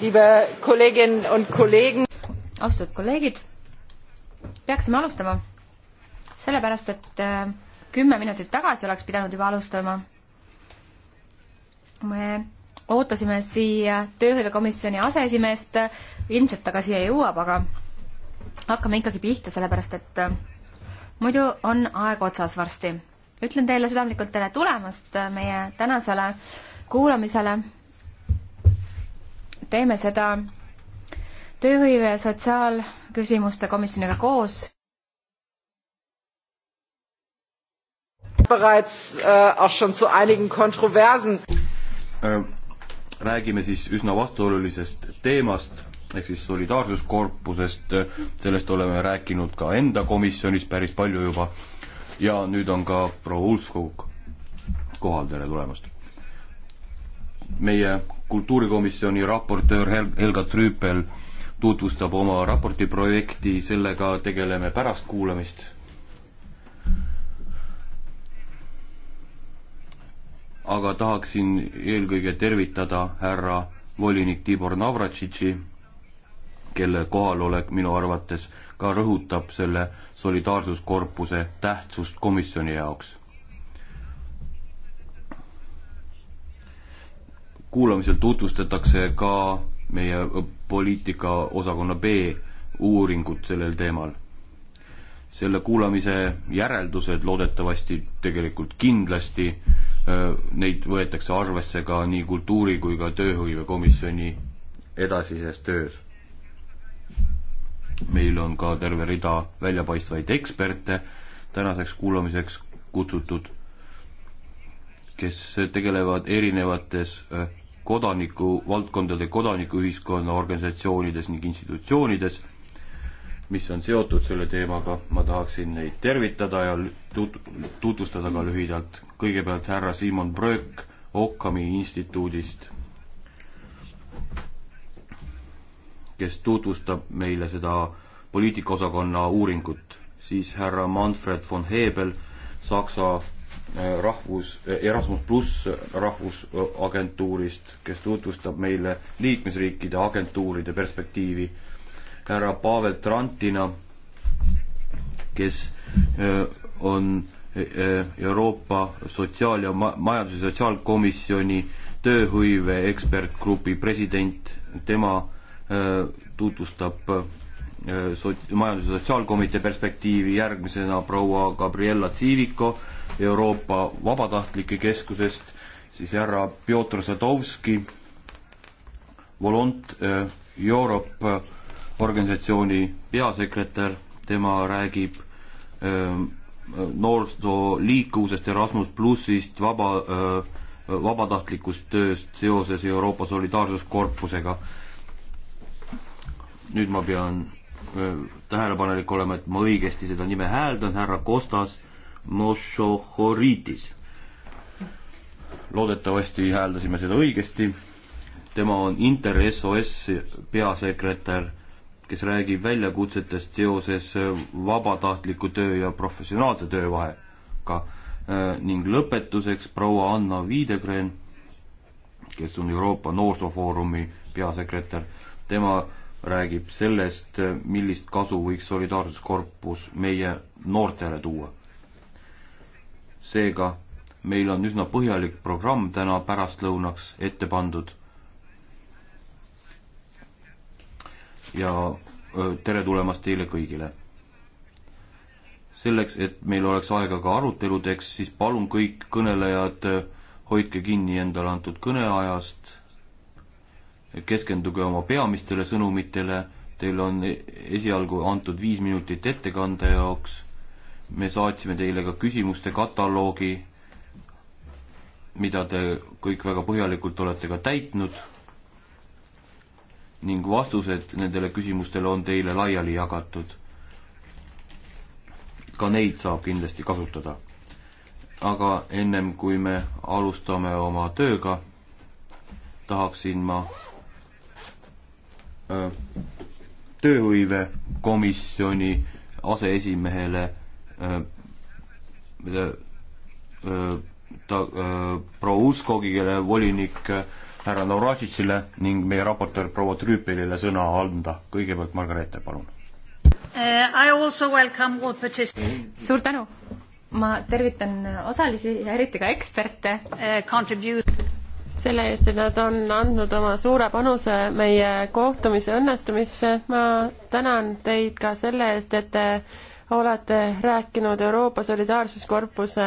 liebe Kolleginnen und Kollegen. austatud kolleegid, peaksime alustama, sellepärast et äh, kümme minutit tagasi oleks pidanud juba alustama. me ootasime siia tööhõivekomisjoni aseesimeest, ilmselt ta ka siia jõuab, aga hakkame ikkagi pihta, sellepärast et äh, muidu on aeg otsas varsti. ütlen teile südamlikult tere tulemast meie tänasele kuulamisele teeme seda tööhõive ja sotsiaalküsimuste komisjoniga koos. bereits äh, auch schon zu einigen kontroversen äh, räägime siis üsna vastuolulisest teemast ehk siis solidaarsuskorpusest, sellest oleme rääkinud ka enda komisjonis päris palju juba ja nüüd on ka proua Ulfskog kohal, tere tulemast! meie kultuurikomisjoni raportöör Hel-, Helga Trüüpel tutvustab oma raporti projekti, sellega tegeleme pärast kuulamist. aga tahaksin eelkõige tervitada härra volinik Tibor Navratšitši, kelle kohalolek minu arvates ka rõhutab selle solidaarsuskorpuse tähtsust komisjoni jaoks kuulamisel tutvustatakse ka meie poliitikaosakonna B uuringut sellel teemal. selle kuulamise järeldused loodetavasti tegelikult kindlasti, neid võetakse arvesse ka nii kultuuri- kui ka tööhõivekomisjoni edasises töös. meil on ka terve rida väljapaistvaid eksperte tänaseks kuulamiseks kutsutud kes tegelevad erinevates äh, kodaniku, valdkondade kodanikuühiskonna organisatsioonides ning institutsioonides, mis on seotud selle teemaga, ma tahaksin neid tervitada ja tut-, tutvustada ka lühidalt. kõigepealt härra Simon Bröök Occami instituudist, kes tutvustab meile seda poliitikaosakonna uuringut, siis härra Manfred von Hebel Saksa rahvus, Erasmus pluss rahvusagentuurist, kes tutvustab meile liikmesriikide agentuuride perspektiivi. härra Pavel Trantina, kes äh, on äh, Euroopa Sotsiaal- ja Majandus- ja Sotsiaalkomisjoni tööhõive ekspertgrupi president, tema äh, tutvustab sot-, majandus- ja sotsiaalkomitee perspektiivi, järgmisena proua Gabriella Tsiviko, Euroopa Vabatahtlike Keskusest, siis härra Pjotor Sadovski, Volont eh, Europe eh, organisatsiooni peasekretär, tema räägib eh, noorsoo liikuvusest Erasmus plussist, vaba, vabatahtlikust tööst seoses Euroopa Solidaarsuskorpusega. nüüd ma pean tähelepanelik olema, et ma õigesti seda nime hääldan, härra Kostas Mošohoritis. loodetavasti hääldasime seda õigesti. tema on Inter SOS peasekretär, kes räägib väljakutsetest seoses vabatahtliku töö ja professionaalse töö vahega äh, ning lõpetuseks proua Anna Viidegren, kes on Euroopa Noorsoofoorumi peasekretär, tema räägib sellest, millist kasu võiks solidaarsuskorpus meie noortele tuua seega meil on üsna põhjalik programm täna pärastlõunaks ette pandud. ja tere tulemast teile kõigile. selleks, et meil oleks aega ka aruteludeks, siis palun kõik kõnelejad, hoidke kinni endale antud kõneajast, keskenduge oma peamistele sõnumitele, teil on e-, esialgu antud viis minutit ettekande jaoks me saatsime teile ka küsimuste kataloogi, mida te kõik väga põhjalikult olete ka täitnud ning vastused nendele küsimustele on teile laiali jagatud. ka neid saab kindlasti kasutada. aga ennem kui me alustame oma tööga, tahaksin ma öö, äh, tööhõive komisjoni aseesimehele Äh, ta äh, proua Uskogile, volinik äh, härra Navratšitsile ning meie raportöör proua Trüüpilile sõna anda. kõigepealt Margareete, palun. suur tänu! ma tervitan osalisi ja eriti ka eksperte selle eest, et nad on andnud oma suure panuse meie kohtumise õnnestumisse. ma tänan teid ka selle eest, et te olete rääkinud Euroopa Solidaarsuskorpuse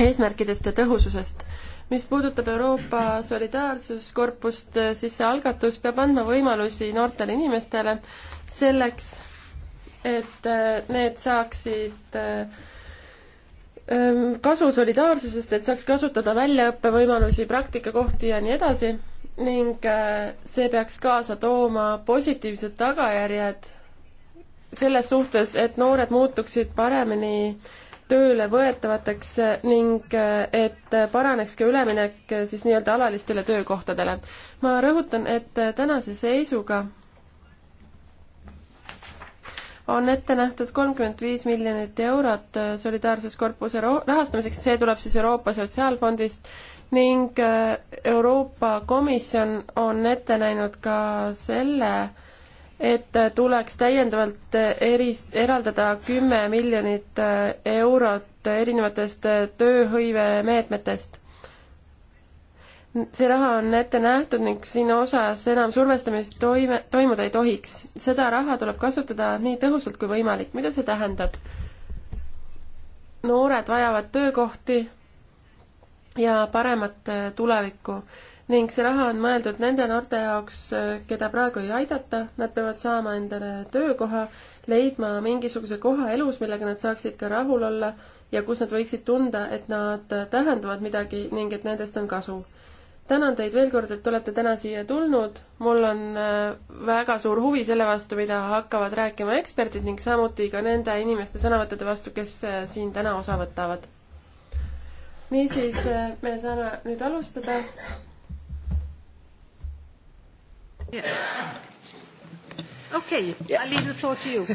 eesmärkidest ja tõhususest. mis puudutab Euroopa Solidaarsuskorpust, siis see algatus peab andma võimalusi noortele inimestele selleks, et äh, need saaksid äh, ähm, kasu solidaarsusest, et saaks kasutada väljaõppevõimalusi, praktikakohti ja nii edasi ning äh, see peaks kaasa tooma positiivsed tagajärjed selles suhtes, et noored muutuksid paremini tööle võetavateks ning eh, et paraneks ka üleminek eh, siis nii-öelda alalistele töökohtadele. ma rõhutan, et eh, tänase seisuga on ette nähtud kolmkümmend viis miljonit eurot solidaarsuskorpuse rahastamiseks, see tuleb siis Euroopa Sotsiaalfondist ning Euroopa Komisjon on ette näinud ka selle, et tuleks täiendavalt eris, eraldada kümme miljonit äh, eurot erinevatest äh, tööhõivemeetmetest. see raha on ette nähtud ning siin osas enam survestamist toime, toimuda ei tohiks. seda raha tuleb kasutada nii tõhusalt kui võimalik. mida see tähendab? noored vajavad töökohti ja paremat äh, tulevikku ning see raha on mõeldud nende noorte jaoks, keda praegu ei aidata, nad peavad saama endale töökoha, leidma mingisuguse koha elus, millega nad saaksid ka rahul olla ja kus nad võiksid tunda, et nad tähendavad midagi ning et nendest on kasu. tänan teid veel kord, et olete täna siia tulnud, mul on äh, väga suur huvi selle vastu, mida hakkavad rääkima eksperdid ning samuti ka nende inimeste sõnavõttude vastu, kes äh, siin täna osa võtavad. niisiis, äh, me saame nüüd alustada okei, I leave the floor to you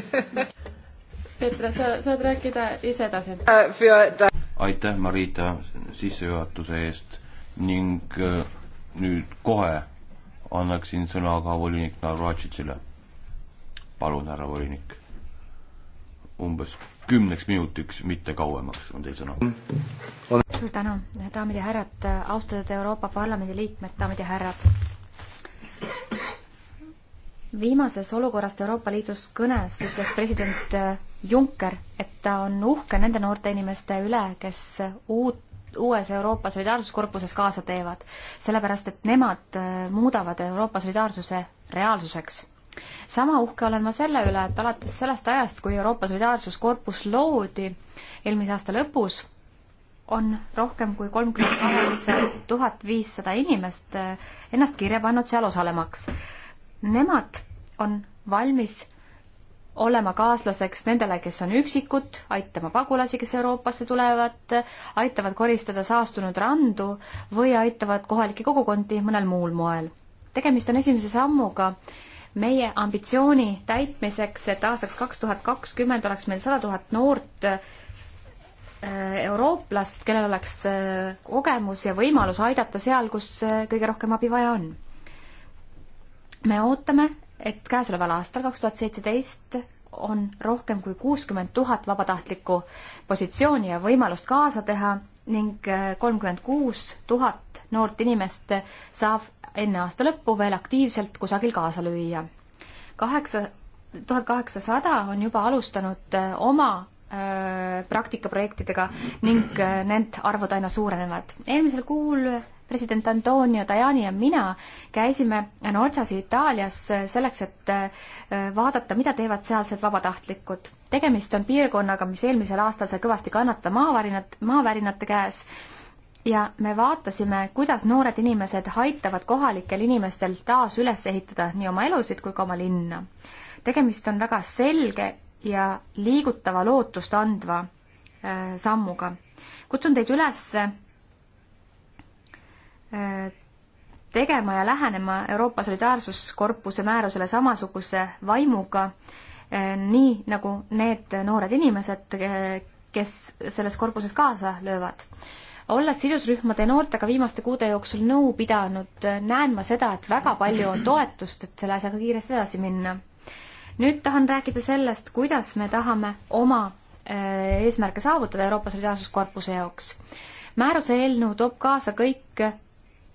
Petra, sa saad rääkida ise edasi. aitäh, Marita, sissejuhatuse eest ning äh, nüüd kohe annaksin sõna ka volinik Navratšitsile. palun, härra volinik. umbes kümneks minutiks, mitte kauemaks on teil sõna. suur tänu, daamid ja härrad, austatud Euroopa Parlamendi liikmed, daamid ja härrad viimases olukorrast Euroopa Liidus kõnes ütles president äh, Juncker, et ta on uhke nende noorte inimeste üle, kes uut, uues Euroopa Solidaarsuskorpuses kaasa teevad, sellepärast et nemad äh, muudavad Euroopa solidaarsuse reaalsuseks. sama uhke olen ma selle üle, et alates sellest ajast, kui Euroopa Solidaarsuskorpus loodi eelmise aasta lõpus, on rohkem kui kolmkümmend kaheksa tuhat viissada inimest äh, ennast kirja pannud seal osalemaks. Nemad on valmis olema kaaslaseks nendele, kes on üksikud, aitama pagulasi, kes Euroopasse tulevad, aitavad koristada saastunud randu või aitavad kohalikke kogukondi mõnel muul moel. tegemist on esimese sammuga meie ambitsiooni täitmiseks, et aastaks kaks tuhat kakskümmend oleks meil sada tuhat noort Äh, eurooplast, kellel oleks äh, kogemus ja võimalus aidata seal, kus äh, kõige rohkem abi vaja on. me ootame, et käesoleval aastal, kaks tuhat seitseteist, on rohkem kui kuuskümmend tuhat vabatahtlikku positsiooni ja võimalust kaasa teha ning kolmkümmend kuus tuhat noort inimest saab enne aasta lõppu veel aktiivselt kusagil kaasa lüüa. kaheksa, tuhat kaheksasada on juba alustanud oma Äh, praktikaprojektidega ning äh, need arvud aina suurenevad. eelmisel kuul president Antonio Tajani ja mina käisime Norgias Itaalias äh, selleks, et vaadata, mida teevad sealsed vabatahtlikud. tegemist on piirkonnaga, mis eelmisel aastal sai kõvasti kannata maavärinad, maavärinate käes ja me vaatasime, kuidas noored inimesed aitavad kohalikel inimestel taas üles ehitada nii oma elusid kui ka oma linna. tegemist on väga selge ja liigutava lootust andva äh, sammuga. kutsun teid üles äh, tegema ja lähenema Euroopa Solidaarsuskorpuse määrusele samasuguse vaimuga, äh, nii nagu need noored inimesed, kes selles korpuses kaasa löövad. olles sidusrühmade noortega viimaste kuude jooksul nõu pidanud, näen ma seda, et väga palju on toetust, et selle asjaga kiiresti edasi minna nüüd tahan rääkida sellest, kuidas me tahame oma äh, eesmärke saavutada Euroopa Solidaarsuskorpuse jaoks. määruse eelnõu toob kaasa kõik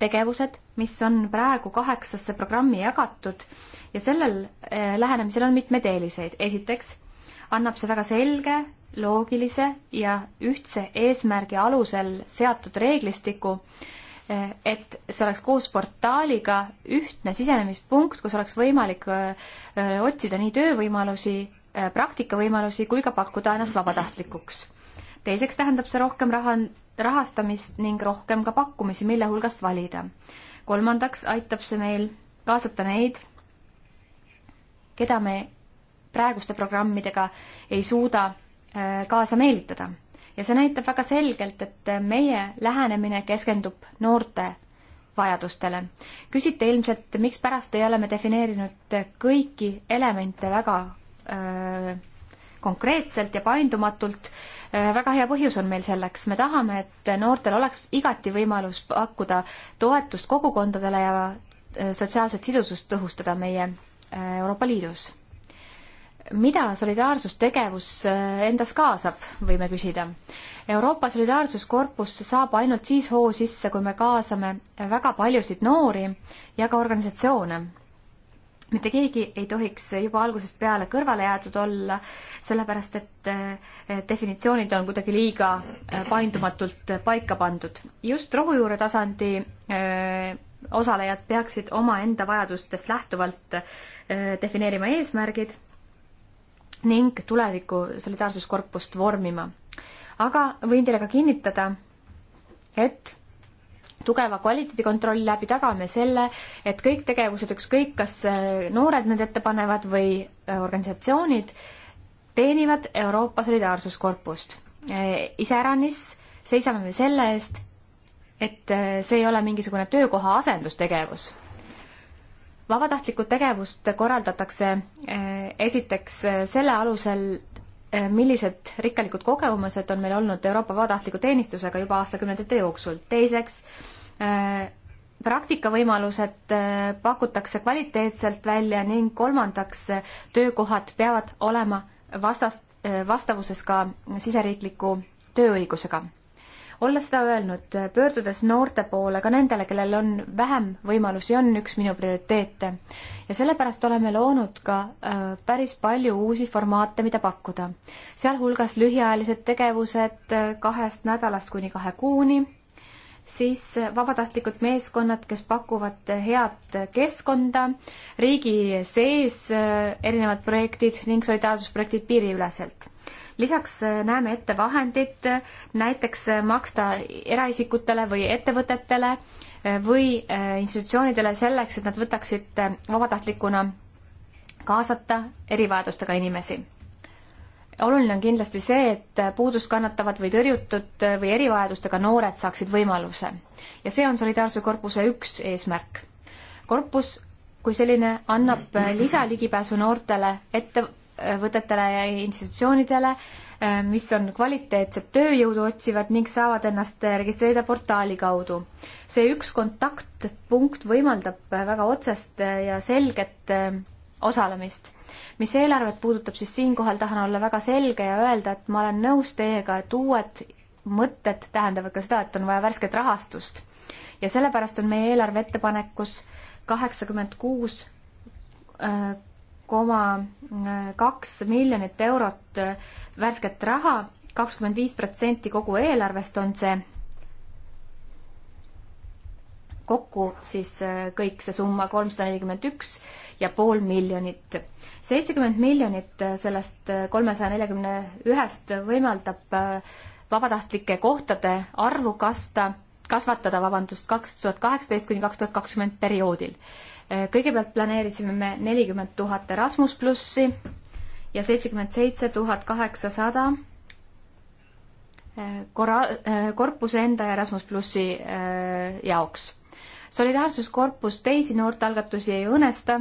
tegevused, mis on praegu kaheksasse programmi jagatud ja sellel äh, lähenemisel on mitmeid eeliseid. esiteks annab see väga selge, loogilise ja ühtse eesmärgi alusel seatud reeglistiku äh, et see oleks koos portaaliga ühtne sisenemispunkt, kus oleks võimalik äh, äh, otsida nii töövõimalusi, äh, praktikavõimalusi kui ka pakkuda ennast vabatahtlikuks. teiseks tähendab see rohkem raha, rahastamist ning rohkem ka pakkumisi, mille hulgast valida. kolmandaks aitab see meil kaasata neid, keda me praeguste programmidega ei suuda kaasa meelitada ja see näitab väga selgelt, et meie lähenemine keskendub noorte vajadustele. küsite ilmselt, mikspärast ei ole me defineerinud kõiki elemente väga öö, konkreetselt ja paindumatult. väga hea põhjus on meil selleks, me tahame, et noortel oleks igati võimalus pakkuda toetust kogukondadele ja sotsiaalset sidusust tõhustada meie Euroopa Liidus mida solidaarsustegevus äh, endas kaasab, võime küsida. Euroopa Solidaarsuskorpus saab ainult siis hoo sisse, kui me kaasame väga paljusid noori ja ka organisatsioone. mitte keegi ei tohiks juba algusest peale kõrvale jäetud olla, sellepärast et äh, definitsioonid on kuidagi liiga äh, paindumatult paika pandud. just rohujuure tasandi osalejad peaksid omaenda vajadustest lähtuvalt defineerima eesmärgid ning tuleviku solidaarsuskorpust vormima. aga võin teile ka kinnitada, et tugeva kvaliteedikontrolli läbi tagame selle, et kõik tegevused, ükskõik kas äh, noored need ette panevad või äh, organisatsioonid, teenivad Euroopa Solidaarsuskorpust. Äh, iseäranis seisame me selle eest, et see ei ole mingisugune töökoha asendustegevus vabatahtlikku tegevust korraldatakse eh, esiteks eh, selle alusel, eh, millised rikkalikud kogemused on meil olnud Euroopa vabatahtliku teenistusega juba aastakümnendate jooksul. teiseks, praktikavõimalused pakutakse kvaliteetselt välja ning kolmandaks, töökohad peavad olema vastas, vastavuses ka siseriikliku tööõigusega olla seda öelnud, pöördudes noorte poole, ka nendele, kellel on vähem võimalusi, on üks minu prioriteete. ja sellepärast oleme loonud ka äh, päris palju uusi formaate, mida pakkuda. sealhulgas lühiajalised tegevused äh, kahest nädalast kuni kahe kuuni, siis äh, vabatahtlikud meeskonnad, kes pakuvad äh, head keskkonda, riigi sees äh, erinevad projektid ning solidaarsusprojektid piiriüleselt lisaks äh, näeme ette vahendid äh, näiteks äh, maksta eraisikutele või ettevõtetele või institutsioonidele selleks, et nad võtaksid vabatahtlikuna kaasata erivajadustega inimesi. oluline on kindlasti see, et puudust kannatavad või tõrjutud või erivajadustega noored saaksid võimaluse. ja see on Solidaarsuse korpuse üks eesmärk. korpus kui selline annab lisaligipääsu noortele ette, ettevõtetele ja institutsioonidele, eh, mis on kvaliteetset tööjõudu otsivad ning saavad ennast registreerida portaali kaudu. see üks kontaktpunkt võimaldab väga otsest ja selget eh, osalemist. mis eelarvet puudutab, siis siinkohal tahan olla väga selge ja öelda, et ma olen nõus teiega, et uued mõtted tähendavad ka seda, et on vaja värsket rahastust. ja sellepärast on meie eelarve ettepanekus kaheksakümmend kuus eh, koma äh, kaks miljonit eurot äh, värsket raha, kakskümmend viis protsenti kogu eelarvest on see. kokku siis äh, kõik see summa kolmsada nelikümmend üks ja pool miljonit. seitsekümmend miljonit sellest kolmesaja neljakümne ühest võimaldab vabatahtlike kohtade arvu kasta, kasvatada, vabandust, kaks tuhat kaheksateist kuni kaks tuhat kakskümmend perioodil kõigepealt planeerisime me nelikümmend tuhat Erasmus plussi ja seitsekümmend seitse tuhat kaheksasada eh, korra-, eh, korpuse enda ja Erasmus plussi eh, jaoks. solidaarsuskorpus teisi noortealgatusi ei õõnesta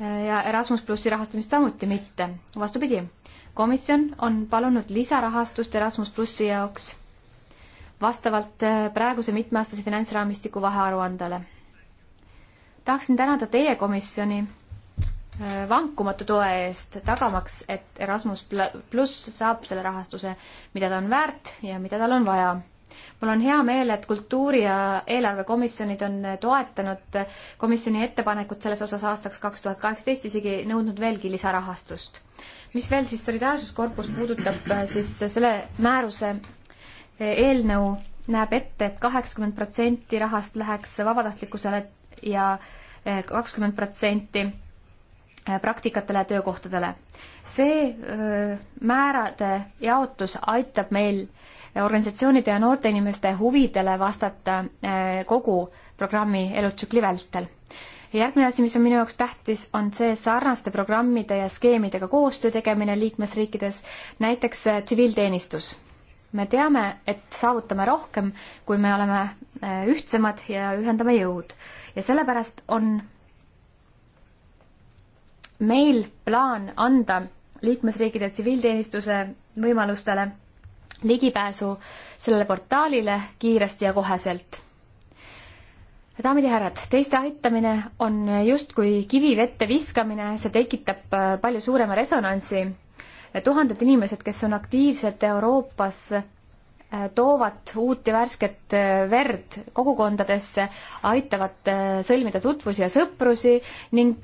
ja Erasmus plussi rahastamist samuti mitte, vastupidi komisjon on palunud lisarahastust Erasmus plussi jaoks vastavalt praeguse mitmeaastase finantsraamistiku vahearuandele tahaksin tänada teie komisjoni äh, vankumatu toe eest, tagamaks, et Erasmus pluss saab selle rahastuse, mida ta on väärt ja mida tal on vaja. mul on hea meel, et kultuuri- ja eelarvekomisjonid on äh, toetanud äh, komisjoni ettepanekut selles osas aastaks kaks tuhat kaheksateist, isegi nõudnud veelgi lisarahastust. mis veel siis solidaarsuskorpus puudutab, siis selle määruse eelnõu näeb ette et, et kaheksakümmend protsenti rahast läheks vabatahtlikkusele ja eh, kakskümmend protsenti eh, praktikatele ja töökohtadele. see eh, määrade jaotus aitab meil organisatsioonide ja noorte inimeste huvidele vastata kogu programmi elutsükli vältel. järgmine asi, mis on minu jaoks tähtis, on see sarnaste programmide ja skeemidega koostöö tegemine liikmesriikides, näiteks tsiviilteenistus me teame, et saavutame rohkem, kui me oleme eh, ühtsemad ja ühendame jõud. ja sellepärast on meil plaan anda liikmesriikide tsiviilteenistuse võimalustele ligipääsu sellele portaalile kiiresti ja koheselt. daamid ja härrad, teiste aitamine on justkui kivi vette viskamine, see tekitab eh, palju suurema resonantsi tuhanded inimesed, kes on aktiivsed Euroopas, äh, toovad uut ja värsket äh, verd kogukondadesse, aitavad äh, sõlmida tutvusi ja sõprusi ning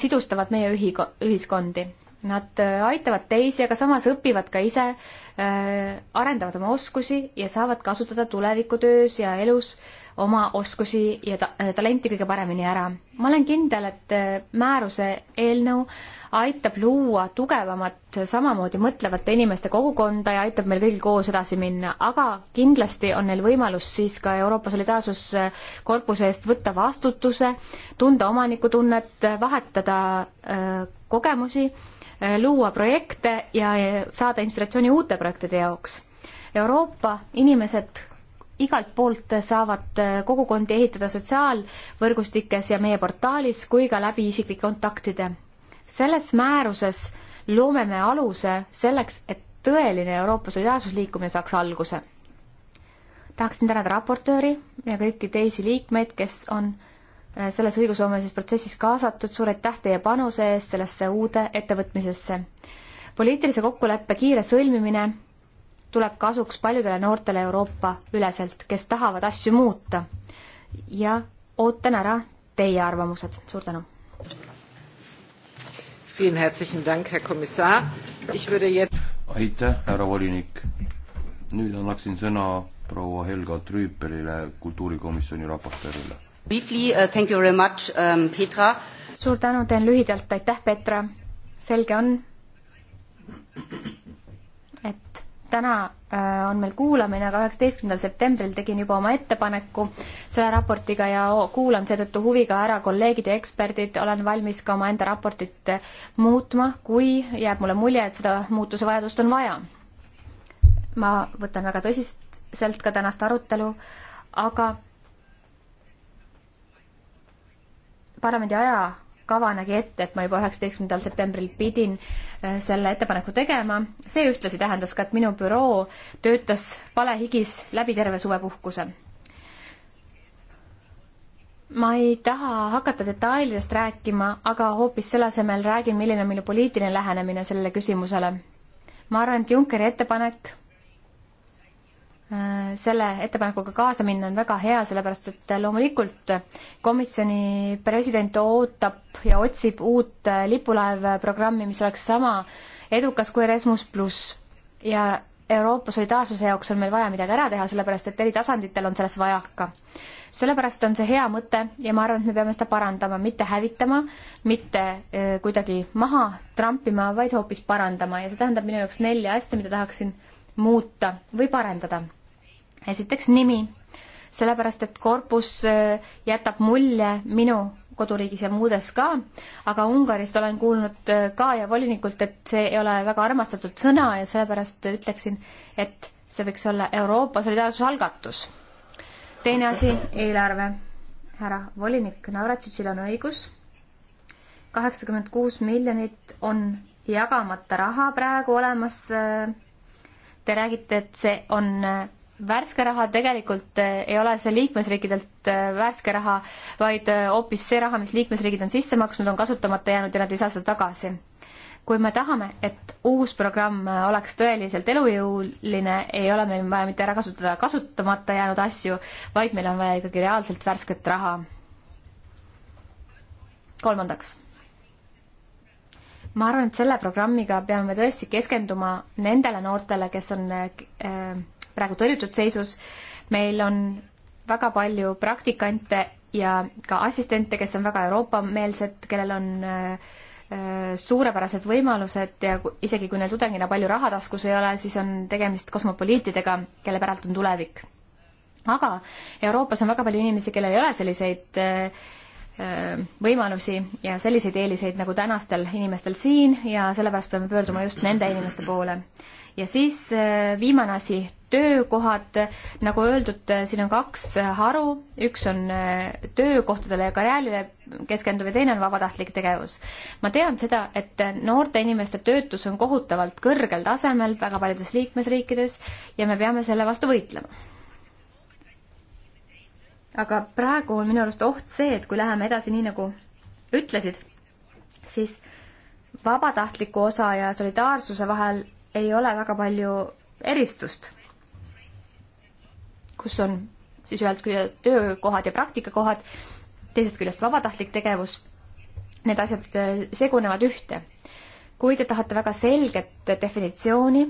sidustavad meie ühi-, ühiskondi. Nad äh, aitavad teisi, aga samas õpivad ka ise, äh, arendavad oma oskusi ja saavad kasutada tulevikutöös ja elus oma oskusi ja ta äh, talenti kõige paremini ära. ma olen kindel, et määruse eelnõu aitab luua tugevamat, samamoodi mõtlevate inimeste kogukonda ja aitab meil kõigil koos edasi minna, aga kindlasti on neil võimalus siis ka Euroopa Solidaarsuskorpuse eest võtta vastutuse, tunda omanikutunnet, vahetada öö, kogemusi Eh, luua projekte ja saada inspiratsiooni uute projektide jaoks. Euroopa inimesed igalt poolt saavad eh, kogukondi ehitada sotsiaalvõrgustikes ja meie portaalis kui ka läbi isiklike kontaktide. selles määruses loome me aluse selleks, et tõeline Euroopa solidaarsusliikumine saaks alguse. tahaksin tänada raportööri ja kõiki teisi liikmeid, kes on äh, Äh, selles õigusloomelises protsessis kaasatud, suur aitäh teie panuse eest sellesse uude ettevõtmisesse. poliitilise kokkuleppe kiire sõlmimine tuleb kasuks paljudele noortele Euroopa üleselt, kes tahavad asju muuta. ja ootan ära teie arvamused, suur tänu. aitäh, härra volinik. nüüd annaksin sõna proua Helga Trüüperile, kultuurikomisjoni raportöörile Briefly, uh, thank you very much um,, Petra. suur tänu, teen lühidalt, aitäh, Petra. selge on, et täna äh, on meil kuulamine, aga üheksateistkümnendal septembril tegin juba oma ettepaneku selle raportiga ja kuulan seetõttu huviga ära kolleegid ja eksperdid, olen valmis ka omaenda raportit äh, muutma, kui jääb mulle mulje, et seda muutuse vajadust on vaja. ma võtan väga tõsiselt ka tänast arutelu, aga parlamendi ajakava nägi ette, et ma juba üheksateistkümnendal septembril pidin äh, selle ettepaneku tegema. see ühtlasi tähendas ka, et minu büroo töötas palehigis läbi terve suvepuhkuse. ma ei taha hakata detailidest rääkima, aga hoopis selle asemel räägin, milline on minu poliitiline lähenemine sellele küsimusele. ma arvan, et Junckeri ettepanek selle ettepanekuga kaasa minna on väga hea, sellepärast et loomulikult komisjoni president ootab ja otsib uut lipulaevprogrammi, mis oleks sama edukas kui Erasmus pluss ja Euroopa solidaarsuse jaoks on meil vaja midagi ära teha, sellepärast et eri tasanditel on selles vajaka. sellepärast on see hea mõte ja ma arvan, et me peame seda parandama, mitte hävitama, mitte e, kuidagi maha trampima, vaid hoopis parandama ja see tähendab minu jaoks nelja asja, mida tahaksin muuta või parendada esiteks nimi, sellepärast et korpus äh, jätab mulje minu koduriigis ja muudes ka, aga Ungarist olen kuulnud äh, ka ja volinikult, et see ei ole väga armastatud sõna ja sellepärast ütleksin, et see võiks olla Euroopa solidaarsusalgatus. teine asi, eelarve. härra volinik Navratšitšil on õigus, kaheksakümmend kuus miljonit on jagamata raha praegu olemas. Äh, Te räägite, et see on värske raha, tegelikult eh, ei ole see liikmesriikidelt eh, värske raha, vaid eh, hoopis see raha, mis liikmesriigid on sisse maksnud, on kasutamata jäänud ja nad ei saa seda tagasi. kui me tahame, et uus programm oleks tõeliselt elujõuline, ei ole meil vaja mitte ära kasutada kasutamata jäänud asju, vaid meil on vaja ikkagi reaalselt värsket raha. kolmandaks ma arvan, et selle programmiga peame tõesti keskenduma nendele noortele, kes on äh, praegu tõrjutud seisus. meil on väga palju praktikante ja ka assistente, kes on väga Euroopa-meelsed, kellel on äh, äh suurepärased võimalused ja isegi kui neil tudengina palju raha taskus ei ole, siis on tegemist kosmopoliitidega, kelle päralt on tulevik. aga Euroopas on väga palju inimesi, kellel ei ole selliseid äh, äh, võimalusi ja selliseid eeliseid nagu tänastel inimestel siin ja sellepärast peame pöörduma just nende inimeste poole ja siis äh, viimane asi, töökohad, nagu öeldud, äh, siin on kaks äh, haru, üks on töökohtadele ja karjäärile keskenduv ja teine on vabatahtlik tegevus. ma tean seda, et noorte inimeste töötus on kohutavalt kõrgel tasemel väga paljudes liikmesriikides ja me peame selle vastu võitlema. aga praegu on minu arust oht see, et kui läheme edasi nii, nagu ütlesid, siis vabatahtliku osa ja solidaarsuse vahel ei ole väga palju eristust, kus on siis ühelt küljest töökohad ja praktikakohad, teisest küljest vabatahtlik tegevus, need asjad äh, segunevad ühte. kui te tahate väga selget definitsiooni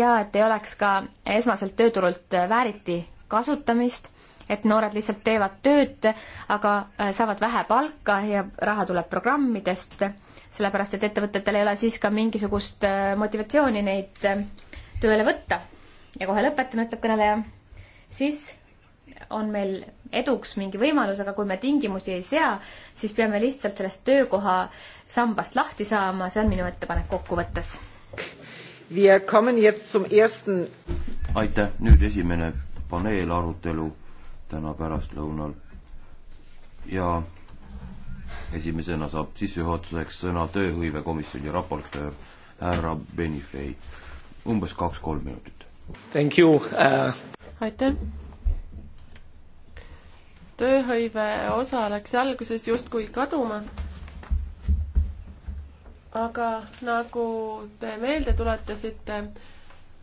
ja et ei oleks ka esmaselt tööturult vääriti kasutamist, et noored lihtsalt teevad tööd, aga äh, saavad vähe palka ja raha tuleb programmidest, sellepärast et ettevõtetel ei ole siis ka mingisugust äh, motivatsiooni neid äh, tööle võtta. ja kohe lõpetan, ütleb kõneleja. siis on meil eduks mingi võimalus, aga kui me tingimusi ei sea, siis peame lihtsalt sellest töökoha sambast lahti saama, see on minu ettepanek kokkuvõttes. aitäh, nüüd esimene paneelarutelu täna pärastlõunal ja esimesena saab sissejuhatuseks sõna tööhõivekomisjoni raportöör härra Benifei. umbes kaks-kolm minutit. Thank you uh.... aitäh. tööhõive osa läks alguses justkui kaduma. aga nagu te meelde tuletasite,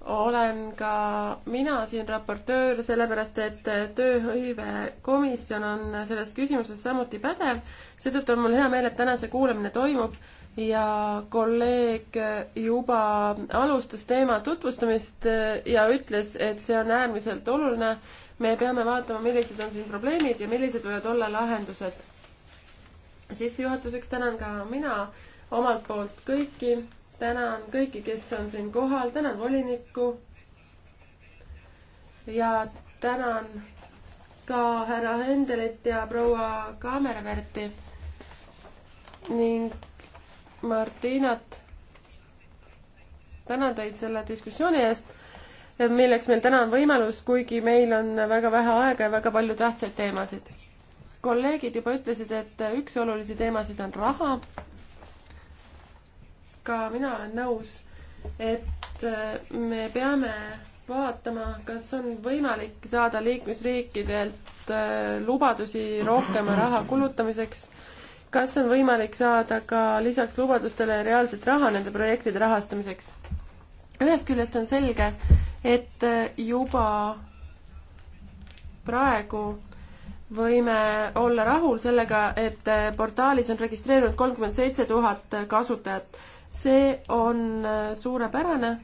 olen ka mina siin raportöör, sellepärast et tööhõivekomisjon on selles küsimuses samuti pädev. seetõttu on mul hea meel, et täna see kuulamine toimub ja kolleeg juba alustas teema tutvustamist ja ütles, et see on äärmiselt oluline. me peame vaatama, millised on siin probleemid ja millised võivad olla lahendused. sissejuhatuseks tänan ka mina omalt poolt kõiki tänan kõiki, kes on siin kohal, tänan volinikku ja tänan ka härra Hendelit ja proua Kaamerverti ning Martinat. tänan teid selle diskussiooni eest, milleks meil täna on võimalus, kuigi meil on väga vähe aega ja väga palju tähtsaid teemasid. kolleegid juba ütlesid, et üks olulisi teemasid on raha ka mina olen nõus, et äh, me peame vaatama, kas on võimalik saada liikmesriikidelt äh, lubadusi rohkema raha kulutamiseks. kas on võimalik saada ka lisaks lubadustele reaalset raha nende projektide rahastamiseks? ühest küljest on selge, et äh, juba praegu võime olla rahul sellega, et portaalis on registreerunud kolmkümmend seitse tuhat kasutajat see on äh, suurepärane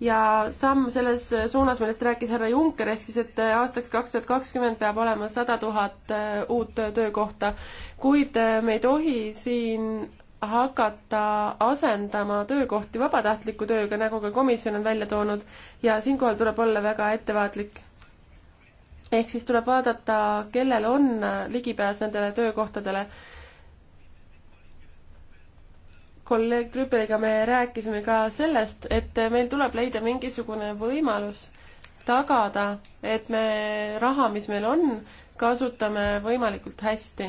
ja samm selles äh, suunas, millest rääkis härra Juncker, ehk siis, et äh, aastaks kaks tuhat kakskümmend peab olema sada tuhat uut töökohta, kuid me ei tohi siin hakata asendama töökohti vabatahtliku tööga, nagu ka komisjon on välja toonud ja siinkohal tuleb olla väga ettevaatlik. ehk siis tuleb vaadata, kellel on ligipääs nendele töökohtadele kolleeg Trübeliga me rääkisime ka sellest, et meil tuleb leida mingisugune võimalus tagada, et me raha, mis meil on, kasutame võimalikult hästi.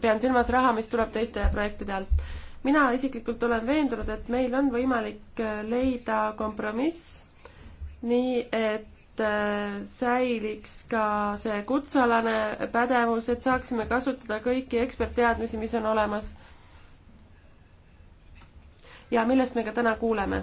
pean silmas raha, mis tuleb teiste projektide alt. mina isiklikult olen veendunud, et meil on võimalik leida kompromiss, nii et äh, säiliks ka see kutsealane pädevus, et saaksime kasutada kõiki ekspertteadmisi, mis on olemas ja millest me ka täna kuuleme.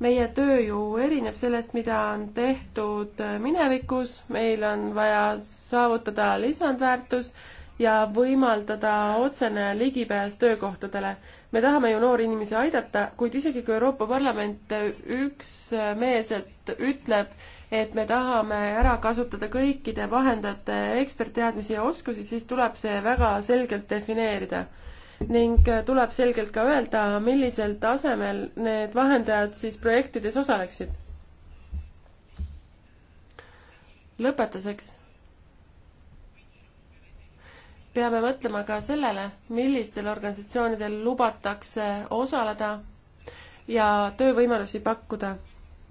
meie töö ju erineb sellest, mida on tehtud minevikus, meil on vaja saavutada lisandväärtus ja võimaldada otsene ligipääs töökohtadele. me tahame ju noori inimesi aidata, kuid isegi kui Euroopa Parlament üksmeelselt ütleb, et me tahame ära kasutada kõikide vahendajate ekspertteadmisi ja oskusi, siis tuleb see väga selgelt defineerida ning äh, tuleb selgelt ka öelda, millisel tasemel need vahendajad siis projektides osaleksid. lõpetuseks peame mõtlema ka sellele, millistel organisatsioonidel lubatakse osaleda ja töövõimalusi pakkuda.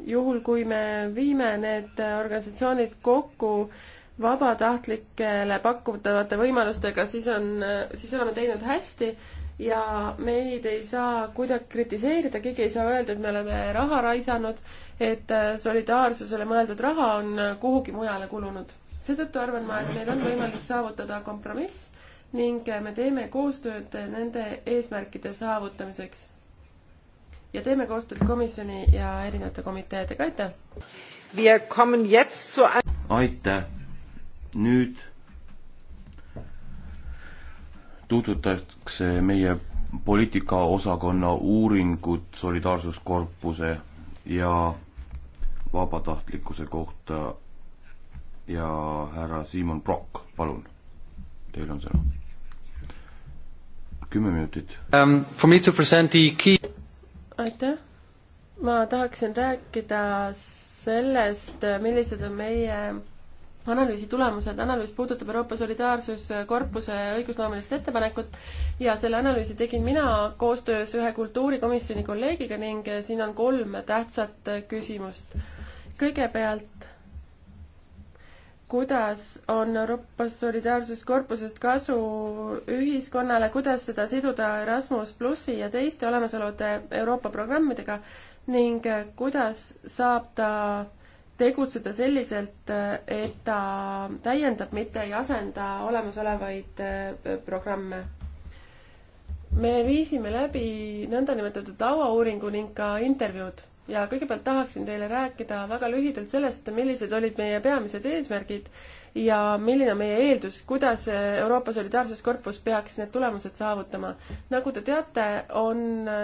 juhul, kui me viime need organisatsioonid kokku äh, vabatahtlikele pakutavate võimalustega, siis on, siis oleme teinud hästi ja meid ei saa kuidagi kritiseerida, keegi ei saa öelda, et me oleme raha raisanud, et solidaarsusele mõeldud raha on kuhugi mujale kulunud. seetõttu arvan ma, et meil on võimalik saavutada kompromiss ning me teeme koostööd nende eesmärkide saavutamiseks. ja teeme koostööd komisjoni ja erinevate komiteedega, aitäh! aitäh! nüüd tutvutakse meie poliitikaosakonna uuringut solidaarsuskorpuse ja vabatahtlikkuse kohta ja härra Siimon Brock, palun, teil on sõna. kümme minutit um,. Key... aitäh, ma tahaksin rääkida sellest, millised on meie analüüsi tulemused, analüüs puudutab Euroopa Solidaarsuskorpuse õigusloomelist ettepanekut ja selle analüüsi tegin mina koostöös ühe kultuurikomisjoni kolleegiga ning siin on kolm tähtsat küsimust. kõigepealt, kuidas on Euroopa Solidaarsuskorpusest kasu ühiskonnale, kuidas seda siduda Erasmus plussi ja teiste olemasolevate Euroopa programmidega ning kuidas saab ta tegutseda selliselt, et ta täiendab, mitte ei asenda olemasolevaid eh, programme. me viisime läbi nõndanimetatud lauauuringu ning ka intervjuud ja kõigepealt tahaksin teile rääkida väga lühidalt sellest, millised olid meie peamised eesmärgid ja milline on meie eeldus, kuidas Euroopa Solidaarsuskorpus peaks need tulemused saavutama. nagu te teate, on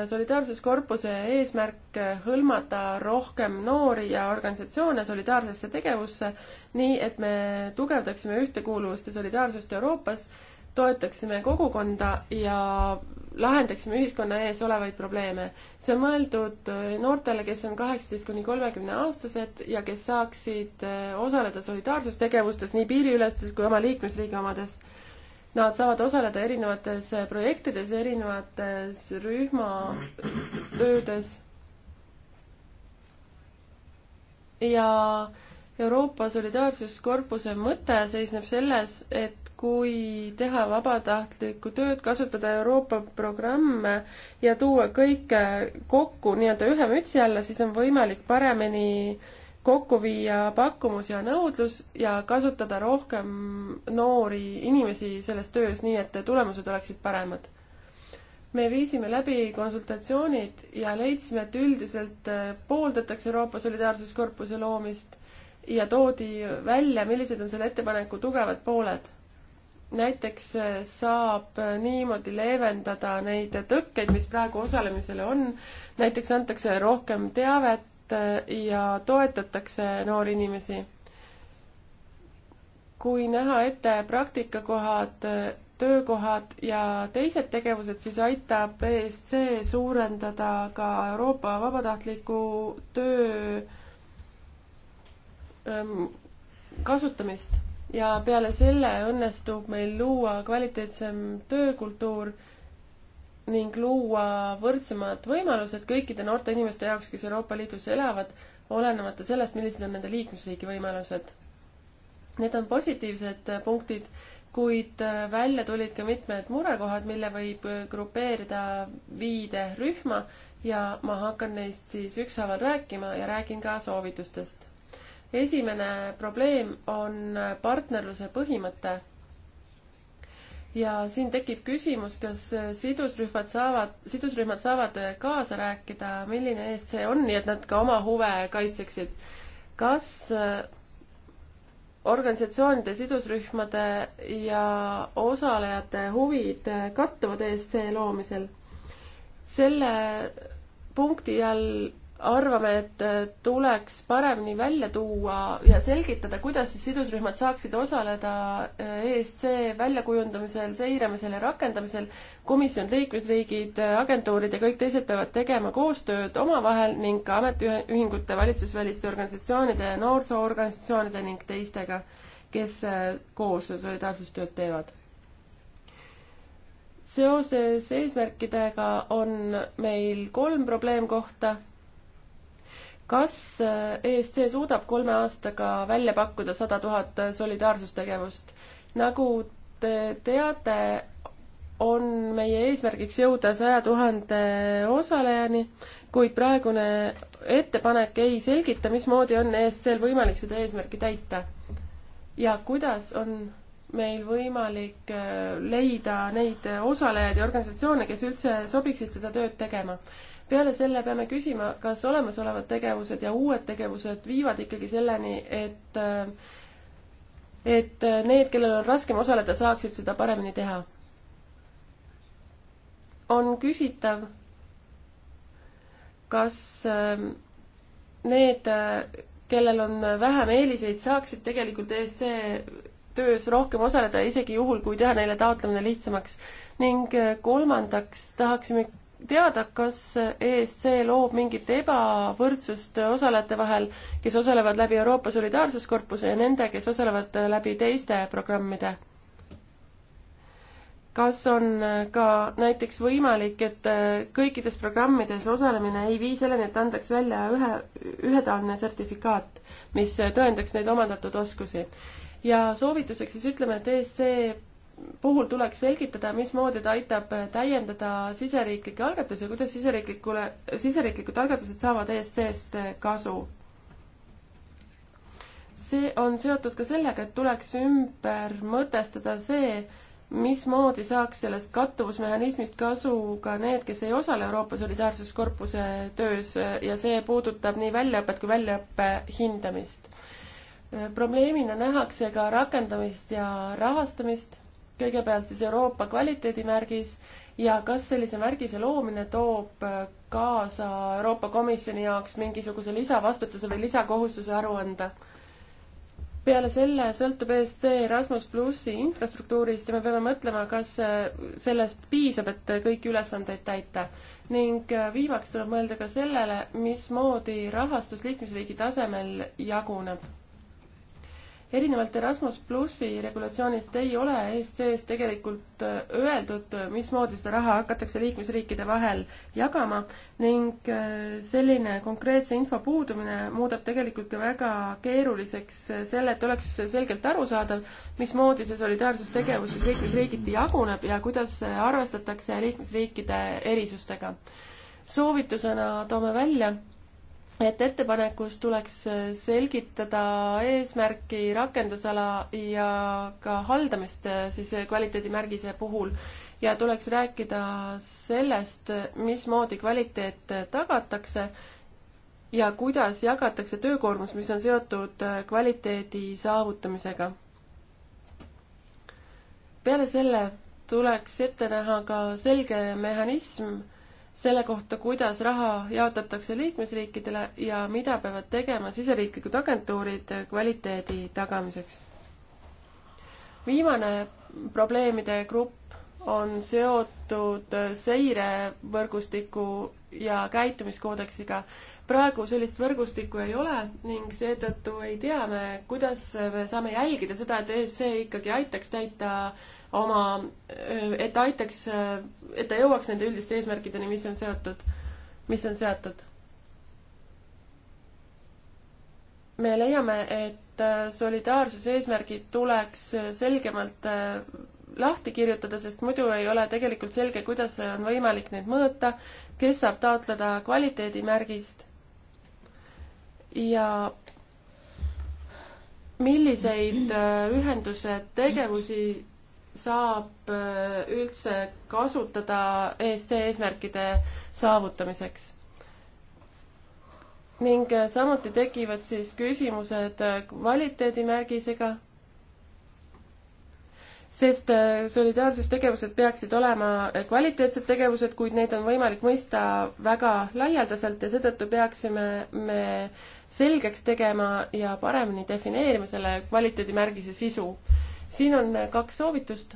Solidaarsuskorpuse eesmärk hõlmata rohkem noori ja organisatsioone solidaarsesse tegevusse, nii et me tugevdaksime ühtekuuluvust ja solidaarsust Euroopas toetaksime kogukonda ja lahendaksime ühiskonna ees olevaid probleeme. see on mõeldud äh, noortele, kes on kaheksateist kuni kolmekümne aastased ja kes saaksid äh, osaleda solidaarsustegevustes nii piiriülestes kui oma liikmesriigi omades. Nad saavad osaleda erinevates äh, projektides, erinevates rühmatöödes. ja Euroopa Solidaarsuskorpuse mõte seisneb selles, et kui teha vabatahtlikku tööd, kasutada Euroopa programme ja tuua kõike kokku nii-öelda ühe mütsi alla, siis on võimalik paremini kokku viia pakkumus ja nõudlus ja kasutada rohkem noori inimesi selles töös, nii et tulemused oleksid paremad. me viisime läbi konsultatsioonid ja leidsime, et üldiselt pooldatakse Euroopa Solidaarsuskorpuse loomist ja toodi välja, millised on selle ettepaneku tugevad pooled näiteks äh, saab äh, niimoodi leevendada neid tõkkeid, mis praegu osalemisele on, näiteks antakse rohkem teavet äh, ja toetatakse noori inimesi. kui näha ette praktikakohad, töökohad ja teised tegevused, siis aitab ESC suurendada ka Euroopa vabatahtliku töö ähm, kasutamist ja peale selle õnnestub meil luua kvaliteetsem töökultuur ning luua võrdsemad võimalused kõikide noorte inimeste jaoks, kes Euroopa Liidus elavad, olenemata sellest, millised on nende liikmesriigi võimalused. Need on positiivsed punktid, kuid välja tulid ka mitmed murekohad, mille võib grupeerida viide rühma ja ma hakkan neist siis ükshaaval rääkima ja räägin ka soovitustest esimene probleem on partnerluse põhimõte. ja siin tekib küsimus, kas sidusrühmad saavad, sidusrühmad saavad kaasa rääkida, milline eest see on, nii et nad ka oma huve kaitseksid. kas organisatsioonide, sidusrühmade ja osalejate huvid kattuvad ESC loomisel? selle punkti all arvame, et äh, tuleks paremini välja tuua ja selgitada, kuidas siis sidusrühmad saaksid osaleda äh, ESC väljakujundamisel, seiramisel ja rakendamisel. komisjon, liikmesriigid, äh, agentuurid ja kõik teised peavad tegema koostööd omavahel ning ka ametiühingute, valitsusväliste organisatsioonide, noorsoorganisatsioonide ning teistega, kes koos solidaarsustööd teevad seoses eesmärkidega on meil kolm probleemkohta kas äh, ESC suudab kolme aastaga välja pakkuda sada tuhat solidaarsustegevust? nagu te teate, on meie eesmärgiks jõuda saja tuhande osalejani, kuid praegune ettepanek ei selgita, mismoodi on ESC-l võimalik seda eesmärki täita. ja kuidas on meil võimalik äh, leida neid osalejaid ja organisatsioone, kes üldse sobiksid seda tööd tegema peale selle peame küsima, kas olemasolevad tegevused ja uued tegevused viivad ikkagi selleni, et et need, kellel on raskem osaleda, saaksid seda paremini teha. on küsitav, kas ähm, need, kellel on vähem eeliseid, saaksid tegelikult ESC töös rohkem osaleda, isegi juhul, kui teha neile taotlemine lihtsamaks. ning kolmandaks tahaksime teada, kas ESC loob mingit ebavõrdsust osalejate vahel, kes osalevad läbi Euroopa Solidaarsuskorpuse ja nende, kes osalevad läbi teiste programmide? kas on ka näiteks võimalik, et kõikides programmides osalemine ei vii selleni, et antaks välja ühe, ühetaoline sertifikaat, mis tõendaks neid omandatud oskusi? ja soovituseks siis ütleme, et ESC puhul tuleks selgitada, mismoodi ta aitab täiendada siseriiklikke algatusi, kuidas siseriiklikule, siseriiklikud algatused saavad ESC-st kasu. see on seotud ka sellega, et tuleks ümber mõtestada see, mismoodi saaks sellest kattuvusmehhanismist kasu ka need, kes ei osale Euroopa Solidaarsuskorpuse töös ja see puudutab nii väljaõpet kui väljaõppe hindamist. probleemina nähakse ka rakendamist ja rahastamist kõigepealt siis Euroopa kvaliteedimärgis ja kas sellise märgise loomine toob äh, kaasa Euroopa Komisjoni jaoks mingisuguse lisavastutuse või lisakohustuse aruande? peale selle sõltub ESC Erasmus plussi infrastruktuurist ja me peame mõtlema, kas äh, sellest piisab, et kõiki ülesandeid täita. ning äh, viimaks tuleb mõelda ka sellele, mismoodi rahastus liikmesriigi tasemel jaguneb erinevalt Erasmus plussi regulatsioonist ei ole ESC-s tegelikult äh, öeldud, äh, mismoodi seda raha hakatakse liikmesriikide vahel jagama ning äh, selline konkreetse info puudumine muudab tegelikult ka väga keeruliseks selle, et oleks selgelt arusaadav, mismoodi see solidaarsustegevus siis liikmesriigiti jaguneb ja kuidas arvestatakse liikmesriikide erisustega. soovitusena toome välja et ettepanekus tuleks äh, selgitada eesmärki, rakendusala ja ka haldamist äh, siis äh, kvaliteedimärgise puhul ja tuleks rääkida sellest, mismoodi kvaliteet tagatakse ja kuidas jagatakse töökoormus, mis on seotud kvaliteedi saavutamisega. peale selle tuleks ette näha ka selge mehhanism, selle kohta, kuidas raha jaotatakse liikmesriikidele ja mida peavad tegema siseriiklikud agentuurid kvaliteedi tagamiseks. viimane probleemide grupp on seotud seirevõrgustiku ja käitumiskoodeksiga. praegu sellist võrgustikku ei ole ning seetõttu ei tea me, kuidas me saame jälgida seda, et ESC ikkagi aitaks täita oma, et aitaks, et ta jõuaks nende üldiste eesmärkideni, mis on seotud, mis on seatud. me leiame, et solidaarsuse eesmärgid tuleks selgemalt lahti kirjutada, sest muidu ei ole tegelikult selge, kuidas on võimalik neid mõõta, kes saab taotleda kvaliteedimärgist ja milliseid äh, ühenduse tegevusi saab äh, üldse kasutada ESC eesmärkide saavutamiseks. ning äh, samuti tekivad siis küsimused äh, kvaliteedimärgisega, sest solidaarsustegevused peaksid olema kvaliteetsed tegevused, kuid neid on võimalik mõista väga laialdaselt ja seetõttu peaksime me selgeks tegema ja paremini defineerima selle kvaliteedimärgise sisu siin on äh, kaks soovitust.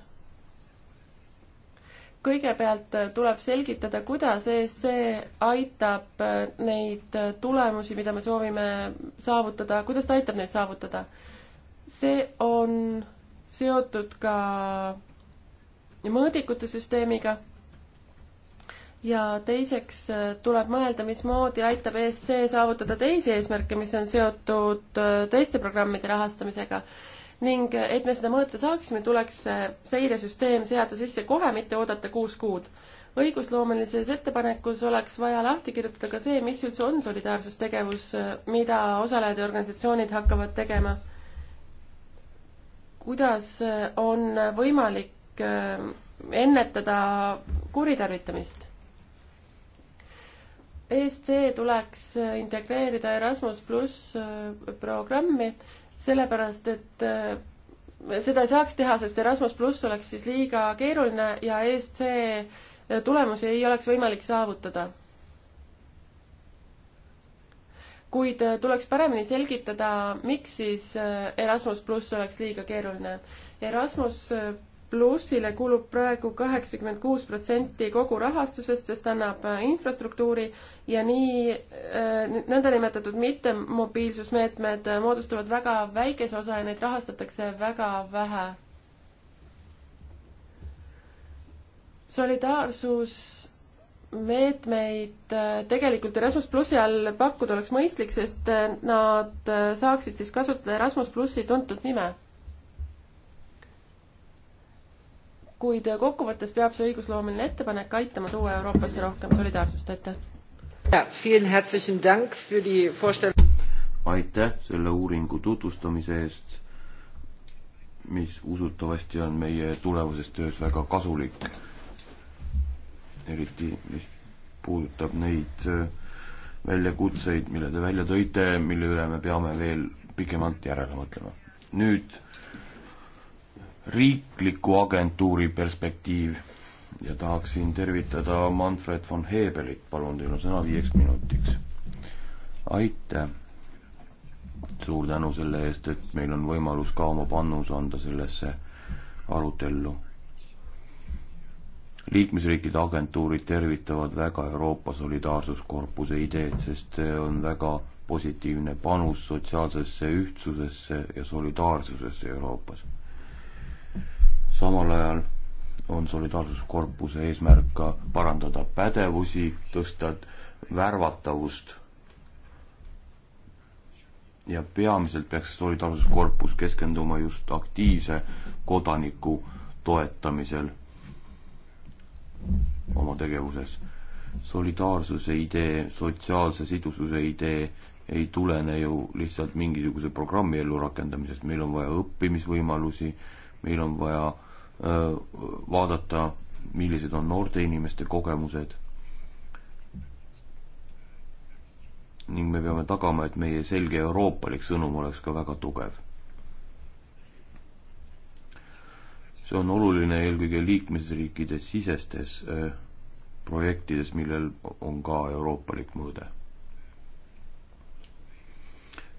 kõigepealt äh, tuleb selgitada, kuidas ESC aitab äh, neid tulemusi, mida me soovime saavutada, kuidas ta aitab neid saavutada. see on seotud ka mõõdikute süsteemiga ja teiseks tuleb mõelda, mismoodi aitab ESC saavutada teisi eesmärke, mis on seotud teiste programmide rahastamisega ning eh, et me seda mõõta saaksime, tuleks seiresüsteem seada sisse kohe, mitte oodata kuus kuud. õigusloomelises ettepanekus oleks vaja lahti kirjutada ka see, mis üldse on solidaarsustegevus, eh, mida osalejad ja organisatsioonid hakkavad tegema. kuidas eh, on võimalik ennetada kuritarvitamist? ESC tuleks integreerida Erasmus pluss programmi sellepärast et äh, seda ei saaks teha, sest Erasmus pluss oleks siis liiga keeruline ja ESC tulemusi ei oleks võimalik saavutada. kuid äh, tuleks paremini selgitada, miks siis äh, Erasmus pluss oleks liiga keeruline. Erasmus plussile kulub praegu kaheksakümmend kuus protsenti kogu rahastusest, sest annab äh, infrastruktuuri ja nii äh, nõndanimetatud mittemobiilsusmeetmed äh, moodustavad väga väikese osa ja neid rahastatakse väga vähe. solidaarsusmeetmeid tegelikult Erasmus plussi all pakkuda oleks mõistlik, sest nad saaksid siis kasutada Erasmus plussi tuntud nime kuid kokkuvõttes peab see õigusloomeline ettepanek aitama tuua Euroopasse rohkem solidaarsust ette. aitäh selle uuringu tutvustamise eest, mis usutavasti on meie tulevases töös väga kasulik. eriti, mis puudutab neid äh, väljakutseid, mille te välja tõite, mille üle me peame veel pikemalt järele mõtlema. nüüd riikliku agentuuri perspektiiv ja tahaksin tervitada Manfred von Hebelit, palun, teil on sõna viieks minutiks. aitäh! suur tänu selle eest, et meil on võimalus ka oma panus anda sellesse arutellu. liikmesriikide agentuurid tervitavad väga Euroopa Solidaarsuskorpuse ideed, sest see on väga positiivne panus sotsiaalsesse ühtsusesse ja solidaarsusesse Euroopas samal ajal on solidaarsuskorpuse eesmärk ka parandada pädevusi, tõsta värvatavust. ja peamiselt peaks solidaarsuskorpus keskenduma just aktiivse kodaniku toetamisel oma tegevuses. solidaarsuse idee, sotsiaalse sidususe idee ei tulene ju lihtsalt mingisuguse programmi ellurakendamisest, meil on vaja õppimisvõimalusi, meil on vaja äh, Äh, vaadata, millised on noorte inimeste kogemused. ning me peame tagama, et meie selge euroopalik sõnum oleks ka väga tugev. see on oluline eelkõige liikmesriikide sisestes äh, projektides, millel on ka euroopalik mõõde.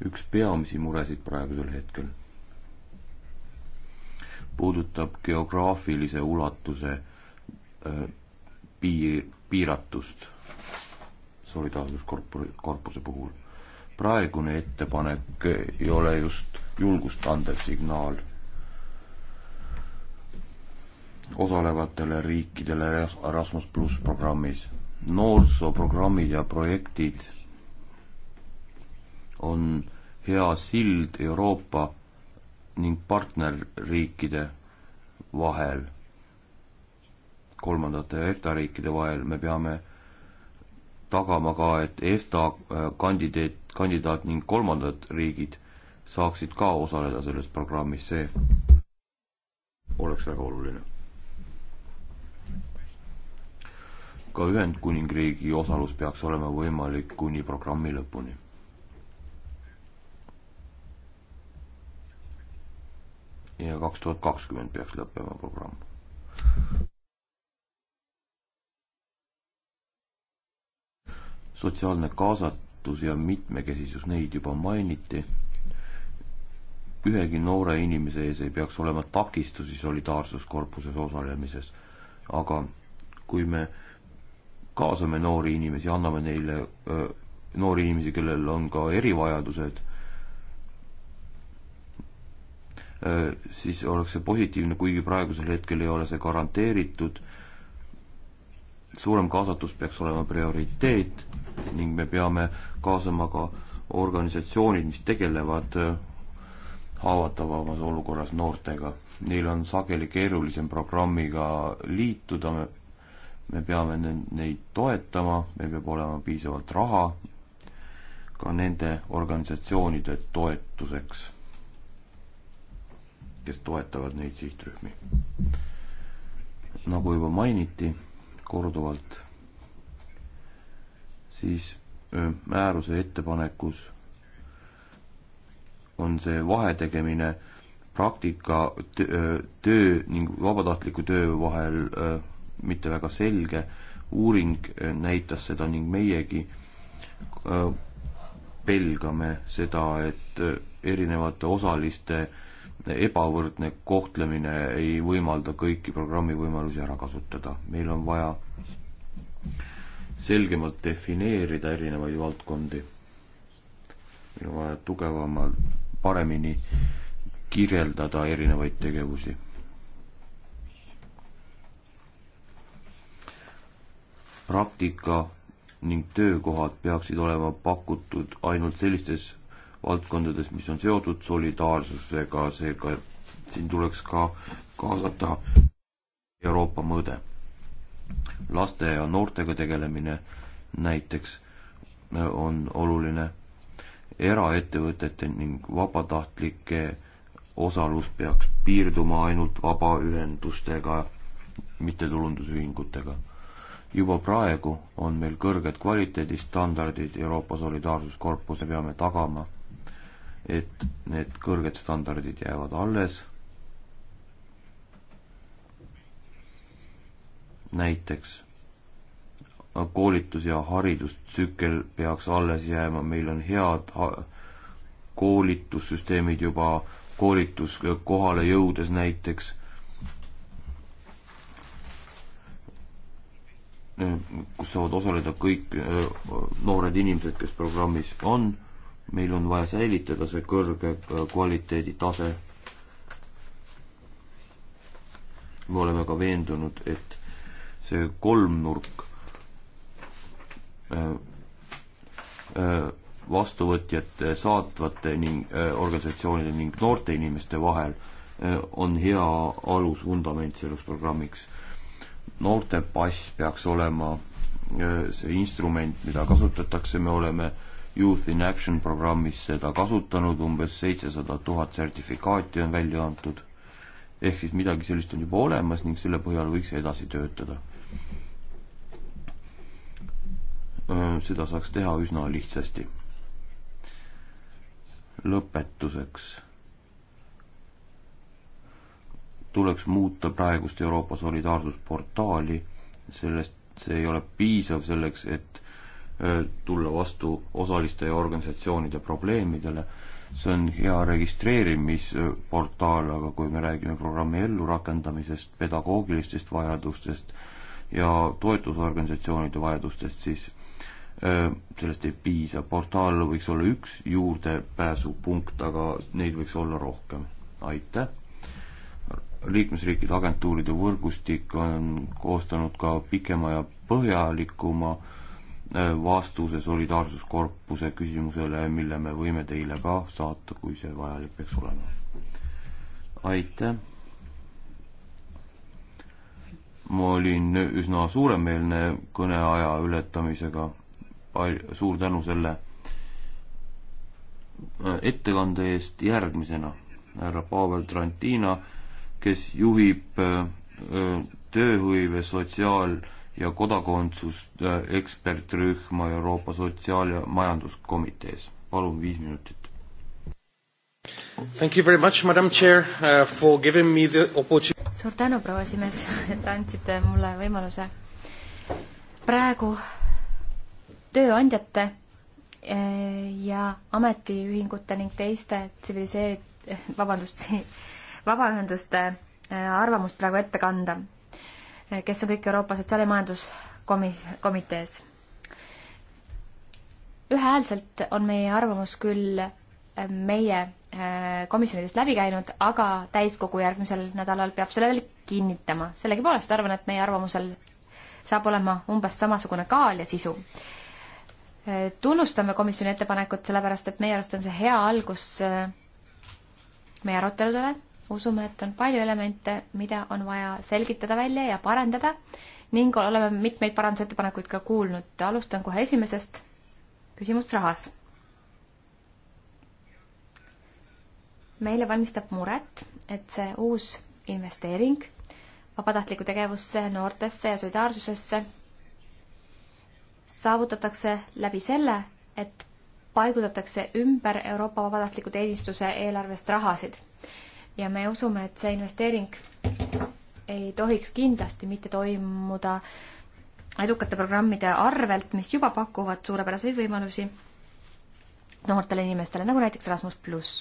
üks peamisi muresid praegusel hetkel puudutab geograafilise ulatuse äh, piir, piiratust solidaarsuskorpuse puhul. praegune ettepanek ei ole just julgust andev signaal osalevatele riikidele Erasmus pluss programmis. noorsooprogrammid ja projektid on hea sild Euroopa ning partnerriikide vahel, kolmandate ja EFTA riikide vahel, me peame tagama ka, et EFTA äh, kandidaat, kandidaat ning kolmandad riigid saaksid ka osaleda selles programmis, see oleks väga oluline. ka Ühendkuningriigi osalus peaks olema võimalik kuni programmi lõpuni ja kaks tuhat kakskümmend peaks lõppema programm. sotsiaalne kaasatus ja mitmekesisus, neid juba mainiti. ühegi noore inimese ees ei peaks olema takistusi solidaarsuskorpuses osalemises, aga kui me kaasame noori inimesi, anname neile, noori inimesi, kellel on ka erivajadused Äh, siis oleks see positiivne, kuigi praegusel hetkel ei ole see garanteeritud. suurem kaasatus peaks olema prioriteet ning me peame kaasama ka organisatsioonid, mis tegelevad äh, haavatavamas olukorras noortega. Neil on sageli keerulisem programmiga liituda, me, me peame neid toetama, meil peab olema piisavalt raha ka nende organisatsioonide toetuseks kes toetavad neid sihtrühmi. nagu juba mainiti korduvalt, siis määruse ettepanekus on see vahetegemine praktika, töö ning vabatahtliku töö vahel mitte väga selge, uuring näitas seda ning meiegi pelgame seda, et erinevate osaliste äh, ebavõrdne kohtlemine ei võimalda kõiki programmi võimalusi ära kasutada. meil on vaja selgemalt defineerida erinevaid valdkondi. meil on vaja tugevamal, paremini kirjeldada erinevaid tegevusi. praktika ning töökohad peaksid olema pakutud ainult sellistes valdkondades, mis on seotud solidaarsusega, seega siin tuleks ka kaasata Euroopa mõõde. laste ja noortega tegelemine näiteks äh, on oluline, eraettevõtete ning vabatahtlike osalus peaks piirduma ainult vabaühendustega, mittetulundusühingutega. juba praegu on meil kõrged kvaliteedistandardid Euroopa Solidaarsuskorpus, me peame tagama et need kõrged standardid jäävad alles. näiteks koolitus- ja haridustsükkel peaks alles jääma, meil on head koolitussüsteemid juba koolitus kohale jõudes näiteks. kus saavad osaleda kõik äh, noored inimesed, kes programmis on meil on vaja säilitada see kõrge kvaliteeditase. me oleme ka veendunud, et see kolmnurk äh, äh, vastuvõtjate, saatvate ning äh, organisatsioonide ning noorte inimeste vahel on hea alus, vundament selleks programmiks. noortepass peaks olema see instrument, mida kasutatakse, me oleme äh, Youth in Action programmis seda kasutanud, umbes seitsesada tuhat sertifikaati on välja antud. ehk siis midagi sellist on juba olemas ning selle põhjal võiks edasi töötada. seda saaks teha üsna lihtsasti. lõpetuseks tuleks muuta praegust Euroopa solidaarsusportaali, sellest see ei ole piisav selleks, et Äh, tulla vastu osaliste ja organisatsioonide probleemidele. see on hea registreerimisportaal, aga kui me räägime programmi ellurakendamisest, pedagoogilistest vajadustest ja toetusorganisatsioonide vajadustest, siis äh, sellest ei piisa, portaal võiks olla üks juurdepääsupunkt, aga neid võiks olla rohkem. aitäh! liikmesriikide agentuuride võrgustik on koostanud ka pikema ja põhjalikuma äh, Äh, vastuse solidaarsuskorpuse küsimusele, mille me võime teile ka saata, kui see vajalik peaks olema. aitäh. ma olin üsna suuremeelne kõneaja ületamisega. suur tänu selle äh, ettekande eest. järgmisena härra Pavel Trantina, kes juhib äh, tööhõive sotsiaal- ja kodakondsust äh, ekspertrühma Euroopa Sotsiaal- ja Majanduskomitees. palun viis minutit. Thank you very much, madam chair uh,, for giving me the opportunity. suur tänu, proua esimees, et andsite mulle võimaluse praegu tööandjate eh, ja ametiühingute ning teiste tsiviliseerit-, vabandust, vabaühenduste eh, arvamust praegu ette kanda kes on kõik Euroopa Sotsiaal- ja Majanduskomitees. ühehäälselt on meie arvamus küll äh, meie äh, komisjonidest läbi käinud, aga täiskogu järgmisel nädalal peab selle veel kinnitama. sellegipoolest arvan, et meie arvamusel saab olema umbes samasugune kaal ja sisu. Äh, tunnustame komisjoni ettepanekut, sellepärast et meie arust on see hea algus meie aruteludele usume, et on palju elemente, mida on vaja selgitada välja ja parendada ning oleme mitmeid parandusettepanekuid ka kuulnud. alustan kohe esimesest küsimust rahas. meile valmistab muret, et see uus investeering vabatahtlikku tegevusse, noortesse ja solidaarsusesse saavutatakse läbi selle, et paigutatakse ümber Euroopa Vabatahtliku Teenistuse eelarvest rahasid ja me usume, et see investeering ei tohiks kindlasti mitte toimuda edukate programmide arvelt, mis juba pakuvad suurepäraseid võimalusi noortele inimestele, nagu näiteks Rasmus pluss,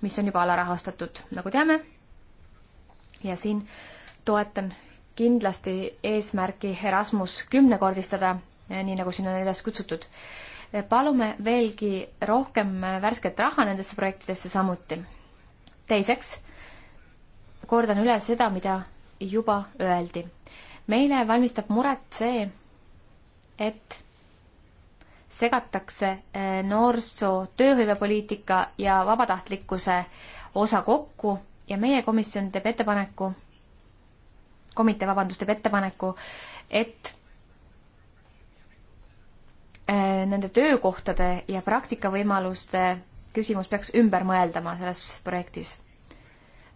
mis on juba alarahastatud, nagu teame. ja siin toetan kindlasti eesmärki Erasmus kümnekordistada, eh, nii nagu siin on üles kutsutud. Eh, palume veelgi rohkem värsket raha nendesse projektidesse samuti teiseks, kordan üle seda, mida juba öeldi. meile valmistab muret see, et segatakse eh, noorsoo tööhõivepoliitika ja vabatahtlikkuse osa kokku ja meie komisjon teeb ettepaneku, komitee, vabandust, teeb ettepaneku, et eh, nende töökohtade ja praktikavõimaluste küsimus peaks ümber mõeldama selles projektis.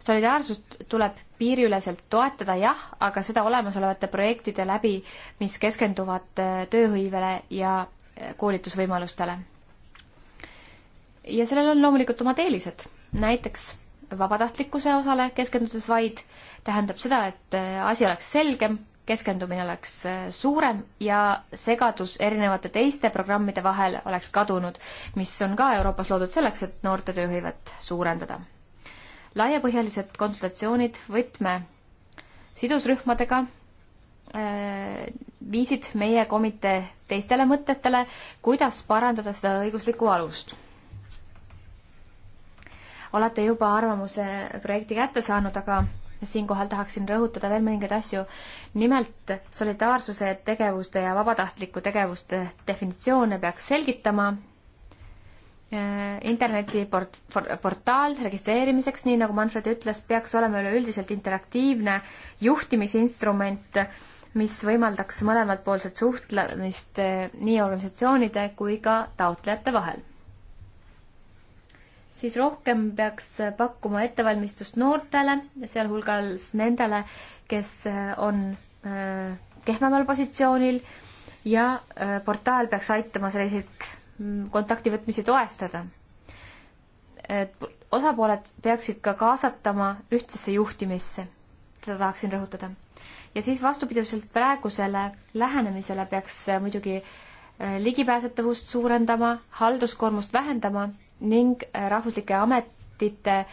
solidaarsust tuleb piiriüleselt toetada, jah, aga seda olemasolevate projektide läbi, mis keskenduvad äh, tööhõivele ja äh, koolitusvõimalustele. ja sellel on loomulikult omad eelised, näiteks vabatahtlikkuse osale keskendudes vaid tähendab seda, et äh, asi oleks selgem keskendumine oleks äh, suurem ja segadus erinevate teiste programmide vahel oleks kadunud, mis on ka Euroopas loodud selleks, et noorte tööhõivet suurendada. laiapõhjalised konsultatsioonid võtme sidusrühmadega äh, viisid meie komitee teistele mõtetele, kuidas parandada seda õiguslikku alust. olete juba arvamuse projekti kätte saanud, aga siinkohal tahaksin rõhutada veel mõningaid asju. nimelt solidaarsuse tegevuste ja vabatahtliku tegevuste definitsioone peaks selgitama äh, internetiport-, portaal registreerimiseks, nii nagu Manfred ütles, peaks olema üleüldiselt interaktiivne juhtimisinstrument, mis võimaldaks mõlematpoolset suhtlemist äh, nii organisatsioonide kui ka taotlejate vahel siis rohkem peaks pakkuma ettevalmistust noortele, sealhulgas nendele, kes on äh, kehvemal positsioonil ja äh, portaal peaks aitama selliseid mm, kontakti võtmisi toestada. osapooled peaksid ka kaasatama ühtsesse juhtimisse, seda tahaksin rõhutada. ja siis vastupidiselt praegusele lähenemisele peaks muidugi äh, ligipääsetavust suurendama, halduskoormust vähendama ning äh, rahvuslike ametite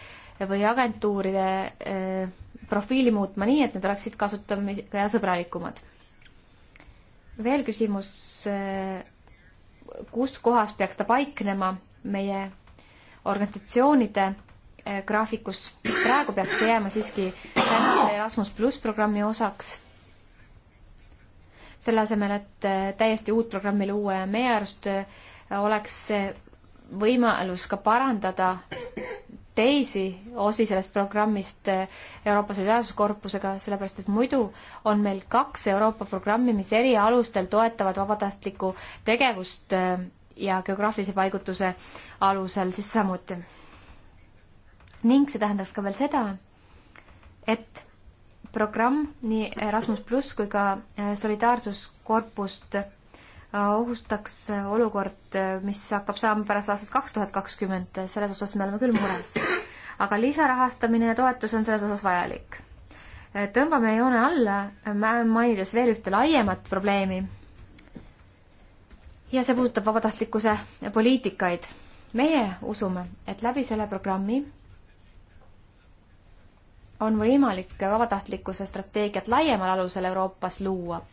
või agentuuride äh, profiili muutma nii, et need oleksid kasutamisega sõbralikumad. veel küsimus, äh, kus kohas peaks ta paiknema meie organisatsioonide graafikus, praegu peaks see jääma siiski tänase Erasmus pluss programmi osaks selle asemel, et täiesti uut programmi luua ja meie arust oleks see võimalus ka parandada teisi osi sellest programmist Euroopa Solidaarsuskorpusega, sellepärast et muidu on meil kaks Euroopa programmi, mis eri alustel toetavad vabatahtlikku tegevust äh, ja geograafilise paigutuse alusel siis samuti. ning see tähendaks ka veel seda, et programm nii Erasmus pluss kui ka äh, Solidaarsuskorpust Äh, ohustaks äh, olukord, äh, mis hakkab saama pärast aastat kaks tuhat kakskümmend, selles osas me oleme küll mures. aga lisarahastamine ja toetus on selles osas vajalik. tõmbame joone alla, mainides veel ühte laiemat probleemi. ja see puudutab vabatahtlikkuse poliitikaid. meie usume, et läbi selle programmi on võimalik vabatahtlikkuse strateegiat laiemal alusel Euroopas luua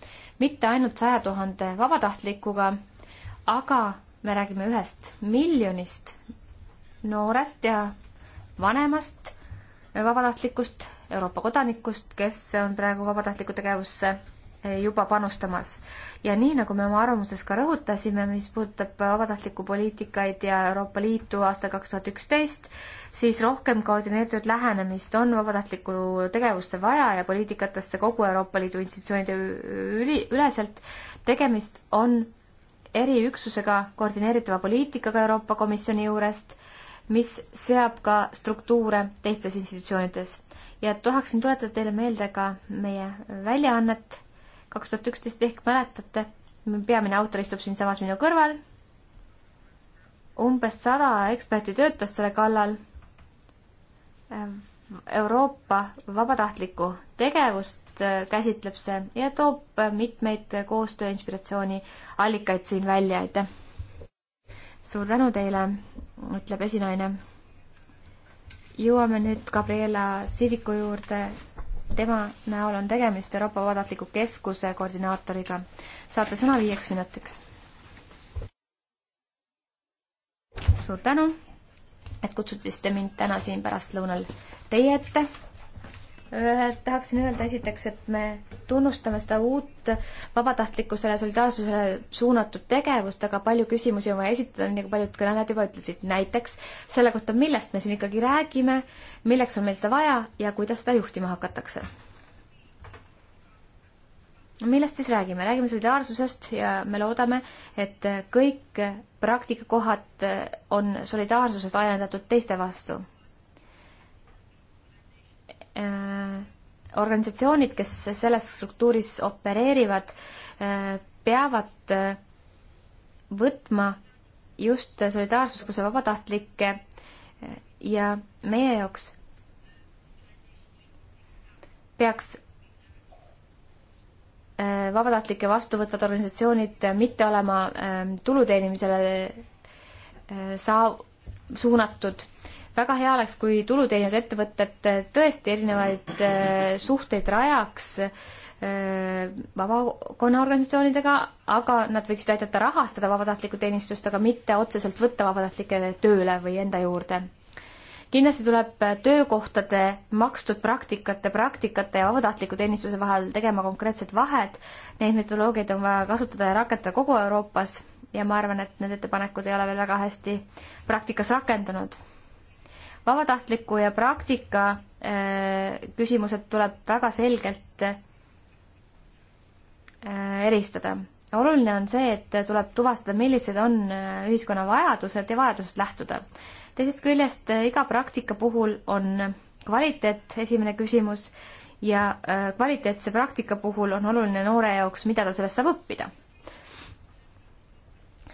mitte ainult saja tuhande vabatahtlikuga, aga me räägime ühest miljonist noorest ja vanemast vabatahtlikust Euroopa kodanikust, kes on praegu vabatahtlikku tegevusse juba panustamas. ja nii, nagu me oma arvamuses ka rõhutasime, mis puudutab vabatahtlikku poliitikaid ja Euroopa Liitu aastal kaks tuhat üksteist, siis rohkem koordineeritud lähenemist on vabatahtlikku tegevusse vaja ja poliitikatesse kogu Euroopa Liidu institutsioonide üli, üleselt. tegemist on eriüksusega koordineeritava poliitikaga Euroopa Komisjoni juurest, mis seab ka struktuure teistes institutsioonides. ja tahaksin tuletada teile meelde ka meie väljaannet kaks tuhat üksteist ehk mäletate, peamine autor istub siinsamas minu kõrval. umbes sada eksperti töötas selle kallal. Euroopa vabatahtlikku tegevust äh, käsitleb see ja toob äh, mitmeid koostöö inspiratsiooni allikaid siin välja, aitäh! suur tänu teile, ütleb esinaine. jõuame nüüd Gabriela Siviku juurde tema näol on tegemist Euroopa Vabatliku Keskuse koordinaatoriga. saate sõna viieks minutiks. suur tänu, et kutsutasite mind täna siin pärastlõunal teie ette ühe, tahaksin öelda esiteks, et me tunnustame seda uut vabatahtlikkusele, solidaarsusele suunatud tegevust, aga palju küsimusi on vaja esitada, nii nagu paljud kõnelejad juba ütlesid. näiteks selle kohta, millest me siin ikkagi räägime, milleks on meil seda vaja ja kuidas seda juhtima hakatakse. millest siis räägime? räägime solidaarsusest ja me loodame, et kõik praktikakohad on solidaarsusest ajendatud teiste vastu Äh, organisatsioonid, kes selles struktuuris opereerivad, äh, peavad äh, võtma just solidaarsuskuse vabatahtlikke ja meie jaoks peaks vabatahtlike vastuvõtvad organisatsioonid mitte olema tulu teenimisele saa-, suunatud väga hea oleks, kui tuluteenijad ettevõtted tõesti erinevaid äh, suhteid rajaks äh, vabakonnaorganisatsioonidega, aga nad võiksid aidata rahastada vabatahtlikku teenistust, aga mitte otseselt võtta vabatahtlikke tööle või enda juurde. kindlasti tuleb töökohtade makstud praktikate, praktikate ja vabatahtliku teenistuse vahel tegema konkreetsed vahed. Neid metodoloogiaid on vaja kasutada ja rakendada kogu Euroopas ja ma arvan, et need ettepanekud ei ole veel väga hästi praktikas rakendunud vabatahtliku ja praktika äh, küsimused tuleb väga selgelt äh, eristada. oluline on see, et tuleb tuvastada, millised on äh, ühiskonna vajadused ja vajadusest lähtuda. teisest küljest iga praktika puhul on kvaliteet esimene küsimus ja kvaliteetse praktika puhul on oluline noore jaoks, mida ta sellest saab õppida.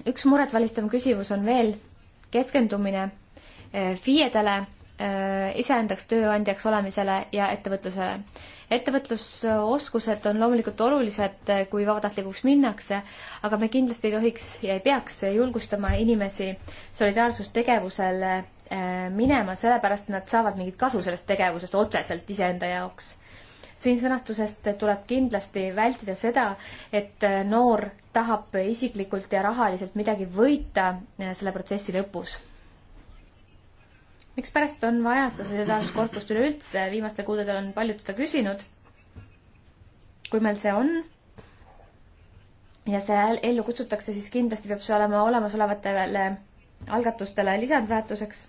üks muretvälistav küsimus on veel keskendumine Eh, FIE-dele, eh, iseendaks tööandjaks olemisele ja ettevõtlusele. ettevõtlusoskused on loomulikult olulised, eh, kui vabatahtlikuks minnakse, aga me kindlasti ei tohiks ja ei peaks julgustama inimesi solidaarsustegevusele minema, sellepärast nad saavad mingit kasu sellest tegevusest otseselt iseenda jaoks. siin sõnastusest tuleb kindlasti vältida seda, et noor tahab isiklikult ja rahaliselt midagi võita selle protsessi lõpus mikspärast on vaja seda solidaarsuskorpust üleüldse, viimastel kuudel on paljud seda küsinud. kui meil see on ja see ellu kutsutakse, siis kindlasti peab see olema olemasolevatele algatustele lisandväärtuseks.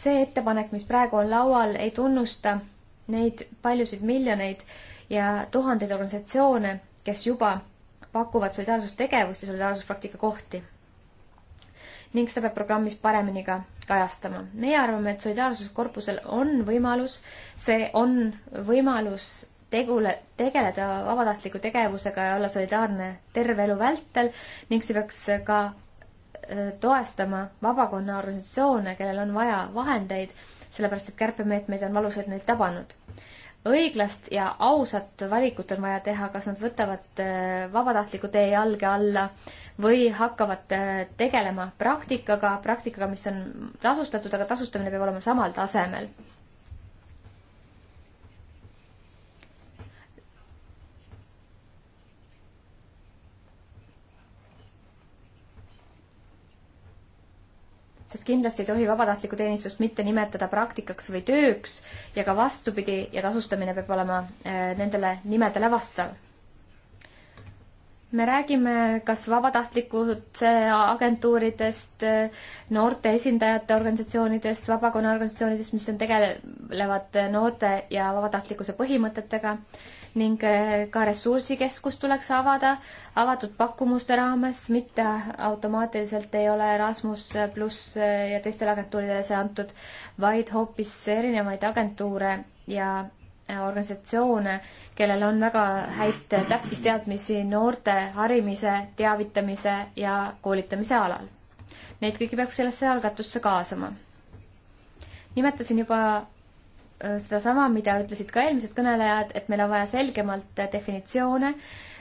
see ettepanek, mis praegu on laual, ei tunnusta neid paljusid miljoneid ja tuhandeid organisatsioone, kes juba pakuvad solidaarsustegevust ja solidaarsuspraktika kohti. ning seda peab programmis paremini ka kajastama. meie arvame, et solidaarsuskorpusel on võimalus, see on võimalus tegule, tegeleda vabatahtliku tegevusega ja olla solidaarne terve elu vältel ning see peaks ka äh, toestama vabakonna organisatsioone, kellel on vaja vahendeid, sellepärast et kärpemeetmeid on valusalt neid tabanud õiglast ja ausat valikut on vaja teha, kas nad võtavad äh, vabatahtliku tee jalge alla või hakkavad äh, tegelema praktikaga, praktikaga, mis on tasustatud, aga tasustamine peab olema samal tasemel. sest kindlasti ei tohi vabatahtlikku teenistust mitte nimetada praktikaks või tööks ja ka vastupidi, ja tasustamine peab olema äh, nendele nimedele vastav me räägime kas vabatahtlikkuse agentuuridest, noorte esindajate organisatsioonidest, vabakonna organisatsioonidest, mis on, tegelevad noorte ja vabatahtlikkuse põhimõtetega ning eh, ka ressursikeskus tuleks avada avatud pakkumuste raames, mitte automaatiliselt ei ole Erasmus pluss eh, ja teistele agentuuridele see antud, vaid hoopis erinevaid agentuure ja organisatsioone, kellel on väga häid täppisteadmisi noorte harimise, teavitamise ja koolitamise alal. Neid kõiki peaks sellesse algatusse kaasama. nimetasin juba sedasama, mida ütlesid ka eelmised kõnelejad, et meil on vaja selgemalt definitsioone,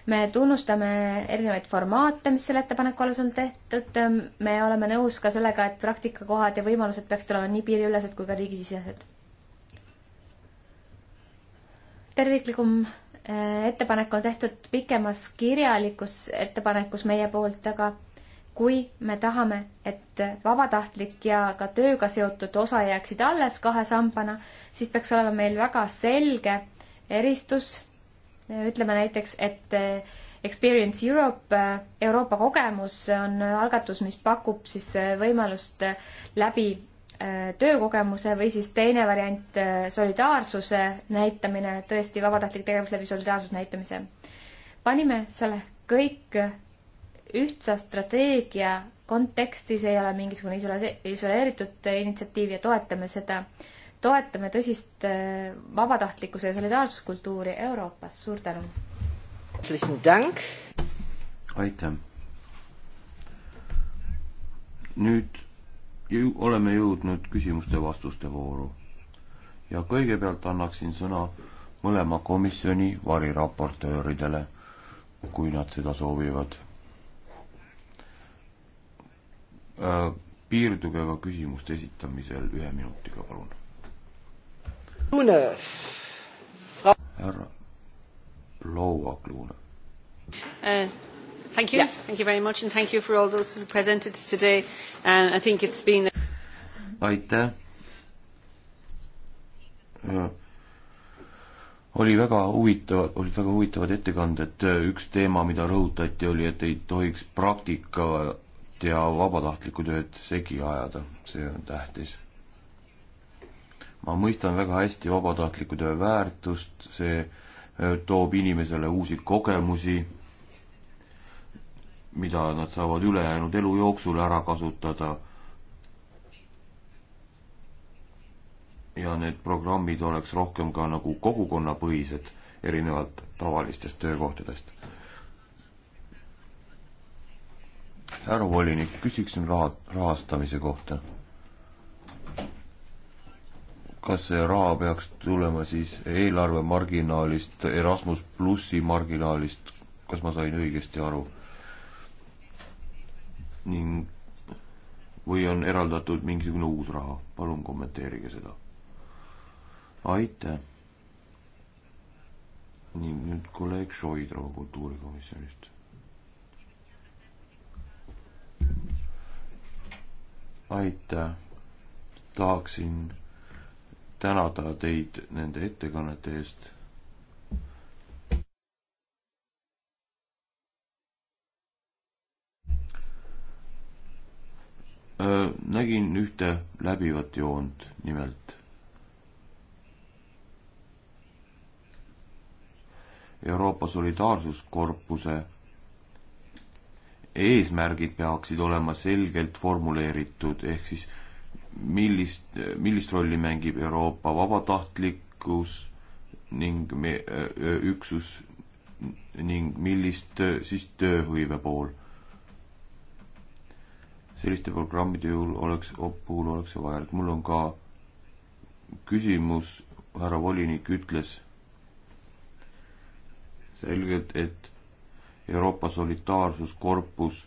me tunnustame erinevaid formaate, mis selle ettepaneku alus on tehtud, me oleme nõus ka sellega, et praktikakohad ja võimalused peaks tulema nii piiriülesed kui ka riigisisesed terviklikum äh, ettepanek on tehtud pikemas kirjalikus ettepanekus meie poolt, aga kui me tahame, et vabatahtlik ja ka tööga seotud osa jääksid alles kahe sambana, siis peaks olema meil väga selge eristus. ütleme näiteks, et äh, Experience Europe, äh, Euroopa kogemus on algatus, mis pakub siis võimalust läbi Äh, töökogemuse või siis teine variant, äh, solidaarsuse näitamine, tõesti vabatahtlik tegevus läbi solidaarsuse näitamise. panime selle kõik ühtsa strateegia konteksti, see ei ole mingisugune isole-, isoleeritud initsiatiiv ja toetame seda, toetame tõsist äh, vabatahtlikkuse ja solidaarsuskultuuri Euroopas, suur tänu! aitäh! nüüd ju-, oleme jõudnud küsimuste-vastuste vooru. ja kõigepealt annaksin sõna mõlema komisjoni variraportööridele, kui nad seda soovivad. Äh, piirduge ka küsimuste esitamisel ühe minutiga, palun. härra Loua Kluune. Äh, Thank you. Yeah. Thank you very much and thank you for all those who presented today. And I think it's been... aitäh. oli väga huvitav, olid väga huvitavad ettekanded, üks teema, mida rõhutati, oli, et ei tohiks praktikat ja vabatahtlikku tööd segi ajada, see on tähtis. ma mõistan väga hästi vabatahtliku töö väärtust, see äh, toob inimesele uusi kogemusi mida nad saavad ülejäänud elu jooksul ära kasutada. ja need programmid oleks rohkem ka nagu kogukonnapõhised, erinevalt tavalistest töökohtadest. härra volinik, küsiksin raha, rahastamise kohta. kas see raha peaks tulema siis eelarve marginaalist, Erasmus plussi marginaalist, kas ma sain õigesti aru? ning või on eraldatud mingisugune uus raha. palun kommenteerige seda. aitäh. ning nüüd kolleeg Šoidrova kultuurikomisjonist. aitäh. tahaksin tänada teid nende ettekannete eest Äh, nägin ühte läbivat joont, nimelt Euroopa Solidaarsuskorpuse eesmärgid peaksid olema selgelt formuleeritud, ehk siis millist, millist rolli mängib Euroopa vabatahtlikkus ning me, üksus ning millist siis tööhõive pool selliste programmide juhul oleks, puhul oleks see vajalik. mul on ka küsimus, härra volinik ütles selgelt, et Euroopa Solidaarsuskorpus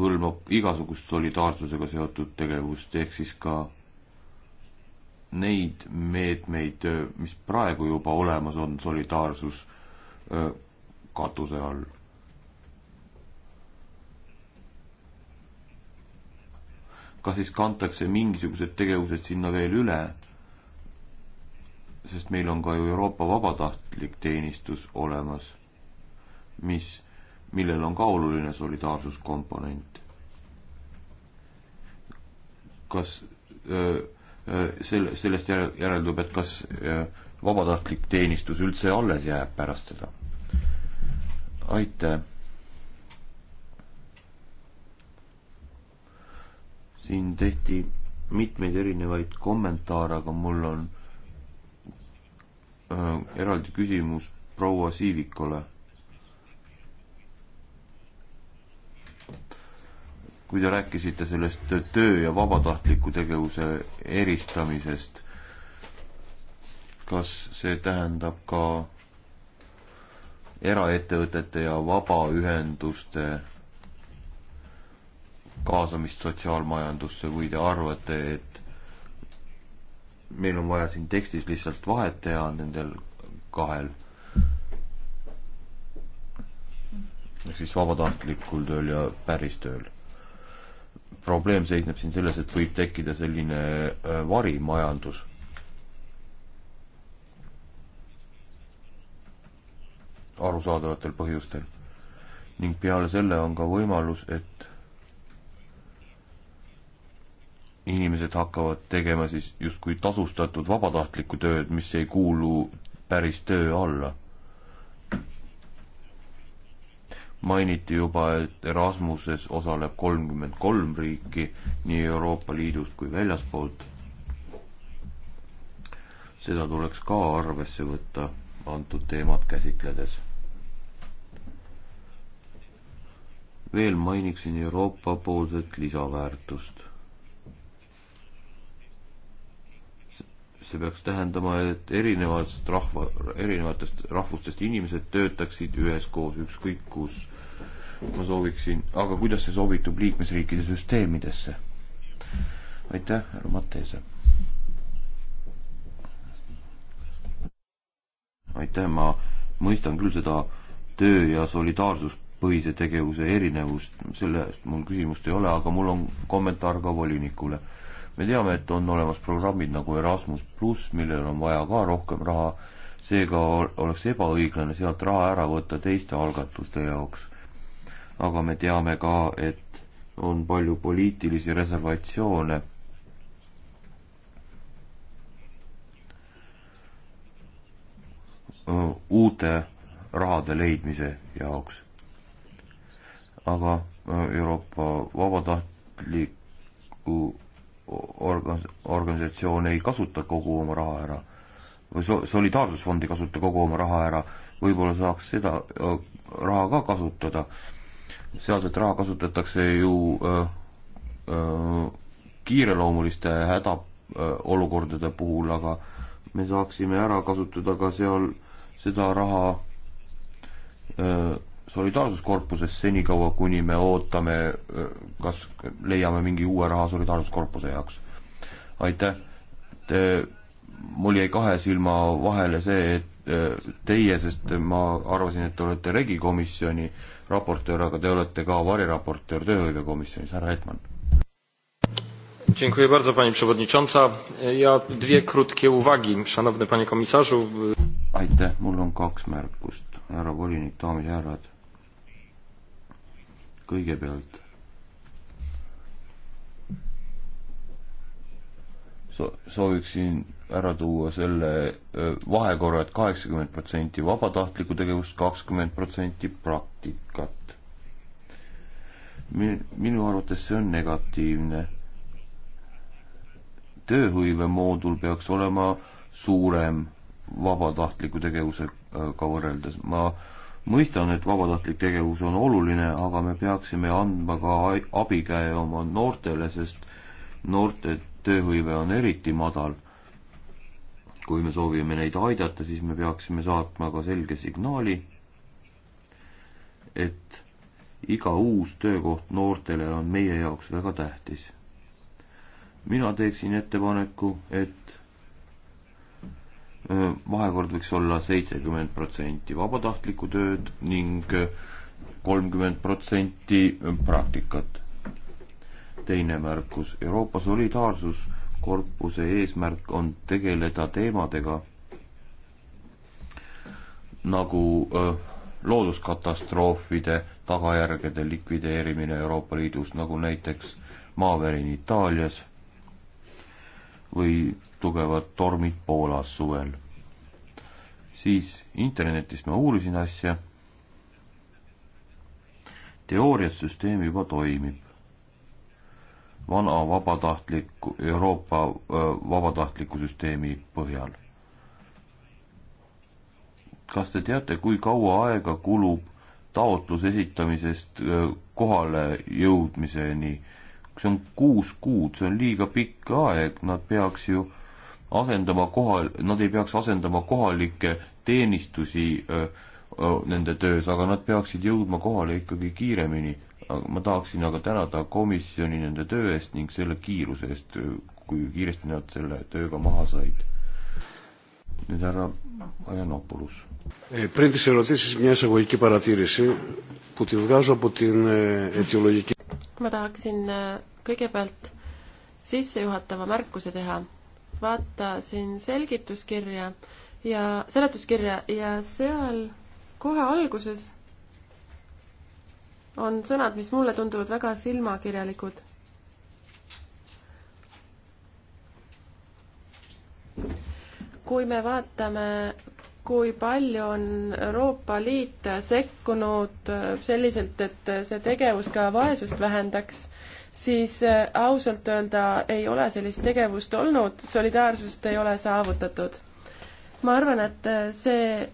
hõlmab igasugust solidaarsusega seotud tegevust, ehk siis ka neid meetmeid, mis praegu juba olemas on solidaarsuse äh, katuse all kas siis kantakse mingisugused tegevused sinna veel üle, sest meil on ka ju Euroopa vabatahtlik teenistus olemas, mis, millel on ka oluline solidaarsuskomponent. kas öö, sel-, sellest järeldub, et kas vabatahtlik teenistus üldse alles jääb pärast seda? aitäh! siin tehti mitmeid erinevaid kommentaare, aga mul on äh, eraldi küsimus proua Siivikule. kui te rääkisite sellest töö ja vabatahtliku tegevuse eristamisest, kas see tähendab ka eraettevõtete ja vabaühenduste kaasamist sotsiaalmajandusse või te arvate, et meil on vaja siin tekstis lihtsalt vahet teha nendel kahel? ehk siis vabatahtlikul tööl ja päris tööl. probleem seisneb siin selles, et võib tekkida selline äh, varimajandus arusaadavatel põhjustel. ning peale selle on ka võimalus, et inimesed hakkavad tegema siis justkui tasustatud vabatahtlikku tööd, mis ei kuulu päris töö alla. mainiti juba, et Erasmuses osaleb kolmkümmend kolm riiki nii Euroopa Liidust kui väljaspoolt. seda tuleks ka arvesse võtta antud teemat käsitledes. veel mainiksin Euroopa-poolset lisaväärtust see peaks tähendama, et erinevast rahva, erinevatest rahvustest inimesed töötaksid üheskoos ükskõik kus. ma sooviksin, aga kuidas see sobitub liikmesriikide süsteemidesse? aitäh, härra Matteese. aitäh, ma mõistan küll seda töö ja solidaarsuspõhise tegevuse erinevust, sellest mul küsimust ei ole, aga mul on kommentaar ka volinikule me teame, et on olemas programmid nagu Erasmus pluss, millel on vaja ka rohkem raha, seega oleks ebaõiglane sealt raha ära võtta teiste algatuste jaoks. aga me teame ka, et on palju poliitilisi reservatsioone uute rahade leidmise jaoks. aga Euroopa vabatahtliku organ-, organisatsioon ei kasuta kogu oma raha ära või so-, solidaarsusfond ei kasuta kogu oma raha ära, võib-olla saaks seda raha ka kasutada. sealset raha kasutatakse ju öö, öö, kiireloomuliste hädaolukordade puhul, aga me saaksime ära kasutada ka seal seda raha öö, solidaarsuskorpuses senikaua, kuni me ootame, kas leiame mingi uue raha solidaarsuskorpuse jaoks. aitäh, te, mul jäi kahe silma vahele see, et eh, teie, sest ma arvasin, et te olete regikomisjoni raportöör, aga te olete ka variraportöör tööhõivekomisjonis, härra Hetman. Dziękuję bardzo Pani Przewodnicząca. Ja dwie krótkie uwagi, Szanowny Panie Komisarzu. Aitäh, mul on kaks märkust, härra volinik, daamid ja härrad kõigepealt so-, sooviksin ära tuua selle vahekorra, et kaheksakümmend protsenti vabatahtlikku tegevust, kakskümmend protsenti praktikat. Mi-, minu arvates see on negatiivne. tööhõive moodul peaks olema suurem vabatahtliku tegevusega võrreldes, ma äh, mõistan, et vabatahtlik tegevus on oluline, aga me peaksime andma ka abikäe oma noortele, sest noorte tööhõive on eriti madal. kui me soovime neid aidata, siis me peaksime saatma ka selge signaali, et iga uus töökoht noortele on meie jaoks väga tähtis. mina teeksin ettepaneku, et vahekord võiks olla seitsekümmend protsenti vabatahtlikku tööd ning kolmkümmend protsenti praktikat. teine märkus, Euroopa Solidaarsuskorpuse eesmärk on tegeleda teemadega nagu öö, looduskatastroofide tagajärgede likvideerimine Euroopa Liidus, nagu näiteks maavärin Itaalias või tugevad tormid Poolas suvel. siis internetist ma uurisin asja. teoorias süsteem juba toimib. vana vabatahtliku, Euroopa vabatahtliku süsteemi põhjal. kas te teate, kui kaua aega kulub taotluse esitamisest kohale jõudmiseni see on kuus kuud, see on liiga pikk aeg, nad peaks ju asendama kohal, nad ei peaks asendama kohalikke teenistusi öö, öö, nende töös, aga nad peaksid jõudma kohale ikkagi kiiremini. ma tahaksin aga tänada komisjoni nende töö eest ning selle kiiruse eest, kui kiiresti nad selle tööga maha said. nüüd härra Ajanopoulos. πριν τις ερωτήσεις μια εισαγωγική παρατήρηση που τη βγάζω από την αιτιολογική ma tahaksin äh, kõigepealt sissejuhatava märkuse teha. vaatasin selgituskirja ja seletuskirja ja seal kohe alguses on sõnad, mis mulle tunduvad väga silmakirjalikud. kui me vaatame kui palju on Euroopa Liit sekkunud äh, selliselt, et äh, see tegevus ka vaesust vähendaks, siis äh, ausalt öelda ei ole sellist tegevust olnud, solidaarsust ei ole saavutatud. ma arvan, et see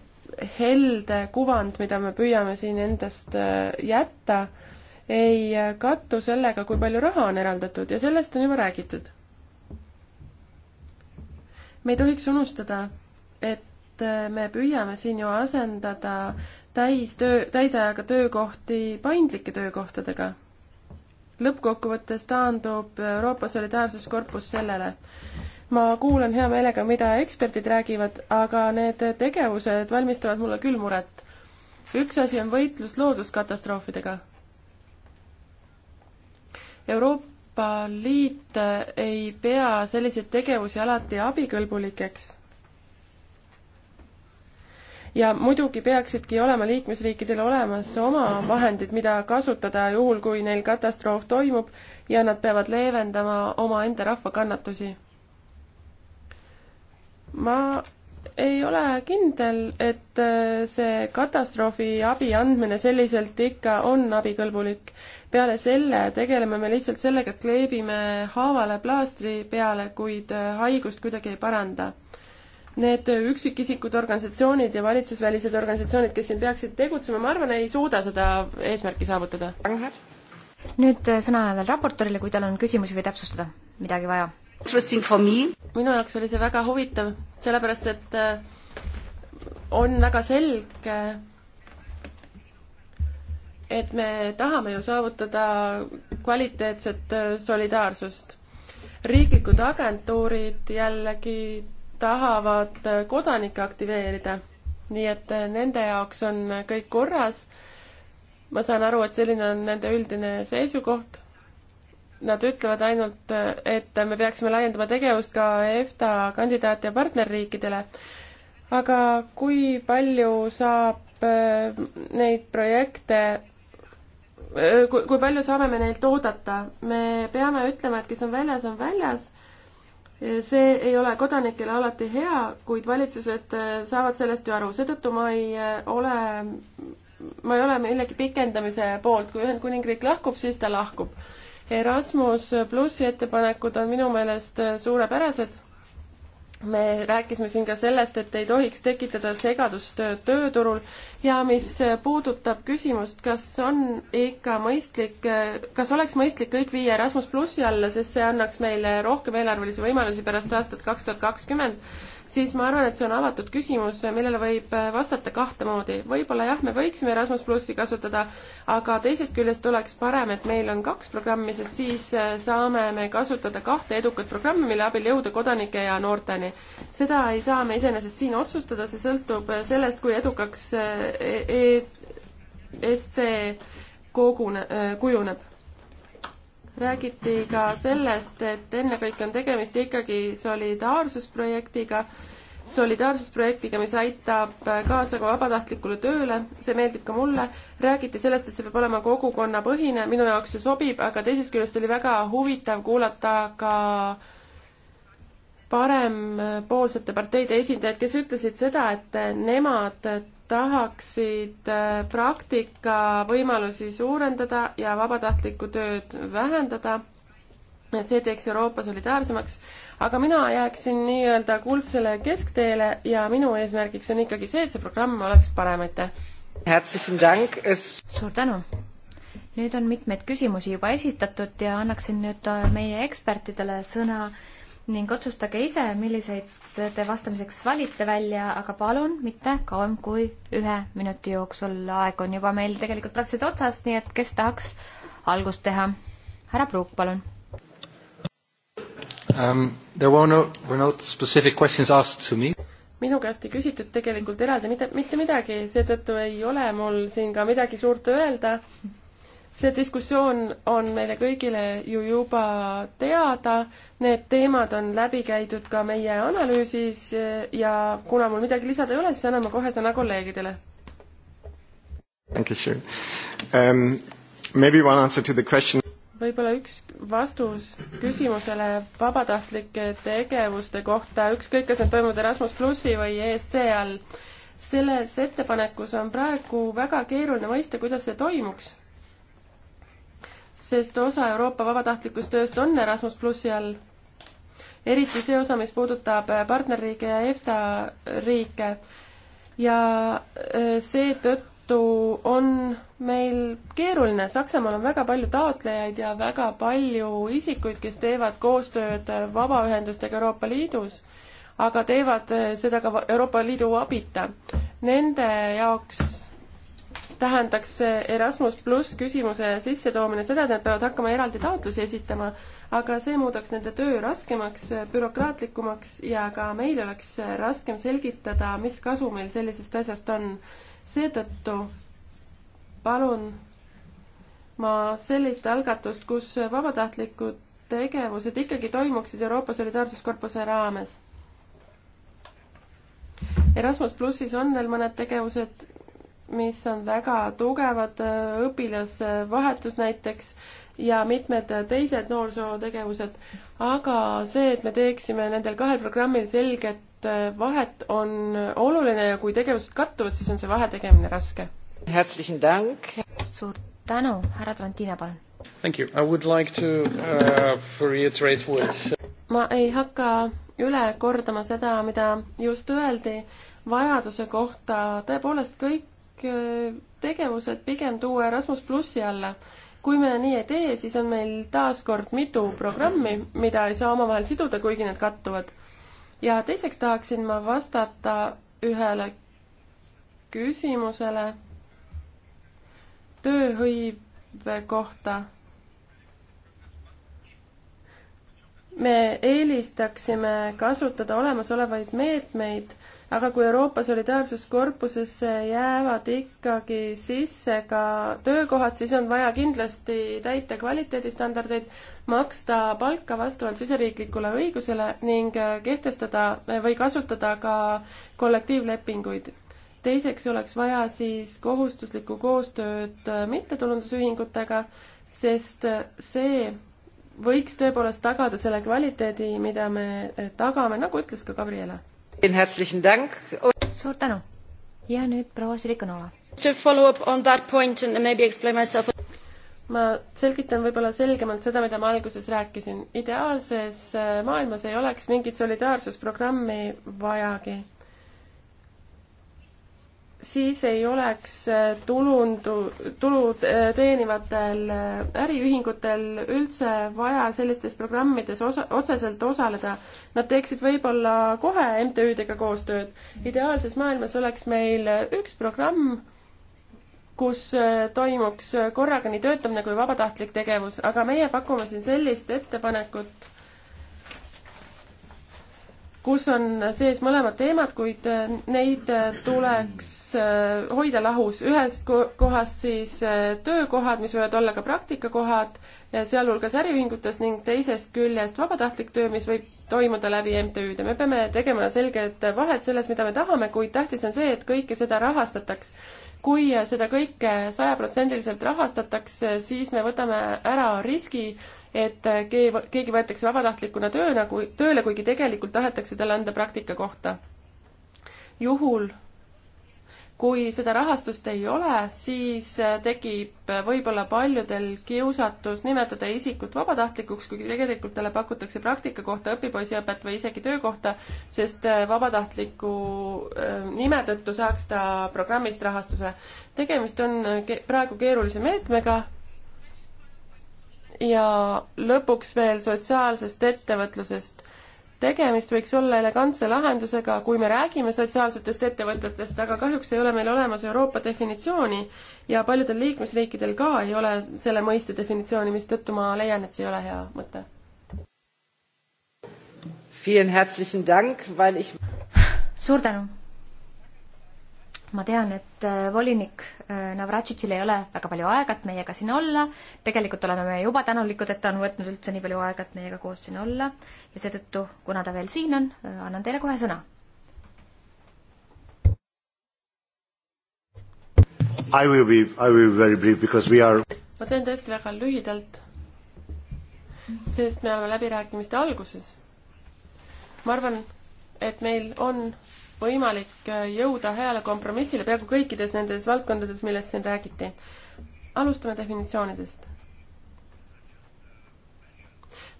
helde kuvand, mida me püüame siin endast jätta, ei kattu sellega, kui palju raha on eraldatud ja sellest on juba räägitud. me ei tohiks unustada, et et äh, me püüame siin ju asendada täistöö, täisajaga töökohti paindlike töökohtadega. lõppkokkuvõttes taandub Euroopa Solidaarsuskorpus sellele. ma kuulan hea meelega, mida eksperdid räägivad, aga need tegevused valmistavad mulle küll muret. üks asi on võitlus looduskatastroofidega Euroopa Liit ei pea selliseid tegevusi alati abikõlbulikeks ja muidugi peaksidki olema liikmesriikidel olemas oma vahendid, mida kasutada juhul, kui neil katastroof toimub ja nad peavad leevendama omaenda rahva kannatusi. ma ei ole kindel, et äh, see katastroofiabi andmine selliselt ikka on abikõlbulik. peale selle tegeleme me lihtsalt sellega, et kleebime haavale plaastri peale, kuid äh, haigust kuidagi ei paranda need üksikisikud, organisatsioonid ja valitsusvälised organisatsioonid, kes siin peaksid tegutsema, ma arvan, ei suuda seda eesmärki saavutada. nüüd äh, sõna veel raportorile, kui tal on küsimusi või täpsustada midagi vaja. minu jaoks oli see väga huvitav, sellepärast et äh, on väga selge, et me tahame ju saavutada kvaliteetset äh, solidaarsust. riiklikud agentuurid jällegi tahavad kodanikke aktiveerida. nii et eh, nende jaoks on kõik korras. ma saan aru, et selline on nende üldine seisukoht. Nad ütlevad ainult, eh, et me peaksime laiendama tegevust ka EFTA kandidaat- ja partnerriikidele. aga kui palju saab eh, neid projekte kui, kui palju saame me neilt oodata? me peame ütlema, et kes on väljas, on väljas see ei ole kodanikele alati hea, kuid valitsused äh, saavad sellest ju aru, seetõttu ma ei äh, ole, ma ei ole millegi pikendamise poolt, kui Ühendkuningriik lahkub, siis ta lahkub. Erasmus plussi ettepanekud on minu meelest äh, suurepärased me rääkisime siin ka sellest, et ei tohiks tekitada segadust tööturul ja mis puudutab küsimust, kas on ikka mõistlik, kas oleks mõistlik kõik viia Erasmus plussi alla, sest see annaks meile rohkem eelarvelisi võimalusi pärast aastat kaks tuhat kakskümmend, siis ma arvan, et see on avatud küsimus, millele võib äh, vastata kahte moodi. võib-olla jah, me võiksime Erasmus plussi kasutada, aga teisest küljest oleks parem, et meil on kaks programmi, sest siis äh, saame me kasutada kahte edukat programmi, mille abil jõuda kodanike ja noorteni. seda ei saa me iseenesest siin otsustada, see sõltub äh, sellest, kui edukaks e e SC kogune, kujuneb räägiti ka sellest, et ennekõike on tegemist ikkagi solidaarsusprojektiga, solidaarsusprojektiga, mis aitab kaasa ka vabatahtlikule tööle, see meeldib ka mulle, räägiti sellest, et see peab olema kogukonnapõhine, minu jaoks see sobib, aga teisest küljest oli väga huvitav kuulata ka parempoolsete parteide esindajaid, kes ütlesid seda, et nemad tahaksid äh, praktika võimalusi suurendada ja vabatahtlikku tööd vähendada, et see teeks Euroopa solidaarsemaks, aga mina jääksin nii-öelda kuldsele keskteele ja minu eesmärgiks on ikkagi see, et see programm oleks parem, aitäh! suur tänu! nüüd on mitmeid küsimusi juba esitatud ja annaksin nüüd äh, meie ekspertidele sõna ning otsustage ise, milliseid te vastamiseks valite välja, aga palun mitte kauem kui ühe minuti jooksul. aeg on juba meil tegelikult praktiliselt otsas, nii et kes tahaks algust teha? härra Pruuk, palun um,. There were no, were no specific questions asked to me minu käest ei küsitud tegelikult eraldi mitte, mitte midagi, seetõttu ei ole mul siin ka midagi suurt öelda see diskussioon on meile kõigile ju juba teada, need teemad on läbi käidud ka meie analüüsis ja kuna mul midagi lisada ei ole, siis annan ma kohe sõna kolleegidele. Um, võib-olla üks vastus küsimusele vabatahtlike tegevuste kohta, ükskõik, kas need toimuvad Erasmus plussi või ESC all, selles ettepanekus on praegu väga keeruline mõista, kuidas see toimuks sest osa Euroopa vabatahtlikust tööst on Erasmus plussi all. eriti see osa, mis puudutab äh, partnerriike ja EFTA riike. ja äh, seetõttu on meil keeruline, Saksamaal on väga palju taotlejaid ja väga palju isikuid, kes teevad koostööd äh, vabaühendustega Euroopa Liidus aga teevad seda ka Euroopa Liidu abita. Nende jaoks tähendaks Erasmus pluss küsimuse sissetoomine seda, et nad peavad hakkama eraldi taotlusi esitama, aga see muudaks nende töö raskemaks, bürokraatlikumaks ja ka meil oleks raskem selgitada, mis kasu meil sellisest asjast on. seetõttu palun ma sellist algatust, kus vabatahtlikud tegevused ikkagi toimuksid Euroopa Solidaarsuskorpuse raames Erasmus plussis on veel mõned tegevused, mis on väga tugevad, äh, õpilasvahetus näiteks ja mitmed äh, teised noorsootegevused, aga see, et me teeksime nendel kahel programmil selget äh, vahet, on oluline ja kui tegevused kattuvad, siis on see vahe tegemine raske. suur tänu, härra Trantina, palun. Thank you, I would like to uh, reiterate what ma ei hakka üle kordama seda, mida just öeldi vajaduse kohta, tõepoolest kõik Äh, tegevused pigem tuua Erasmus plussi alla. kui me nii ei tee, siis on meil taaskord mitu programmi, mida ei saa omavahel siduda, kuigi need kattuvad. ja teiseks tahaksin ma vastata ühele küsimusele tööhõive kohta me eelistaksime kasutada olemasolevaid meetmeid aga kui Euroopa Solidaarsuskorpusesse jäävad ikkagi sisse ka töökohad, siis on vaja kindlasti täita kvaliteedistandardeid, maksta palka vastavalt siseriiklikule õigusele ning kehtestada või kasutada ka kollektiivlepinguid teiseks oleks vaja siis kohustuslikku koostööd mittetulundusühingutega, sest see võiks tõepoolest tagada selle kvaliteedi, mida me tagame, nagu ütles ka Gabriela suur tänu ja nüüd proua Silikonova. ma selgitan võib-olla selgemalt seda, mida ma alguses rääkisin. ideaalses äh, maailmas ei oleks mingit solidaarsusprogrammi vajagi siis ei oleks äh, tulundu, tulu äh, teenivatel äh, äriühingutel üldse vaja sellistes programmides osa, otseselt osaleda. Nad teeksid võib-olla kohe MTÜ-dega koostööd. ideaalses maailmas oleks meil üks programm, kus toimuks korraga nii töötamine kui vabatahtlik tegevus, aga meie pakume siin sellist ettepanekut kus on sees mõlemad teemad, kuid äh, neid äh, tuleks äh, hoida lahus. ühest kohast siis töökohad, mis võivad olla ka praktikakohad, sealhulgas äriühingutes ning teisest küljest vabatahtlik töö, mis võib toimuda läbi MTÜ-de. me peame tegema selget vahet selles, mida me tahame, kuid tähtis on see, et kõike seda rahastataks. kui seda kõike sajaprotsendiliselt rahastataks, siis me võtame ära riski et keegi võetakse vabatahtlikuna tööna, nagu, kui, tööle, kuigi tegelikult tahetakse talle anda praktikakohta. juhul, kui seda rahastust ei ole, siis tekib võib-olla paljudel kiusatus nimetada isikut vabatahtlikuks, kuigi tegelikult talle pakutakse praktikakohta, õpipoisiõpet või isegi töökohta, sest äh, vabatahtliku äh, nime tõttu saaks ta programmist rahastuse. tegemist on äh, praegu keerulise meetmega ja lõpuks veel sotsiaalsest ettevõtlusest. tegemist võiks olla elegantse lahendusega, kui me räägime sotsiaalsetest ettevõtetest, aga kahjuks ei ole meil olemas Euroopa definitsiooni ja paljudel liikmesriikidel ka ei ole selle mõiste definitsiooni, mistõttu ma leian, et see ei ole hea mõte. suur tänu ma tean, et äh, volinik äh, Navratšitšil ei ole väga palju aega, et meiega siin olla. tegelikult oleme me juba tänulikud, et ta on võtnud üldse nii palju aega, et meiega koos siin olla ja seetõttu, kuna ta veel siin on, äh, annan teile kohe sõna. I will be, I will be very brief because we are. ma teen tõesti väga lühidalt, sest me oleme läbirääkimiste alguses. ma arvan, et meil on võimalik äh, jõuda heale kompromissile peaaegu kõikides nendes valdkondades, millest siin räägiti. alustame definitsioonidest.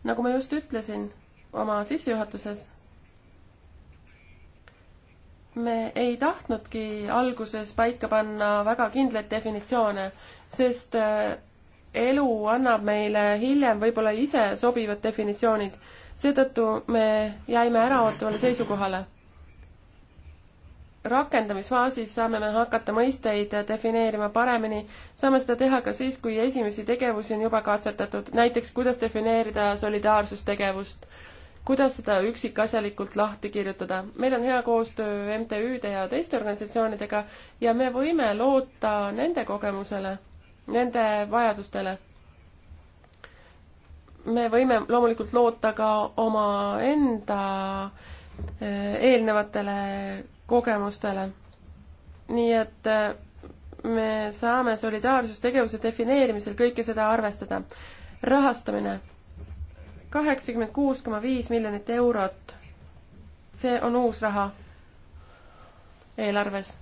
nagu ma just ütlesin oma sissejuhatuses, me ei tahtnudki alguses paika panna väga kindlaid definitsioone, sest äh, elu annab meile hiljem võib-olla ise sobivad definitsioonid. seetõttu me jäime äraootavale seisukohale rakendamisfaasis saame me hakata mõisteid defineerima paremini, saame seda teha ka siis, kui esimesi tegevusi on juba katsetatud, näiteks kuidas defineerida solidaarsustegevust, kuidas seda üksikasjalikult lahti kirjutada. meil on hea koostöö MTÜ-de ja teiste organisatsioonidega ja me võime loota nende kogemusele, nende vajadustele. me võime loomulikult loota ka omaenda eh, eelnevatele kogemustele. nii et äh, me saame solidaarsustegevuse defineerimisel kõike seda arvestada. rahastamine kaheksakümmend kuus koma viis miljonit eurot. see on uus raha eelarves.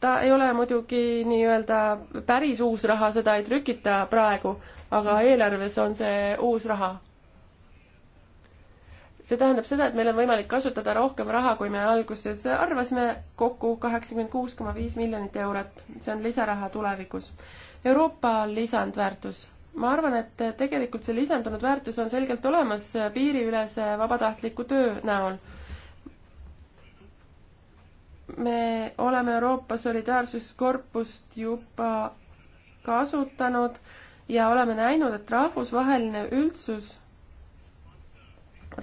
ta ei ole muidugi nii-öelda päris uus raha, seda ei trükita praegu, aga eelarves on see uus raha see tähendab seda, et meil on võimalik kasutada rohkem raha, kui me alguses arvasime, kokku kaheksakümmend kuus koma viis miljonit eurot. see on lisaraha tulevikus. Euroopa lisandväärtus. ma arvan, et tegelikult see lisandunud väärtus on selgelt olemas piiriülese vabatahtliku töö näol me oleme Euroopa Solidaarsuskorpust juba kasutanud ja oleme näinud, et rahvusvaheline üldsus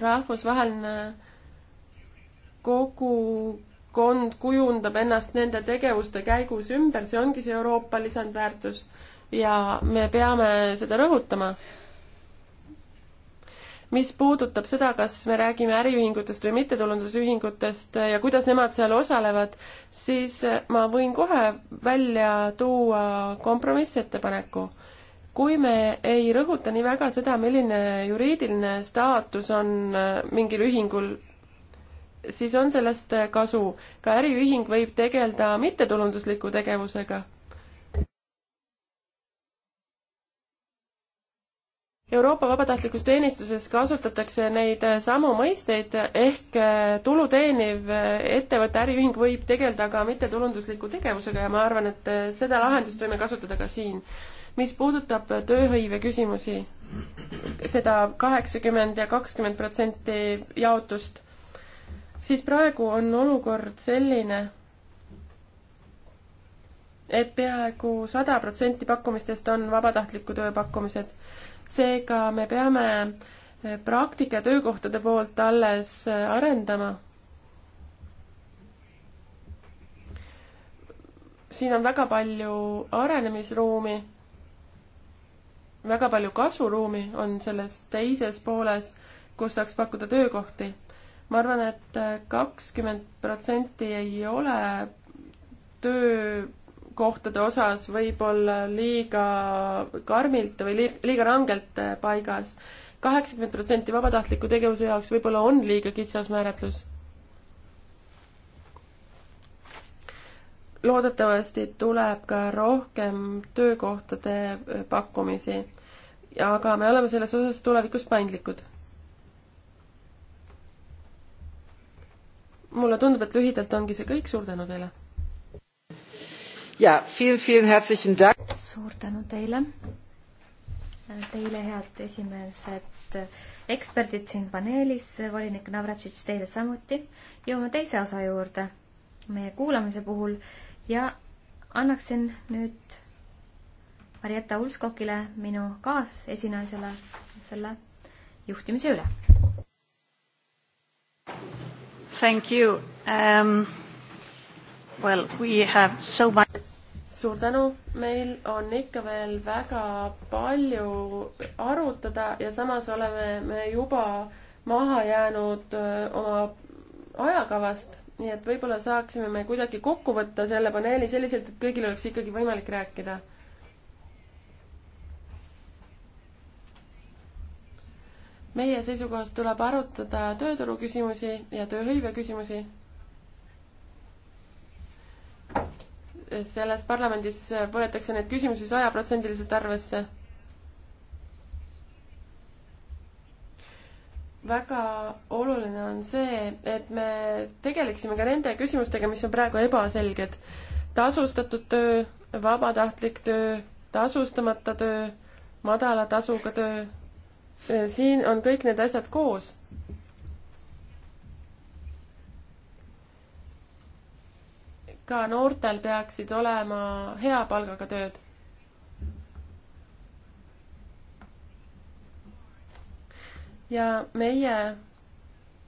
rahvusvaheline kogukond kujundab ennast nende tegevuste käigus ümber, see ongi see Euroopa lisandväärtus ja me peame seda rõhutama. mis puudutab seda, kas me räägime äriühingutest või mittetulundusühingutest ja kuidas nemad seal osalevad, siis ma võin kohe välja tuua kompromissettepaneku kui me ei rõhuta nii väga seda, milline juriidiline staatus on äh, mingil ühingul, siis on sellest äh, kasu. ka äriühing võib tegeleda mittetulundusliku tegevusega. Euroopa vabatahtlikus teenistuses kasutatakse neid äh, samu mõisteid ehk tulu teeniv ettevõte, äriühing võib tegeleda ka mittetulundusliku tegevusega ja ma arvan, et seda lahendust võime kasutada ka siin mis puudutab tööhõive küsimusi, seda kaheksakümmend ja kakskümmend protsenti jaotust, siis praegu on olukord selline, et peaaegu sada protsenti pakkumistest on vabatahtliku töö pakkumised. seega me peame eh, praktika töökohtade poolt alles eh, arendama siin on väga palju arenemisruumi väga palju kasvuruumi on selles teises pooles, kus saaks pakkuda töökohti. ma arvan et, et äh, kakskümmend protsenti ei ole töökohtade osas võib-olla liiga karmilt või liiga rangelt äh, paigas. kaheksakümmend protsenti vabatahtliku tegevuse jaoks võib-olla on liiga kitsas määratlus loodetavasti tuleb ka rohkem töökohtade äh, pakkumisi. aga me oleme selles osas tulevikus paindlikud. mulle tundub, et lühidalt ongi see kõik, suur tänu teile! jaa, suur tänu teile! Teile, head esimesed eksperdid siin paneelis, volinik Navratšitš, teile samuti. jõuame teise osa juurde meie kuulamise puhul ja annaksin nüüd Marietta Ulskokile, minu kaasesinaisele, selle juhtimise üle. Thank you um,. Well, we have so much suur tänu, meil on ikka veel väga palju arutada ja samas oleme me juba maha jäänud äh, oma ajakavast nii et võib-olla saaksime me kuidagi kokku võtta selle paneeli selliselt, et kõigil oleks ikkagi võimalik rääkida. meie seisukohast tuleb arutada tööturu küsimusi ja tööhõive küsimusi. selles parlamendis võetakse neid küsimusi sajaprotsendiliselt arvesse väga oluline on see, et me tegeleksime ka nende küsimustega, mis on praegu ebaselged. tasustatud töö, vabatahtlik töö, tasustamata töö, madala tasuga töö. Äh, siin on kõik need asjad koos ka noortel peaksid olema hea palgaga tööd. ja meie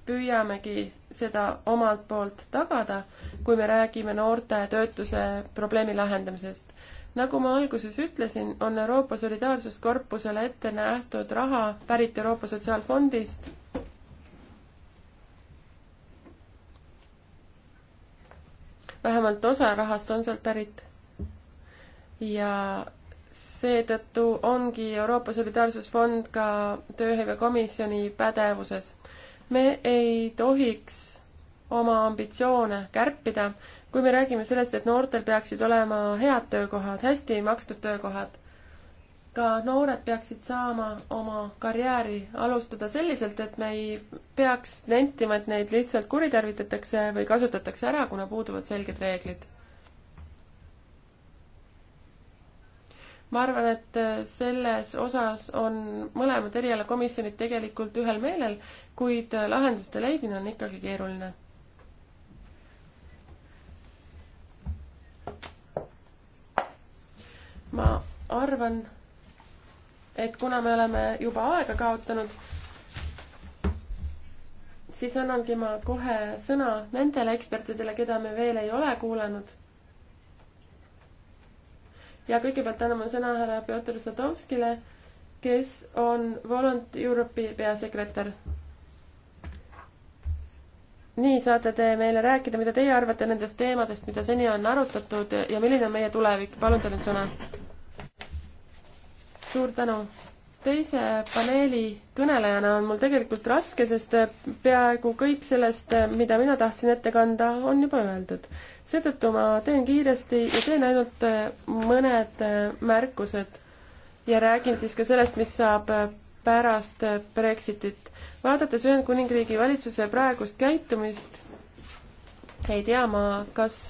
püüamegi seda omalt poolt tagada, kui me räägime noorte töötuse probleemi lahendamisest. nagu ma alguses ütlesin, on Euroopa Solidaarsuskorpusele ette nähtud raha pärit Euroopa Sotsiaalfondist vähemalt osa rahast on sealt pärit. ja seetõttu ongi Euroopa Solidaarsusfond ka tööhõivekomisjoni pädevuses. me ei tohiks oma ambitsioone kärpida, kui me räägime sellest, et noortel peaksid olema head töökohad, hästi makstud töökohad. ka noored peaksid saama oma karjääri alustada selliselt, et me ei peaks nentima, et neid lihtsalt kuritarvitatakse või kasutatakse ära, kuna puuduvad selged reeglid ma arvan, et äh, selles osas on mõlemad erialakomisjonid tegelikult ühel meelel, kuid äh, lahenduste leidmine on ikkagi keeruline. ma arvan, et kuna me oleme juba aega kaotanud, siis annangi ma kohe sõna nendele ekspertidele, keda me veel ei ole kuulanud ja kõigepealt anname sõna härra Piotr Sadovskile, kes on Volont Europe'i peasekretär. nii saate te meile rääkida, mida teie arvate nendest teemadest, mida seni on arutatud ja milline on meie tulevik. palun, teil on sõna. suur tänu teise paneeli kõnelejana on mul tegelikult raske, sest peaaegu kõik sellest, mida mina tahtsin ette kanda, on juba öeldud. seetõttu ma teen kiiresti ja teen ainult äh, mõned äh, märkused ja räägin siis ka sellest, mis saab äh, pärast Brexitit. vaadates Ühendkuningriigi valitsuse praegust käitumist, ei tea ma, kas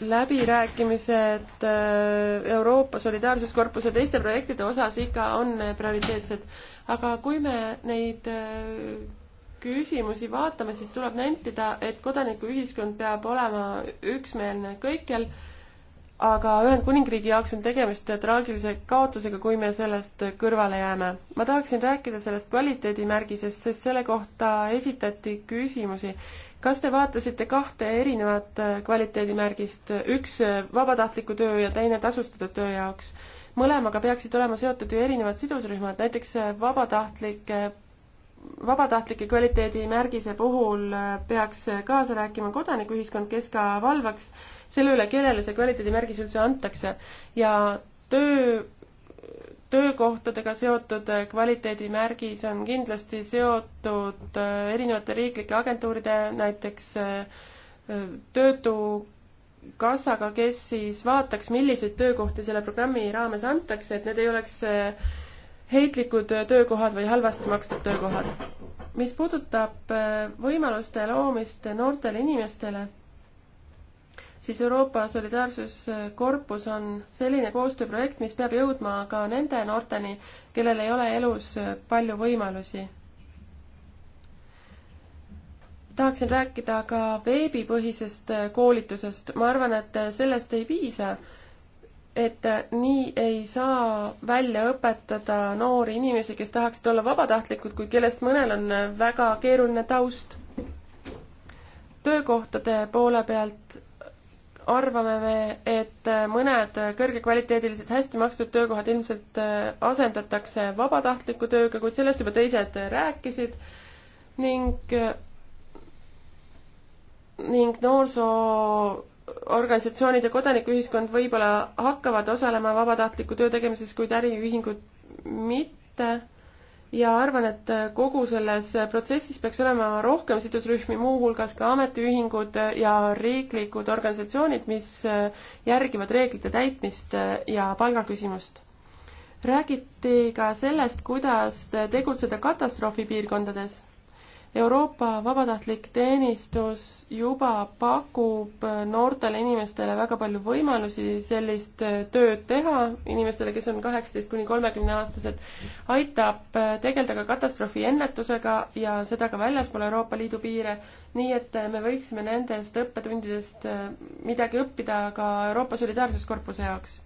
läbirääkimised äh, Euroopa Solidaarsuskorpuse teiste projektide osas ikka on äh, prioriteetsed, aga kui me neid äh, küsimusi vaatame, siis tuleb nentida, et kodanikuühiskond peab olema üksmeelne kõikjal, aga Ühendkuningriigi jaoks on tegemist traagilise kaotusega, kui me sellest kõrvale jääme. ma tahaksin rääkida sellest kvaliteedimärgisest, sest selle kohta esitati küsimusi kas te vaatasite kahte erinevat äh, kvaliteedimärgist, üks äh, vabatahtliku töö ja teine tasustatud töö jaoks? mõlemaga peaksid olema seotud ju erinevad sidusrühmad, näiteks äh, vabatahtlike, vabatahtlike kvaliteedimärgise puhul peaks kaasa rääkima kodanikuühiskond, kes ka valvaks selle üle, kellele see kvaliteedimärgis üldse antakse ja töö töökohtadega seotud kvaliteedimärgis on kindlasti seotud äh, erinevate riiklike agentuuride, näiteks äh, töötukassaga, kes siis vaataks, milliseid töökohti selle programmi raames antakse, et need ei oleks äh, heitlikud töökohad või halvasti makstud töökohad. mis puudutab võimaluste loomist noortele inimestele siis Euroopa Solidaarsuskorpus on selline koostööprojekt, mis peab jõudma ka nende noorteni, kellel ei ole elus palju võimalusi. tahaksin rääkida ka veebipõhisest koolitusest, ma arvan, et sellest ei piisa, et nii ei saa välja õpetada noori inimesi, kes tahaksid olla vabatahtlikud, kuid kellest mõnel on väga keeruline taust. töökohtade poole pealt arvame me, et äh, mõned äh, kõrgekvaliteedilised, hästi makstud töökohad ilmselt äh, asendatakse vabatahtliku tööga, kuid sellest juba teised rääkisid ning, ning noorsoorganisatsioonid ja kodanikuühiskond võib-olla hakkavad osalema vabatahtliku töö tegemises, kuid äriühingud mitte ja arvan, et kogu selles protsessis peaks olema rohkem sidusrühmi, muuhulgas ka ametiühingud ja riiklikud organisatsioonid, mis järgivad reeglite täitmist ja palgaküsimust. räägiti ka sellest, kuidas tegutseda katastroofipiirkondades Euroopa vabatahtlik teenistus juba pakub noortele inimestele väga palju võimalusi sellist tööd teha, inimestele, kes on kaheksateist kuni kolmekümne aastased, aitab tegeleda ka katastroofi ennetusega ja seda ka väljaspool Euroopa Liidu piire, nii et me võiksime nendest õppetundidest midagi õppida ka Euroopa Solidaarsuskorpuse jaoks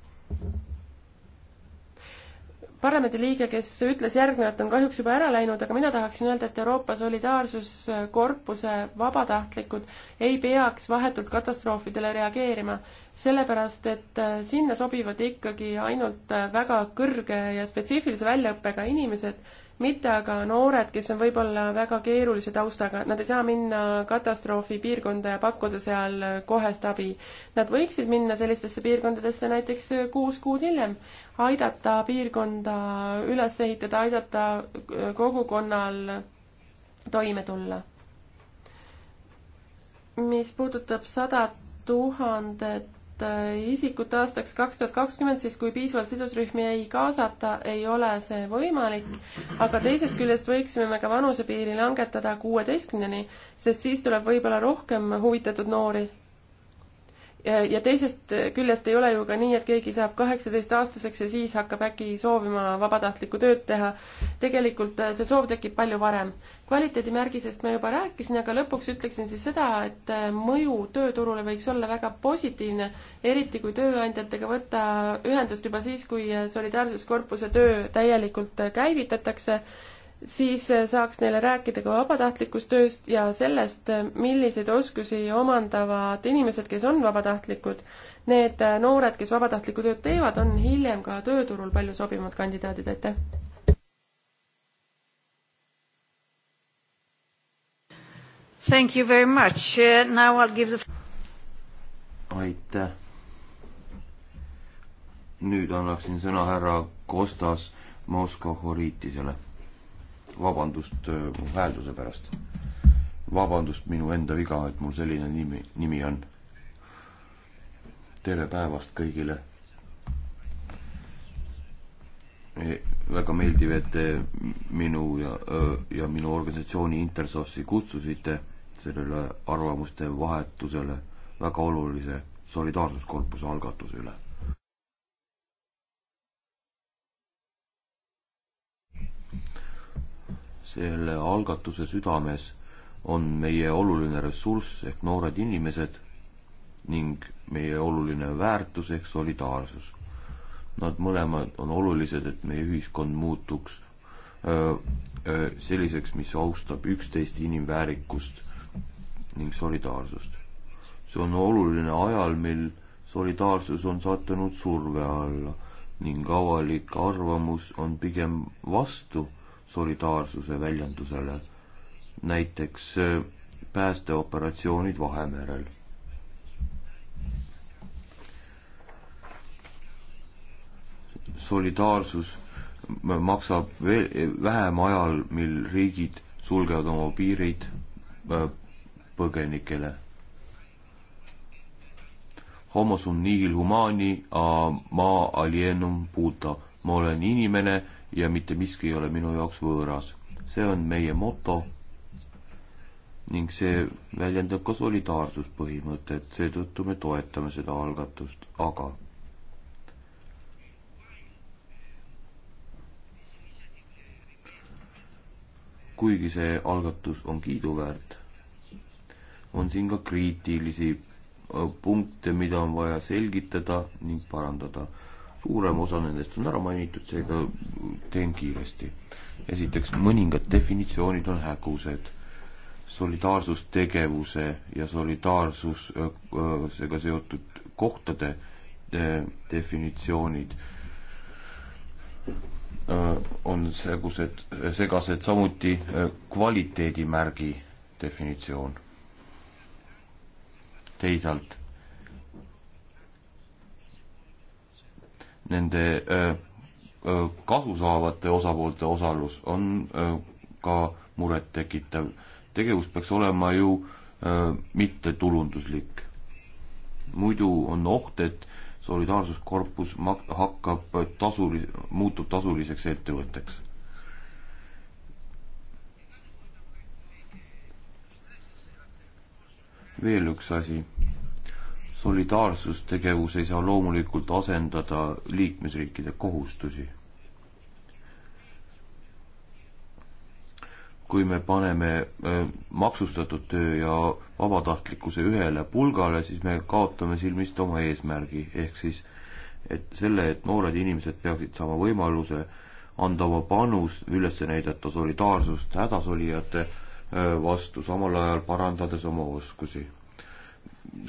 parlamendiliige, kes ütles järgnevat, on kahjuks juba ära läinud, aga mina tahaksin öelda, et Euroopa Solidaarsuskorpuse vabatahtlikud ei peaks vahetult katastroofidele reageerima, sellepärast et äh, sinna sobivad ikkagi ainult äh, väga kõrge ja spetsiifilise väljaõppega inimesed mitte aga noored, kes on võib-olla väga keerulise taustaga, nad ei saa minna katastroofipiirkonda ja pakkuda seal kohest abi. Nad võiksid minna sellistesse piirkondadesse näiteks kuus kuud hiljem, aidata piirkonda üles ehitada, aidata kogukonnal toime tulla. mis puudutab sadat tuhandet Äh, isikut aastaks kaks tuhat kakskümmend, siis kui piisavalt sidusrühmi ei kaasata, ei ole see võimalik, aga teisest küljest võiksime me ka vanusepiiri langetada kuueteistkümneni, sest siis tuleb võib-olla rohkem huvitatud noori ja teisest küljest ei ole ju ka nii, et keegi saab kaheksateistaastaseks ja siis hakkab äkki soovima vabatahtlikku tööd teha. tegelikult äh, see soov tekib palju varem. kvaliteedimärgisest ma juba rääkisin, aga lõpuks ütleksin siis seda, et äh, mõju tööturule võiks olla väga positiivne, eriti kui tööandjatega võtta ühendust juba siis, kui äh, solidaarsuskorpuse töö täielikult käivitatakse siis äh, saaks neile rääkida ka vabatahtlikust tööst ja sellest, äh, milliseid oskusi omandavad inimesed, kes on vabatahtlikud. Need äh, noored, kes vabatahtlikku tööd teevad, on hiljem ka tööturul palju sobivamad kandidaadid, aitäh! Thank you very much. Uh, now I'll give the... aitäh! nüüd annaksin sõna härra Kostas Moskva-Horiitisele vabandust äh, häälduse pärast. vabandust minu enda viga, et mul selline nimi, nimi on. tere päevast kõigile e,. väga meeldiv, et te minu ja, ja minu organisatsiooni Intersossi kutsusite sellele arvamuste vahetusele väga olulise solidaarsuskorpuse algatuse üle selle algatuse südames on meie oluline ressurss ehk noored inimesed ning meie oluline väärtus ehk solidaarsus. Nad mõlemad on olulised, et meie ühiskond muutuks öö, öö, selliseks, mis austab üksteist inimväärikust ning solidaarsust. see on oluline ajal, mil solidaarsus on sattunud surve alla ning avalik arvamus on pigem vastu solidaarsuse väljendusele, näiteks äh, päästeoperatsioonid Vahemerel. solidaarsus maksab veel vähem ajal, mil riigid sulgevad oma piirid äh, põgenikele. Homo sum nihil humani a ma alienum puta. ma olen inimene ja mitte miski ei ole minu jaoks võõras. see on meie moto ning see väljendab ka solidaarsuspõhimõtet, seetõttu me toetame seda algatust, aga kuigi see algatus on kiiduväärt, on siin ka kriitilisi äh, punkte, mida on vaja selgitada ning parandada suurem osa nendest on ära mainitud, seega teen kiiresti. esiteks, mõningad definitsioonid on hägused. solidaarsustegevuse ja solidaarsusega äh, äh, seotud kohtade äh, definitsioonid on segused, segased, samuti kvaliteedimärgi definitsioon. teisalt nende äh, äh, kasu saavate osapoolte osalus on äh, ka murettekitav. tegevus peaks olema ju mittetulunduslik. muidu on oht, et solidaarsuskorpus mak-, hakkab tasuli-, muutub tasuliseks ettevõtteks. veel üks asi solidaarsustegevus ei saa loomulikult asendada liikmesriikide kohustusi. kui me paneme äh, maksustatud töö ja vabatahtlikkuse ühele pulgale, siis me kaotame silmist oma eesmärgi, ehk siis et selle, et noored inimesed peaksid saama võimaluse anda oma panus, üles näidata solidaarsust hädasolijate äh, vastu, samal ajal parandades oma oskusi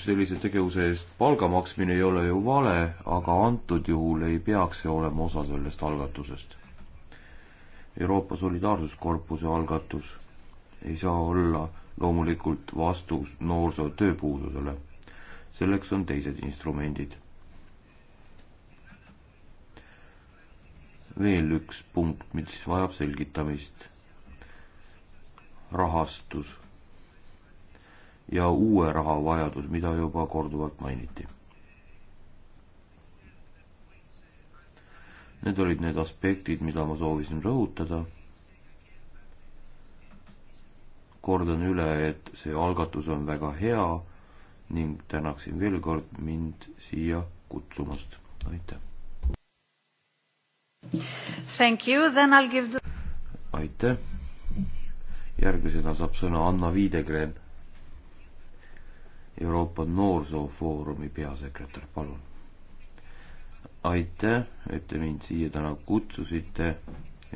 sellise tegevuse eest palga maksmine ei ole ju vale, aga antud juhul ei peaks see olema osa sellest algatusest. Euroopa Solidaarsuskorpuse algatus ei saa olla loomulikult vastus noorsoo tööpuudusele. selleks on teised instrumendid. veel üks punkt, mis vajab selgitamist. rahastus ja uue raha vajadus, mida juba korduvalt mainiti. Need olid need aspektid, mida ma soovisin rõhutada. kordan üle, et see algatus on väga hea ning tänaksin veel kord mind siia kutsumast. aitäh! Thank you, then I'll give the... aitäh! järgmisena saab sõna Anna Viidekreem Euroopa Noorsoofoorumi peasekretär, palun. aitäh, et te mind siia täna kutsusite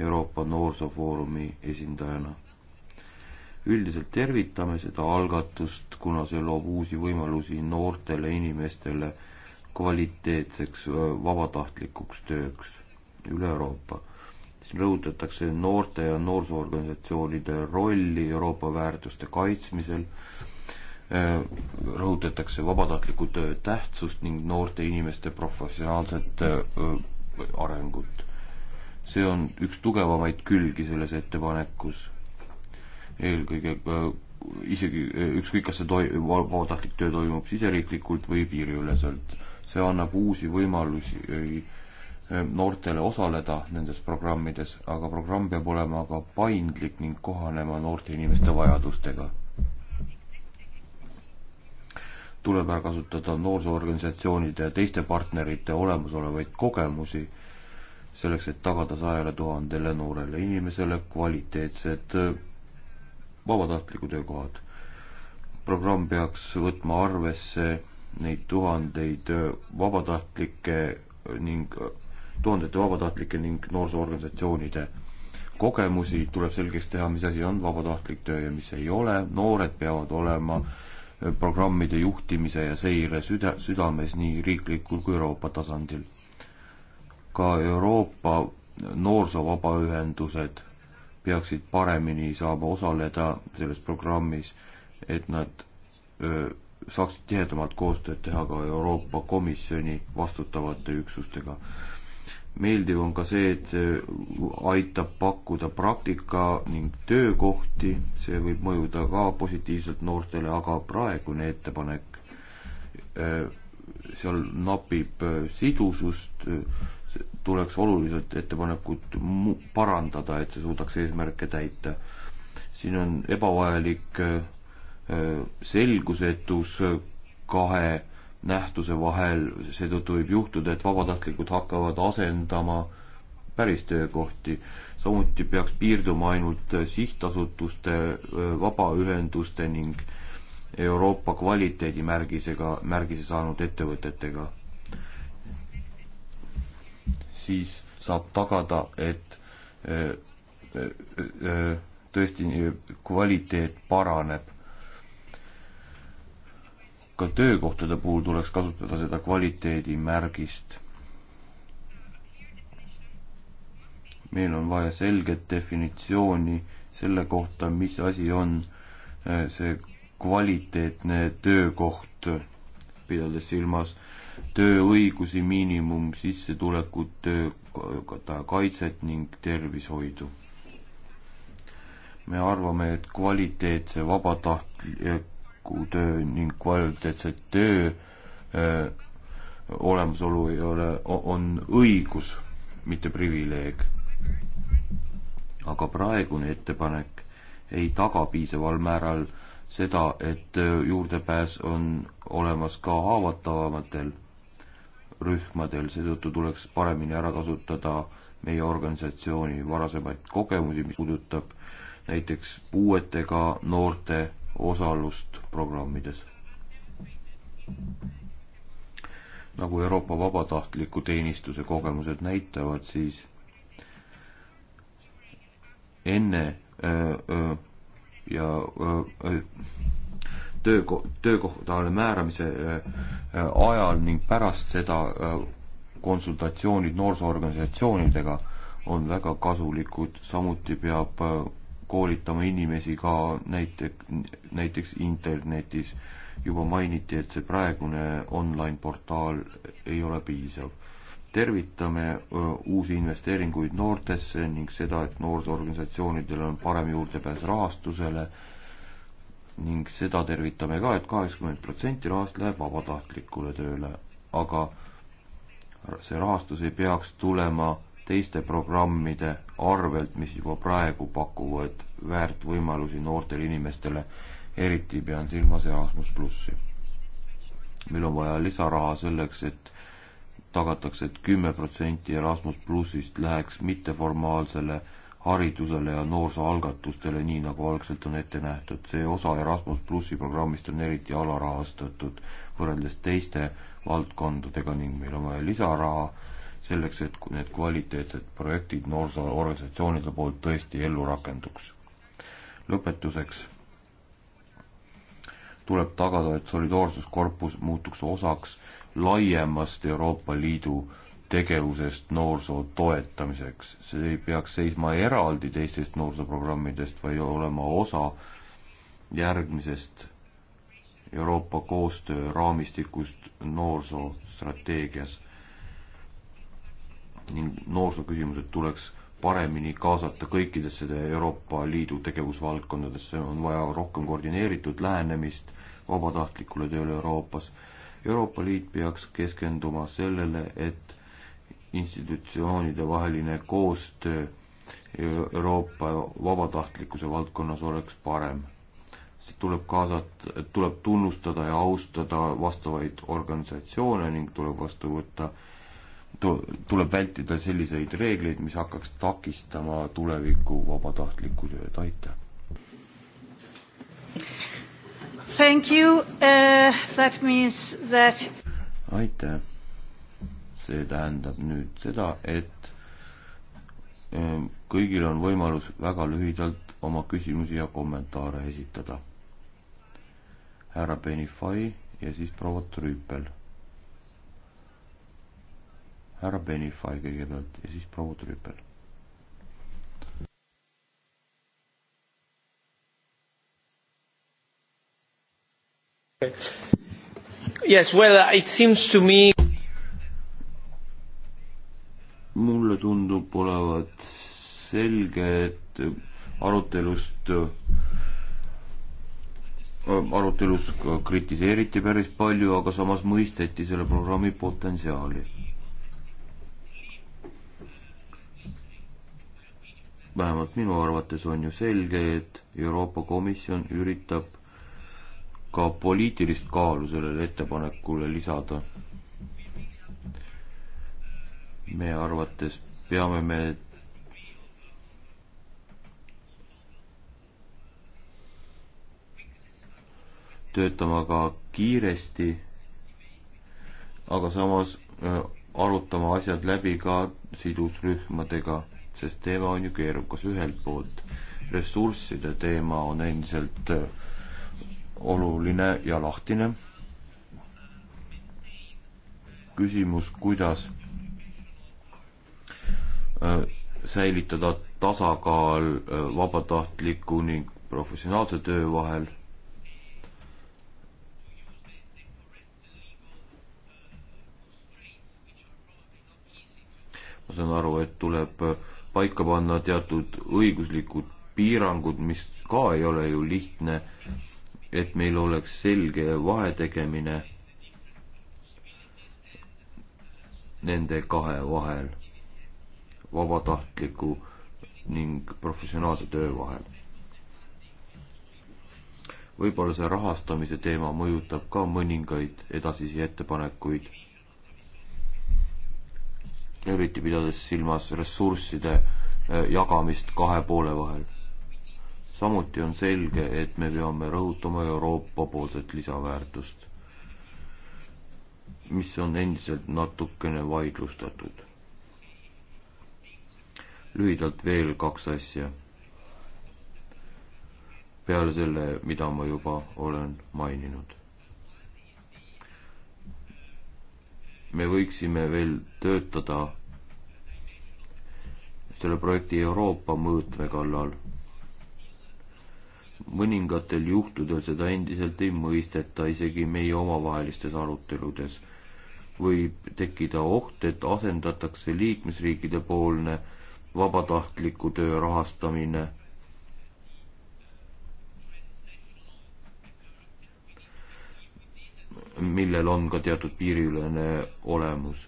Euroopa Noorsoofoorumi esindajana. üldiselt tervitame seda algatust, kuna see loob uusi võimalusi noortele inimestele kvaliteetseks vabatahtlikuks tööks üle Euroopa siin rõhutatakse noorte ja noorsoorganisatsioonide rolli Euroopa väärtuste kaitsmisel rõhutatakse vabatahtliku töö tähtsust ning noorte inimeste professionaalset arengut. see on üks tugevamaid külgi selles ettepanekus. eelkõige isegi ükskõik, kas see toi-, vabatahtlik töö toimub siseriiklikult või piiriüleselt, see annab uusi võimalusi noortele osaleda nendes programmides, aga programm peab olema ka paindlik ning kohanema noorte inimeste vajadustega tuleb ära kasutada noorsoorganisatsioonide ja teiste partnerite olemasolevaid kogemusi, selleks et tagada sajale tuhandele noorele inimesele kvaliteetsed äh, vabatahtliku töökohad. programm peaks võtma arvesse neid tuhandeid äh, äh, vabatahtlikke ning, tuhandete vabatahtlike ning noorsoorganisatsioonide kogemusi, tuleb selgeks teha, mis asi on vabatahtlik töö ja mis ei ole, noored peavad olema mm programmide juhtimise ja seire süda, südames nii riiklikul kui Euroopa tasandil. ka Euroopa noorsoovabaühendused peaksid paremini saama osaleda selles programmis, et nad öö, saaksid tihedamalt koostööd teha ka Euroopa Komisjoni vastutavate üksustega meeldiv on ka see, et see aitab pakkuda praktika ning töökohti, see võib mõjuda ka positiivselt noortele, aga praegune ettepanek, äh, seal napib äh, sidusust, tuleks oluliselt ettepanekut mu-, parandada, et see suudaks eesmärke täita. siin on ebavajalik äh, selgusetus kahe nähtuse vahel, seetõttu võib juhtuda, et vabatahtlikud hakkavad asendama päris töökohti. samuti peaks piirduma ainult sihtasutuste, vabaühenduste ning Euroopa kvaliteedimärgisega, märgise saanud ettevõtetega. siis saab tagada, et tõesti kvaliteet paraneb ka töökohtade puhul tuleks kasutada seda kvaliteedimärgist. meil on vaja selget definitsiooni selle kohta, mis asi on äh, see kvaliteetne töökoht, pidades silmas tööõigusi, miinimum, sissetulekut, töökohta kaitset ning tervishoidu. me arvame, et kvaliteetse vabatahtlik korraliku töö ning kvaliteetse töö öö, olemasolu ei ole, on õigus, mitte privileeg. aga praegune ettepanek ei taga piisaval määral seda, et juurdepääs on olemas ka haavatavamatel rühmadel, seetõttu tuleks paremini ära kasutada meie organisatsiooni varasemaid kogemusi, mis puudutab näiteks puuetega noorte osalust programmides. nagu Euroopa vabatahtliku teenistuse kogemused näitavad, siis enne öö, öö, ja öö, tööko-, töökohtale määramise öö, ajal ning pärast seda öö, konsultatsioonid noorsoorganisatsioonidega on väga kasulikud, samuti peab öö, koolitama inimesi ka näiteks, näiteks internetis. juba mainiti, et see praegune online portaal ei ole piisav. tervitame uusi investeeringuid noortesse ning seda, et noorsoorganisatsioonidel on parem juurdepääs rahastusele ning seda tervitame ka et, et kaheksakümmend protsenti rahast läheb vabatahtlikule tööle, aga see rahastus ei peaks tulema teiste programmide arvelt, mis juba praegu pakuvad väärt võimalusi noortele inimestele, eriti pean silmas Erasmus plussi. meil on vaja lisaraha selleks, et tagatakse et, et kümme protsenti Erasmus plussist läheks mitteformaalsele haridusele ja noorsooalgatustele, nii nagu algselt on ette nähtud. see osa Erasmus plussi programmist on eriti alarahastatud võrreldes teiste valdkondadega ning meil on vaja lisaraha selleks, et need kvaliteetsed projektid noorsooorganisatsioonide poolt tõesti ellu rakenduks. lõpetuseks tuleb tagada, et solidaarsuskorpus muutuks osaks laiemast Euroopa Liidu tegevusest noorsoo toetamiseks. see ei peaks seisma eraldi teistest noorsooprogrammidest, vaid olema osa järgmisest Euroopa koostööraamistikust noorsoostrateegias ning noorsooküsimused tuleks paremini kaasata kõikidesse Euroopa Liidu tegevusvaldkondadesse, on vaja rohkem koordineeritud lähenemist vabatahtlikule tööle Euroopas. Euroopa Liit peaks keskenduma sellele, et institutsioonide vaheline koostöö Euroopa vabatahtlikkuse valdkonnas oleks parem. tuleb kaasata, tuleb tunnustada ja austada vastavaid organisatsioone ning tuleb vastu võtta äh, tuleb vältida selliseid reegleid, mis hakkaks takistama tuleviku vabatahtlikku tööd, aitäh. Thank you uh,, that means that aitäh. see tähendab nüüd seda, et um, kõigil on võimalus väga lühidalt oma küsimusi ja kommentaare esitada. härra Benifai ja siis proua Trüüpel härra Benify kõigepealt ja siis proua Trüppel. Yes, well, it seems to me mulle tundub olevat selge, et arutelust, äh, arutelus kritiseeriti päris palju, aga samas mõisteti selle programmi potentsiaali vähemalt minu arvates on ju selge, et Euroopa Komisjon üritab ka poliitilist kaalu sellele ettepanekule lisada. meie arvates peame me töötama ka kiiresti, aga samas äh, arutama asjad läbi ka sidusrühmadega sest teema on ju keerukas, ühelt poolt ressursside teema on endiselt äh, oluline ja lahtine. küsimus, kuidas äh, säilitada tasakaal äh, vabatahtliku ning professionaalse töö vahel ma saan aru, et tuleb paika panna teatud õiguslikud piirangud, mis ka ei ole ju lihtne, et meil oleks selge vahetegemine nende kahe vahel, vabatahtliku ning professionaalse töö vahel. võib-olla see rahastamise teema mõjutab ka mõningaid edasisi ettepanekuid eriti pidades silmas ressursside äh, jagamist kahe poole vahel. samuti on selge, et me peame rõhutama Euroopa-poolset lisaväärtust, mis on endiselt natukene vaidlustatud. lühidalt veel kaks asja. peale selle, mida ma juba olen maininud me võiksime veel töötada selle projekti Euroopa mõõtme kallal. mõningatel juhtudel seda endiselt ei mõisteta isegi meie omavahelistes aruteludes. võib tekkida oht, et asendatakse liikmesriikide poolne vabatahtliku töö rahastamine millel on ka teatud piiriülene olemus.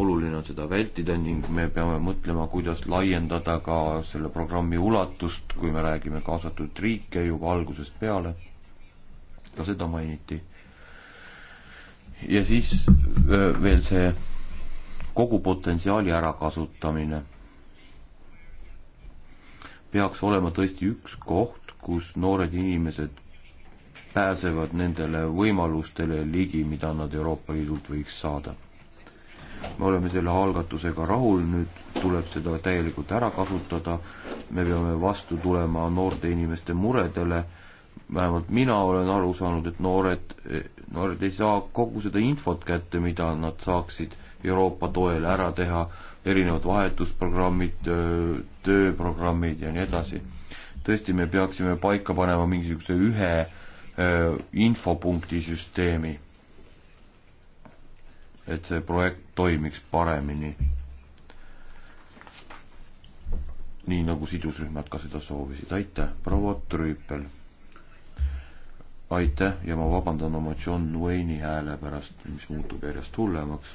oluline on seda vältida ning me peame mõtlema, kuidas laiendada ka selle programmi ulatust, kui me räägime kaasatud riike juba algusest peale. ka seda mainiti. ja siis veel see kogu potentsiaali ärakasutamine peaks olema tõesti üks koht, kus noored inimesed pääsevad nendele võimalustele ligi, mida nad Euroopa Liidult võiks saada. me oleme selle algatusega rahul, nüüd tuleb seda täielikult ära kasutada, me peame vastu tulema noorte inimeste muredele, vähemalt mina olen aru saanud, et noored, noored ei saa kogu seda infot kätte, mida nad saaksid Euroopa toel ära teha, erinevad vahetusprogrammid, tööprogrammid ja nii edasi. tõesti, me peaksime paika panema mingisuguse ühe Äh, infopunktisüsteemi, et see projekt toimiks paremini. nii nagu sidusrühmad ka seda soovisid, aitäh, proua Trüüpel. aitäh ja ma vabandan oma John Wayne'i hääle pärast, mis muutub järjest hullemaks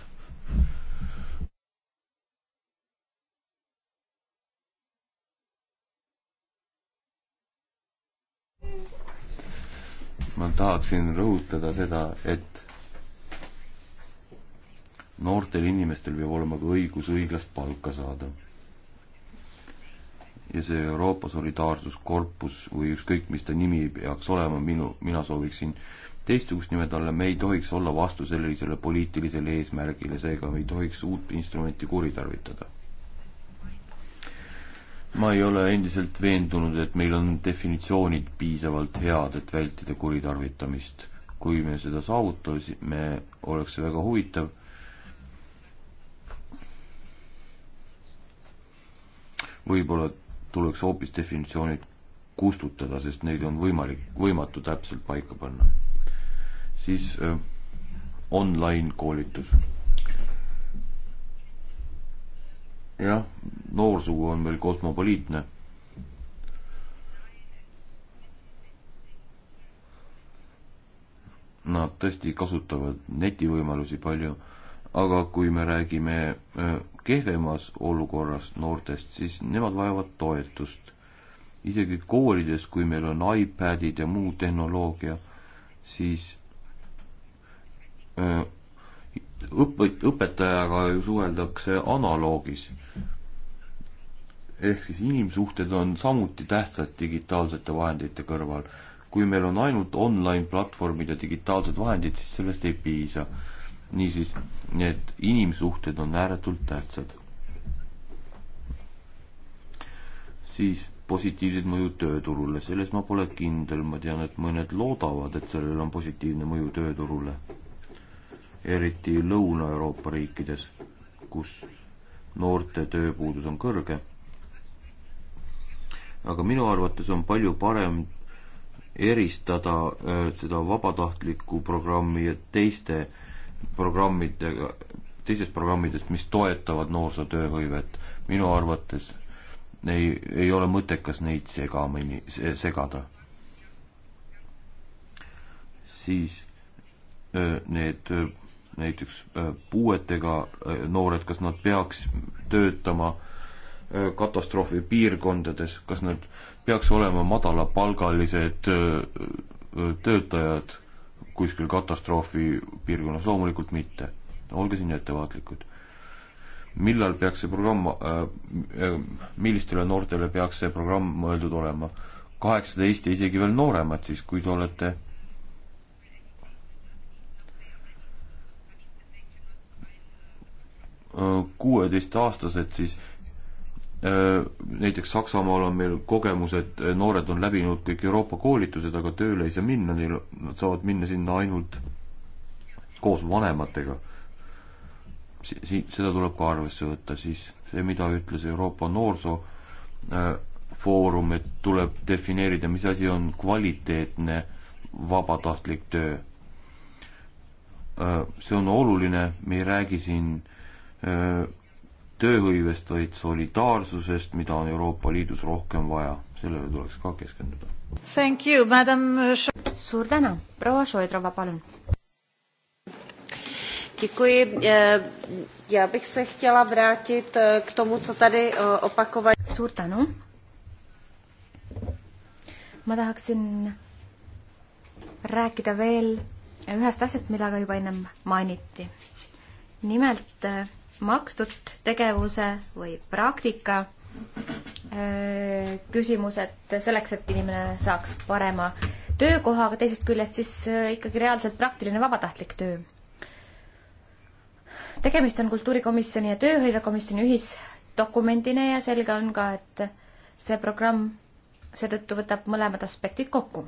ma tahaksin rõhutada seda, et noortel inimestel peab olema ka õigus õiglast palka saada. ja see Euroopa Solidaarsuskorpus või ükskõik, mis ta nimi peaks olema, minu, mina sooviksin teistsugust nime talle, me ei tohiks olla vastu sellisele poliitilisele eesmärgile, seega me ei tohiks uut instrumenti kuritarvitada ma ei ole endiselt veendunud, et meil on definitsioonid piisavalt head, et vältida kuritarvitamist. kui me seda saavutasime, oleks see väga huvitav. võib-olla tuleks hoopis definitsioonid kustutada, sest neid on võimalik, võimatu täpselt paika panna. siis äh, online koolitus jah, noorsuu on veel kosmopoliitne. Nad tõesti kasutavad netivõimalusi palju, aga kui me räägime kehvemas olukorras noortest, siis nemad vajavad toetust. isegi koolides, kui meil on iPadid ja muu tehnoloogia, siis öö, õpet-, õpetajaga ju suheldakse analoogis. ehk siis inimsuhted on samuti tähtsad digitaalsete vahendite kõrval. kui meil on ainult online platvormid ja digitaalsed vahendid, siis sellest ei piisa. niisiis, need inimsuhted on ääretult tähtsad. siis positiivsed mõjud tööturule, selles ma pole kindel, ma tean, et mõned loodavad, et sellel on positiivne mõju tööturule eriti Lõuna-Euroopa riikides, kus noorte tööpuudus on kõrge. aga minu arvates on palju parem eristada äh, seda vabatahtlikku programmi ja teiste programmidega, teisest programmidest, mis toetavad noorsootööhõivet. minu arvates ei, ei ole mõttekas neid segamini, segada. siis äh, need äh, näiteks äh, puuetega äh, noored, kas nad peaks töötama äh, katastroofi piirkondades, kas nad peaks olema madalapalgalised töötajad kuskil katastroofi piirkonnas, loomulikult mitte. olge siin ettevaatlikud. millal peaks see programm äh,, millistele noortele peaks see programm mõeldud olema? kaheksateist ja isegi veel nooremad siis, kui te olete äh, kuueteistaastased, siis äh, näiteks Saksamaal on meil kogemus, et äh, noored on läbinud kõik Euroopa koolitused, aga tööle ei saa minna, neil, nad saavad minna sinna ainult koos vanematega. Si-, seda tuleb ka arvesse võtta, siis see, mida ütles Euroopa Noorsoofoorum, äh, et tuleb defineerida, mis asi on kvaliteetne vabatahtlik töö. See on oluline, me ei räägi siin äh, Äh, tööhõivest, vaid solidaarsusest, mida on Euroopa Liidus rohkem vaja. sellele tuleks ka keskenduda. Thank you, madam äh, suur tänu, proua Šoedrova, palun. Děkuji. Äh, já bych se chtěla vrátit k tomu, co tady opakovaně. Suur tänu. Ma tahaksin rääkida veel ühest asjast, millega juba ennem mainiti. Nimelt makstud tegevuse või praktika küsimus, et selleks, et inimene saaks parema töökoha, aga teisest küljest siis ikkagi reaalselt praktiline vabatahtlik töö. tegemist on Kultuurikomisjoni ja Tööhõivekomisjoni ühisdokumendina ja selge on ka, et see programm seetõttu võtab mõlemad aspektid kokku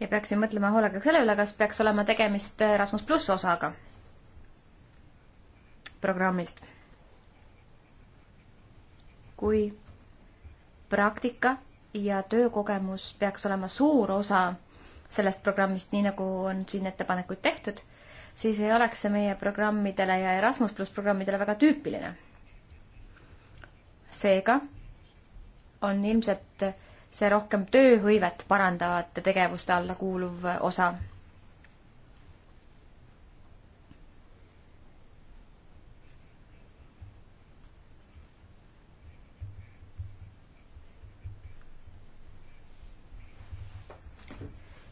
ja peaksin mõtlema hoolega selle üle, kas peaks olema tegemist Erasmus pluss osaga programmist. kui praktika ja töökogemus peaks olema suur osa sellest programmist, nii nagu on siin ettepanekuid tehtud, siis ei oleks see meie programmidele ja Erasmus pluss programmidele väga tüüpiline. seega on ilmselt see rohkem tööhõivet parandavate tegevuste alla kuuluv osa.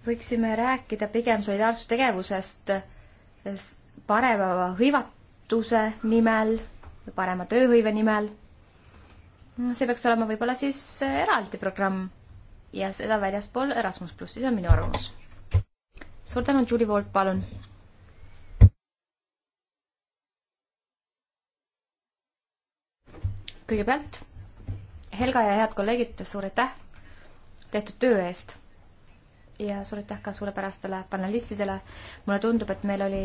võiksime rääkida pigem solidaarsustegevusest parema hõivatuse nimel, parema tööhõive nimel Mm, see peaks olema võib-olla siis äh, eraldi programm ja seda väljaspool Erasmus plussi, see on minu arvamus. suur tänu, Julie Wolt, palun. kõigepealt Helga ja head kolleegid, suur aitäh tehtud töö eest ja suur aitäh ka suurepärastele panelistidele. mulle tundub, et meil oli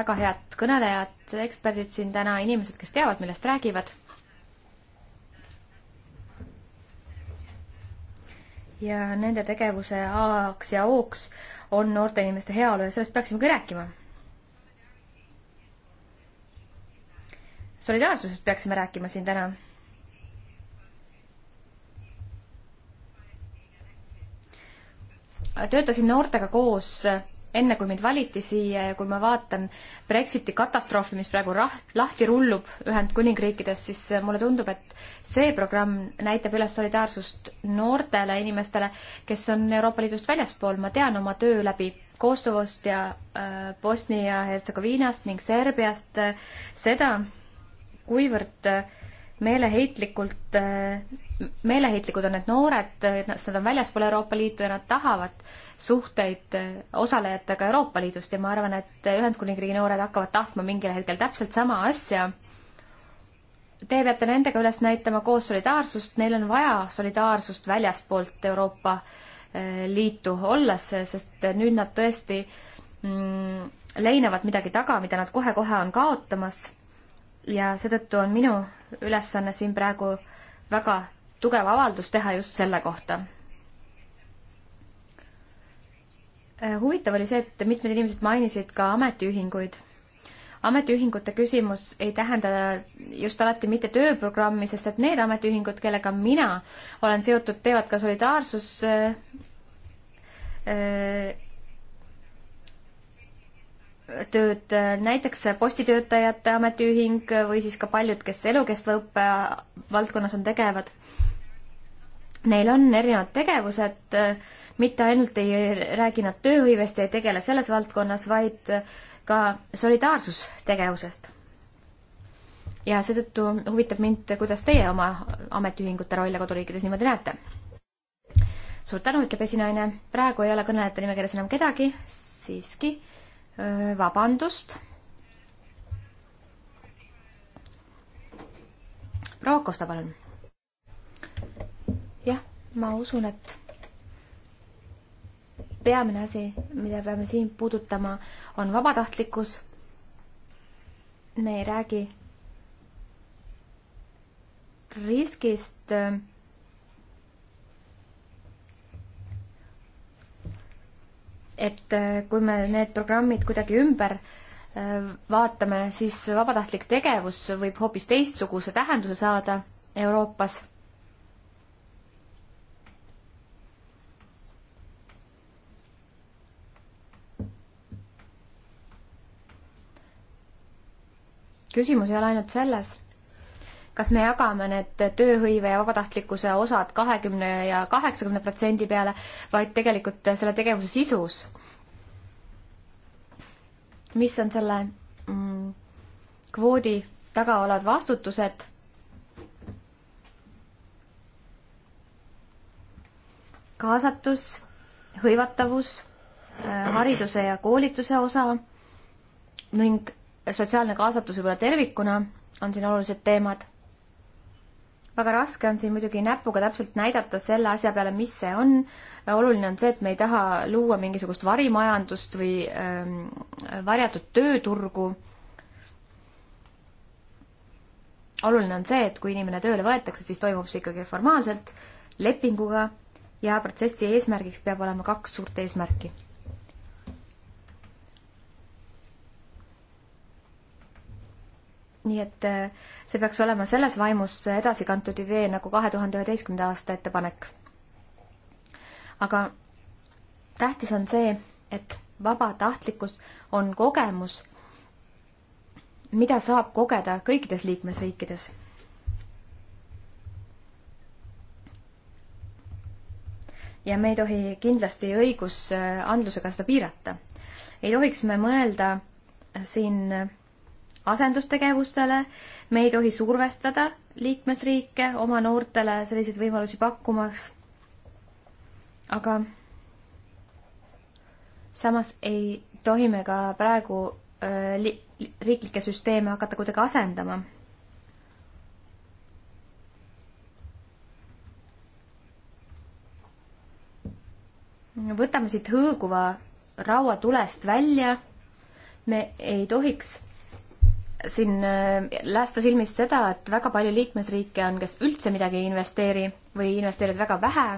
väga head kõnelejad, eksperdid siin täna, inimesed, kes teavad, millest räägivad ja nende tegevuse A-ks ja O-ks on noorte inimeste heaolu ja sellest peaksimegi rääkima. solidaarsusest peaksime rääkima siin täna. töötasin noortega koos enne kui mind valiti siia ja kui ma vaatan Brexiti katastroofi, mis praegu raht-, lahti rullub Ühendkuningriikides, siis äh, mulle tundub, et see programm näitab üles solidaarsust noortele inimestele, kes on Euroopa Liidust väljaspool, ma tean oma töö läbi Kosovost ja äh, Bosnia-Hertsegoviinast ning Serbiast äh, seda, kuivõrd äh, meeleheitlikult, meeleheitlikud on need noored, nad on väljaspool Euroopa Liitu ja nad tahavad suhteid osalejatega Euroopa Liidust ja ma arvan, et Ühendkuningriigi noored hakkavad tahtma mingil hetkel täpselt sama asja. Te peate nendega üles näitama koos solidaarsust, neil on vaja solidaarsust väljaspoolt Euroopa eh, Liitu olles, sest nüüd nad tõesti mm, leinevad midagi taga, mida nad kohe-kohe on kaotamas. ja seetõttu on minu ülesanne siin praegu väga tugev avaldus teha just selle kohta. Äh, huvitav oli see, et mitmed inimesed mainisid ka ametiühinguid. ametiühingute küsimus ei tähenda just alati mitte tööprogrammi, sest et need ametiühingud, kellega mina olen seotud, teevad ka solidaarsus äh, äh, tööd, näiteks postitöötajate ametiühing või siis ka paljud, kes elukestva õppe valdkonnas on tegevad. Neil on erinevad tegevused, mitte ainult ei räägi nad tööhõivest ja ei tegele selles valdkonnas, vaid ka solidaarsustegevusest. ja seetõttu huvitab mind, kuidas teie oma ametiühingute rolle koduriikides niimoodi näete? suur tänu, ütleb esinaine. praegu ei ole kõnelejate nimekirjas enam kedagi, siiski vabandust. proua Kosta, palun. jah, ma usun, et peamine asi, mida peame siin puudutama, on vabatahtlikkus. me ei räägi riskist äh, et äh, kui me need programmid kuidagi ümber äh, vaatame, siis vabatahtlik tegevus võib hoopis teistsuguse tähenduse saada Euroopas. küsimus ei ole ainult selles kas me jagame need tööhõive ja vabatahtlikkuse osad kahekümne ja kaheksakümne protsendi peale, vaid tegelikult selle tegevuse sisus. mis on selle mm, kvoodi taga olevad vastutused? kaasatus, hõivatavus, äh, hariduse ja koolituse osa ning sotsiaalne kaasatus võib-olla tervikuna on siin olulised teemad väga raske on siin muidugi näpuga täpselt näidata selle asja peale, mis see on. oluline on see, et me ei taha luua mingisugust varimajandust või ähm, varjatud tööturgu. oluline on see, et kui inimene tööle võetakse, siis toimub see ikkagi formaalselt lepinguga ja protsessi eesmärgiks peab olema kaks suurt eesmärki nii et äh, see peaks olema selles vaimus edasikantud idee nagu kahe tuhande üheteistkümnenda aasta ettepanek. aga tähtis on see, et vabatahtlikkus on kogemus, mida saab kogeda kõikides liikmesriikides. ja me ei tohi kindlasti õigusandlusega seda piirata. ei tohiks me mõelda siin asendustegevustele, me ei tohi survestada liikmesriike oma noortele selliseid võimalusi pakkumas. aga samas ei tohi me ka praegu äh, li-, riiklikke süsteeme hakata kuidagi asendama. võtame siit hõõguva raua tulest välja. me ei tohiks siin äh, lasta silmist seda, et väga palju liikmesriike on, kes üldse midagi ei investeeri või investeerivad väga vähe.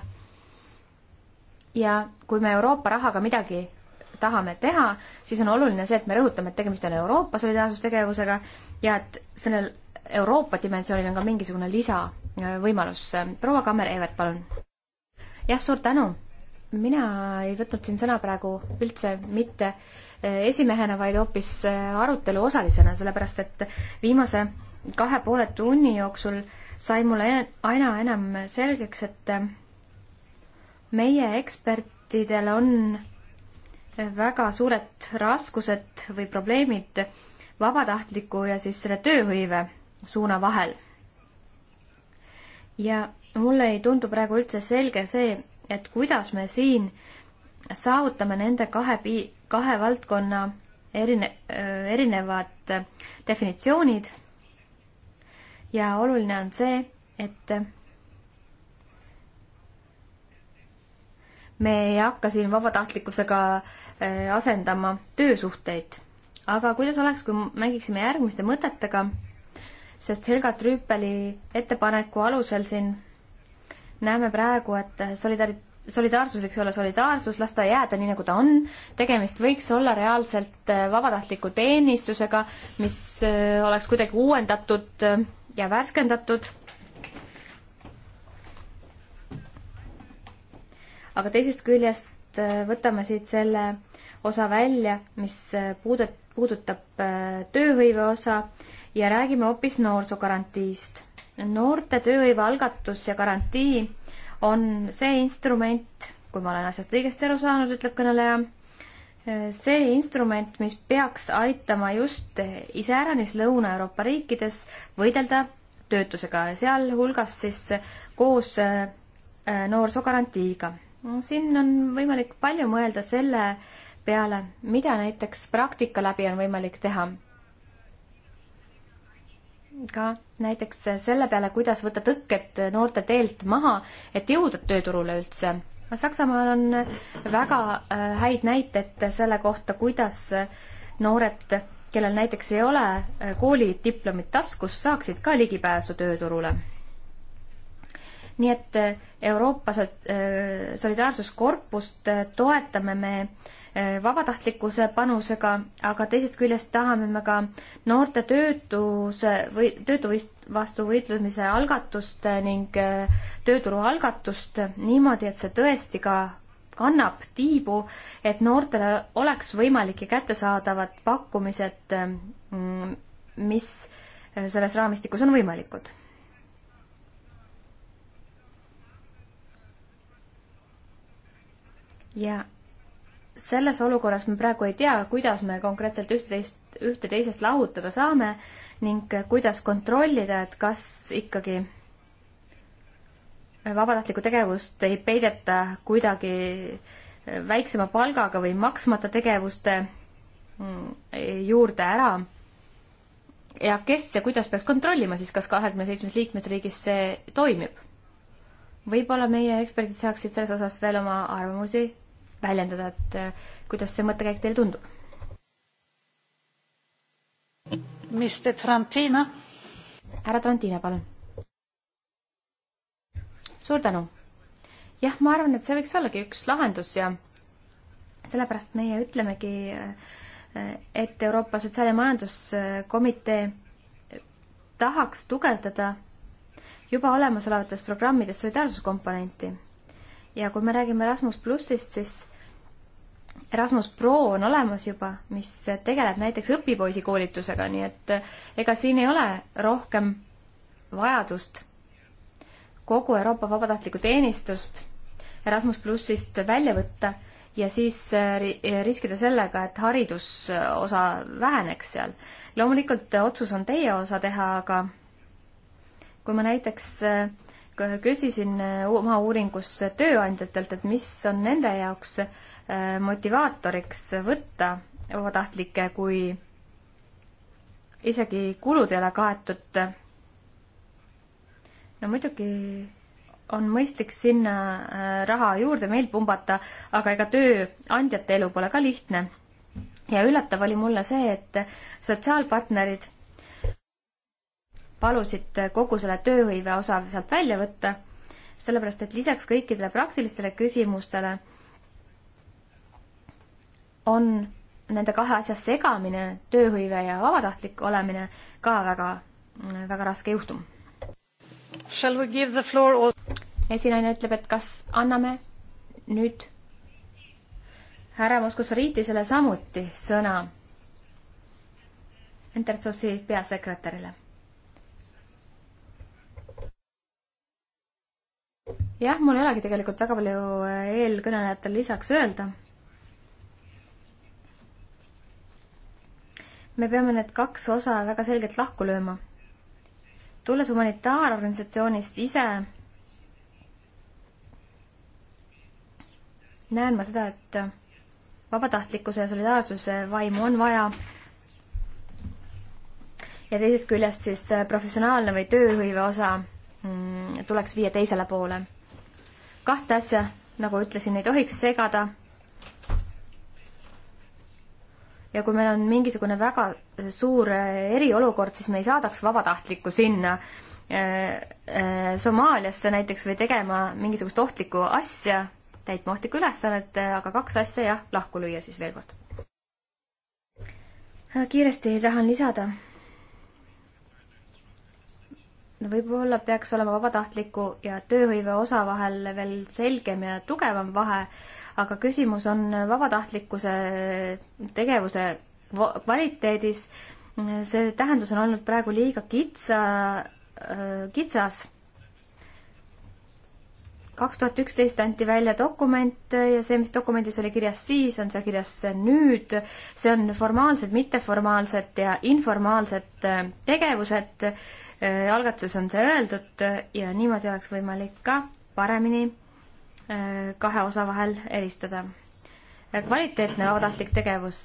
ja kui me Euroopa rahaga midagi tahame teha, siis on oluline see, et me rõhutame, et tegemist on Euroopa solidaarsustegevusega ja et sellel Euroopa dimensioonil on ka mingisugune lisavõimalus. Äh, proua Kammer-Evert, palun. jah, suur tänu. mina ei võtnud siin sõna praegu üldse mitte äh, esimehena, vaid hoopis äh, arutelu osalisena, sellepärast et viimase kahe poole tunni jooksul sai mulle aina enam selgeks, et äh, meie ekspertidel on äh, väga suured raskused või probleemid vabatahtliku ja siis selle tööhõive suuna vahel. ja mulle ei tundu praegu üldse selge see, et kuidas me siin saavutame nende kahe pi-, kahe valdkonna erine-, erinevad definitsioonid ja oluline on see, et me ei hakka siin vabatahtlikkusega äh, asendama töösuhteid. aga kuidas oleks, kui mängiksime järgmiste mõtetega, sest Helga Trüüpeli ettepaneku alusel siin näeme praegu, et solidari-, solidaarsus võiks olla solidaarsus, las ta jääda nii, nagu ta on, tegemist võiks olla reaalselt äh, vabatahtliku teenistusega, mis äh, oleks kuidagi uuendatud äh, ja värskendatud. aga teisest küljest võtame siit selle osa välja, mis puudet-, puudutab tööhõive osa ja räägime hoopis noorsoogarantiist. noorte tööhõive algatus ja garantii on see instrument, kui ma olen asjast õigesti aru saanud, ütleb kõneleja, see instrument, mis peaks aitama just iseäranis Lõuna-Euroopa riikides võidelda töötusega, sealhulgas siis koos äh, noorsoogarantiiga. siin on võimalik palju mõelda selle peale, mida näiteks praktika läbi on võimalik teha ka näiteks selle peale, kuidas võtta tõkked noorte teelt maha, et jõuda tööturule üldse. Saksamaal on väga äh, häid näiteid selle kohta, kuidas noored, kellel näiteks ei ole äh, koolidiplomit taskus, saaksid ka ligipääsu tööturule nii et äh, Euroopa Solidaarsuskorpust toetame me Eh, vabatahtlikkuse panusega, aga teisest küljest tahame me ka noorte töötuse või töötu vastu võitlemise algatust ning eh, tööturu algatust niimoodi, et see tõesti ka kannab tiibu, et noortele oleks võimalik ja kättesaadavad pakkumised, mm, mis eh, selles raamistikus on võimalikud ja selles olukorras me praegu ei tea, kuidas me konkreetselt üht-teist, ühte teisest lahutada saame ning kuidas kontrollida, et kas ikkagi vabatahtlikku tegevust ei peideta kuidagi väiksema palgaga või maksmata tegevuste mm, juurde ära. ja kes ja kuidas peaks kontrollima siis, kas kahekümne seitsmes liikmesriigis see toimib? võib-olla meie eksperdid saaksid selles osas veel oma arvamusi väljendada, et äh, kuidas see mõttekäik teile tundub? Mr Trantina. härra Trantina, palun. suur tänu. jah, ma arvan, et see võiks ollagi üks lahendus ja sellepärast meie ütlemegi, äh, et Euroopa Sotsiaal- ja Majanduskomitee tahaks tugevdada juba olemasolevates programmides solidaarsuskomponenti ja kui me räägime Erasmus plussist, siis Erasmus Pro on olemas juba, mis tegeleb näiteks õpipoisi koolitusega, nii et eh, ega siin ei ole rohkem vajadust kogu Euroopa vabatahtlikku teenistust Erasmus plussist välja võtta ja siis eh, eh, riskida sellega, et haridusosa väheneks seal. loomulikult otsus on teie osa teha, aga kui ma näiteks küsisin oma äh, uuringus tööandjatelt, et mis on nende jaoks äh, motivaatoriks võtta vabatahtlikke, kui isegi kulud ei ole kaetud. no muidugi on mõistlik sinna äh, raha juurde meil pumbata, aga ega tööandjate elu pole ka lihtne. ja üllatav oli mulle see, et sotsiaalpartnerid palusid kogu selle tööhõive osa sealt välja võtta, sellepärast et lisaks kõikidele praktilistele küsimustele on nende kahe asja segamine, tööhõive ja vabatahtlik olemine, ka väga, väga raske juhtum. Or... esinaine ütleb, et kas anname nüüd härra Moskosoriitisele samuti sõna Intertsosi peasekretärile. jah, mul ei olegi tegelikult väga palju äh, eelkõnelejatel lisaks öelda. me peame need kaks osa väga selgelt lahku lööma. tulles humanitaarorganisatsioonist ise, näen ma seda, et vabatahtlikkuse ja solidaarsuse vaimu on vaja ja teisest küljest siis äh, professionaalne või tööhõive osa mm, tuleks viia teisele poole kahte asja, nagu ütlesin, ei tohiks segada. ja kui meil on mingisugune väga suur eriolukord, siis me ei saadaks vabatahtlikku sinna äh, äh, Somaaliasse näiteks või tegema mingisugust ohtlikku asja, täitma ohtlikku ülesannet, aga kaks asja jah, lahku lüüa siis veel kord. Äh, kiiresti tahan lisada võib-olla peaks olema vabatahtliku ja tööhõive osa vahel veel selgem ja tugevam vahe, aga küsimus on vabatahtlikkuse tegevuse kvaliteedis. see tähendus on olnud praegu liiga kitsa, kitsas. kaks tuhat üksteist anti välja dokument ja see, mis dokumendis oli kirjas siis, on seal kirjas nüüd. see on formaalsed, mitteformaalsed ja informaalsed tegevused Äh, algatuses on see öeldud ja niimoodi oleks võimalik ka paremini äh, kahe osa vahel eristada. Äh, kvaliteetne vabatahtlik tegevus,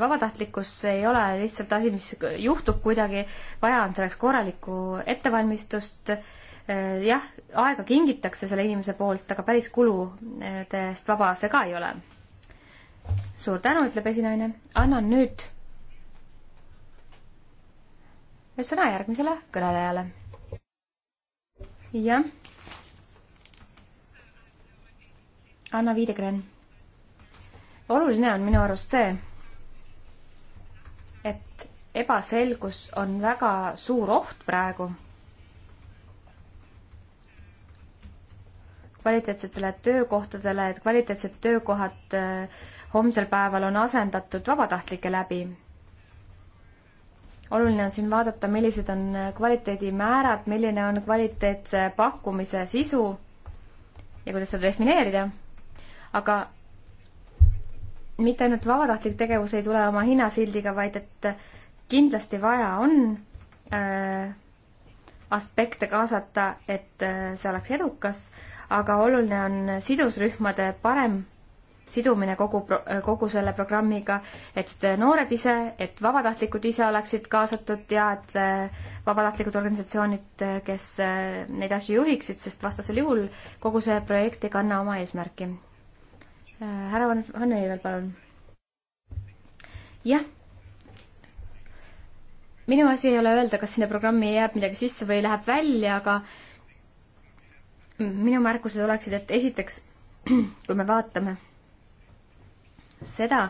vabatahtlikkus ei ole lihtsalt asi, mis juhtub kuidagi, vaja on selleks korralikku ettevalmistust jah, aega kingitakse selle inimese poolt, aga päris kuludest vaba see ka ei ole. suur tänu, ütleb esinaine. annan nüüd sõna järgmisele kõnelejale. jah. Anna Viidekren. oluline on minu arust see, et ebaselgus on väga suur oht praegu kvaliteetsetele töökohtadele, et kvaliteetsed töökohad eh, homsel päeval on asendatud vabatahtlike läbi oluline on siin vaadata, millised on kvaliteedimäärad, milline on kvaliteetse pakkumise sisu ja kuidas seda defineerida. aga mitte ainult vabatahtlik tegevus ei tule oma hinnasildiga, vaid et kindlasti vaja on äh, aspekte kaasata, et äh, see oleks edukas, aga oluline on sidusrühmade parem sidumine kogu, kogu selle programmiga, et noored ise, et vabatahtlikud ise oleksid kaasatud ja et äh, vabatahtlikud organisatsioonid, äh, kes äh, neid asju juhiksid, sest vastasel juhul kogu see projekt ei kanna oma eesmärki. härra Van, Van Eivel, palun. jah. minu asi ei ole öelda, kas sinna programmi jääb midagi sisse või läheb välja, aga minu märkused oleksid, et esiteks, kui me vaatame seda,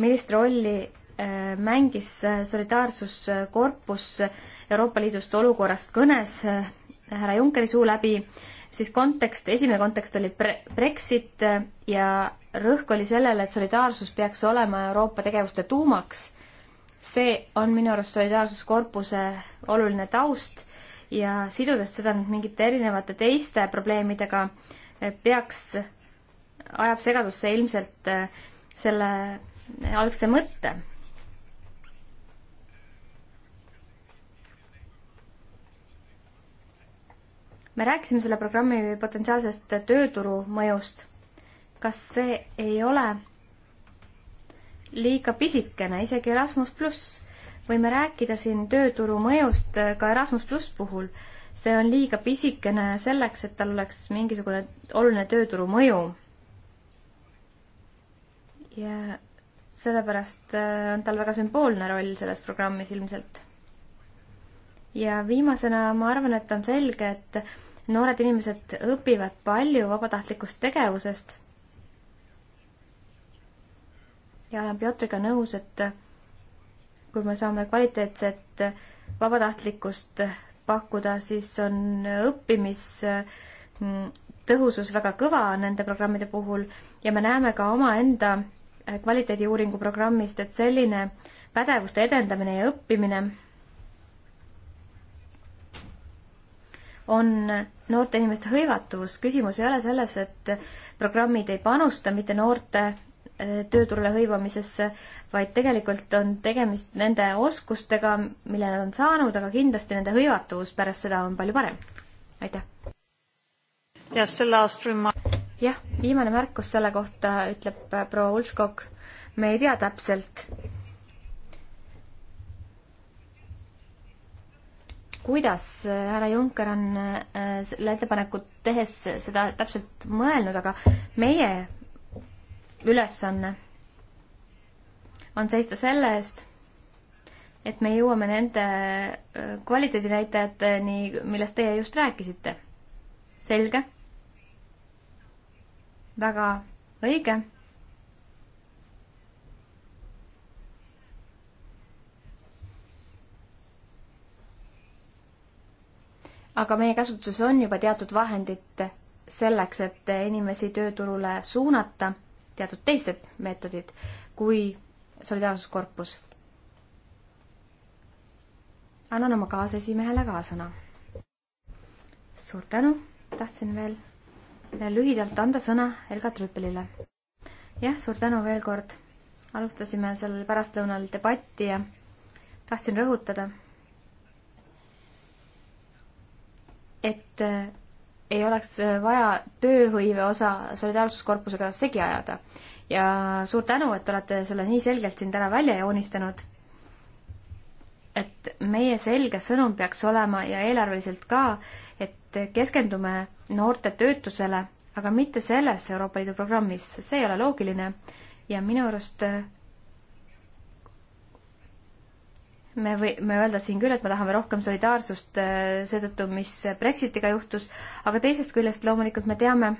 millist rolli äh, mängis äh, solidaarsuskorpus äh, Euroopa Liidust olukorrast kõnes härra Junckeri suu läbi, siis kontekst, esimene kontekst oli pre-, Brexit ja rõhk oli sellele, et solidaarsus peaks olema Euroopa tegevuste tuumaks. see on minu arust solidaarsuskorpuse oluline taust ja sidudes seda nüüd mingite erinevate teiste probleemidega, peaks, ajab segadusse ilmselt selle algse mõtte. me rääkisime selle programmi potentsiaalsest tööturu mõjust. kas see ei ole liiga pisikene, isegi Erasmus pluss? võime rääkida siin tööturu mõjust ka Erasmus pluss puhul. see on liiga pisikene selleks, et tal oleks mingisugune oluline tööturu mõju ja sellepärast äh, on tal väga sümboolne roll selles programmis ilmselt. ja viimasena ma arvan, et on selge, et noored inimesed õpivad palju vabatahtlikust tegevusest. ja olen Piotriga nõus, et kui me saame kvaliteetset vabatahtlikkust pakkuda, siis on õppimistõhusus mm, väga kõva nende programmide puhul ja me näeme ka omaenda kvaliteediuuringu programmist, et selline pädevuste edendamine ja õppimine on noorte inimeste hõivatus. küsimus ei ole selles, et programmid ei panusta mitte noorte äh, tööturule hõivamisesse, vaid tegelikult on tegemist nende oskustega, mille nad on saanud, aga kindlasti nende hõivatus pärast seda on palju parem. aitäh! jah, viimane märkus selle kohta, ütleb äh, proua Ulfskog. me ei tea täpselt, kuidas äh, härra Juncker on äh, selle ettepanekut tehes seda täpselt mõelnud, aga meie ülesanne on seista selle eest, et me jõuame nende kvaliteedinäitajateni, millest teie just rääkisite. selge väga õige. aga meie käsutuses on juba teatud vahendid selleks, et inimesi tööturule suunata, teatud teised meetodid kui solidaarsuskorpus. annan oma kaasesimehele ka sõna. suur tänu, tahtsin veel lühidalt anda sõna Helga Trüppelile. jah, suur tänu veel kord. alustasime sellel pärastlõunal debatti ja tahtsin rõhutada, et eh, ei oleks eh, vaja tööhõive osa solidaarsuskorpusega segi ajada. ja suur tänu, et olete selle nii selgelt siin täna välja joonistanud et meie selge sõnum peaks olema ja eelarveliselt ka, et keskendume noorte töötusele, aga mitte selles Euroopa Liidu programmis, see ei ole loogiline ja minu arust eh, me võime öelda siin küll, et me tahame rohkem solidaarsust eh, seetõttu, mis Brexitiga juhtus, aga teisest küljest loomulikult me teame,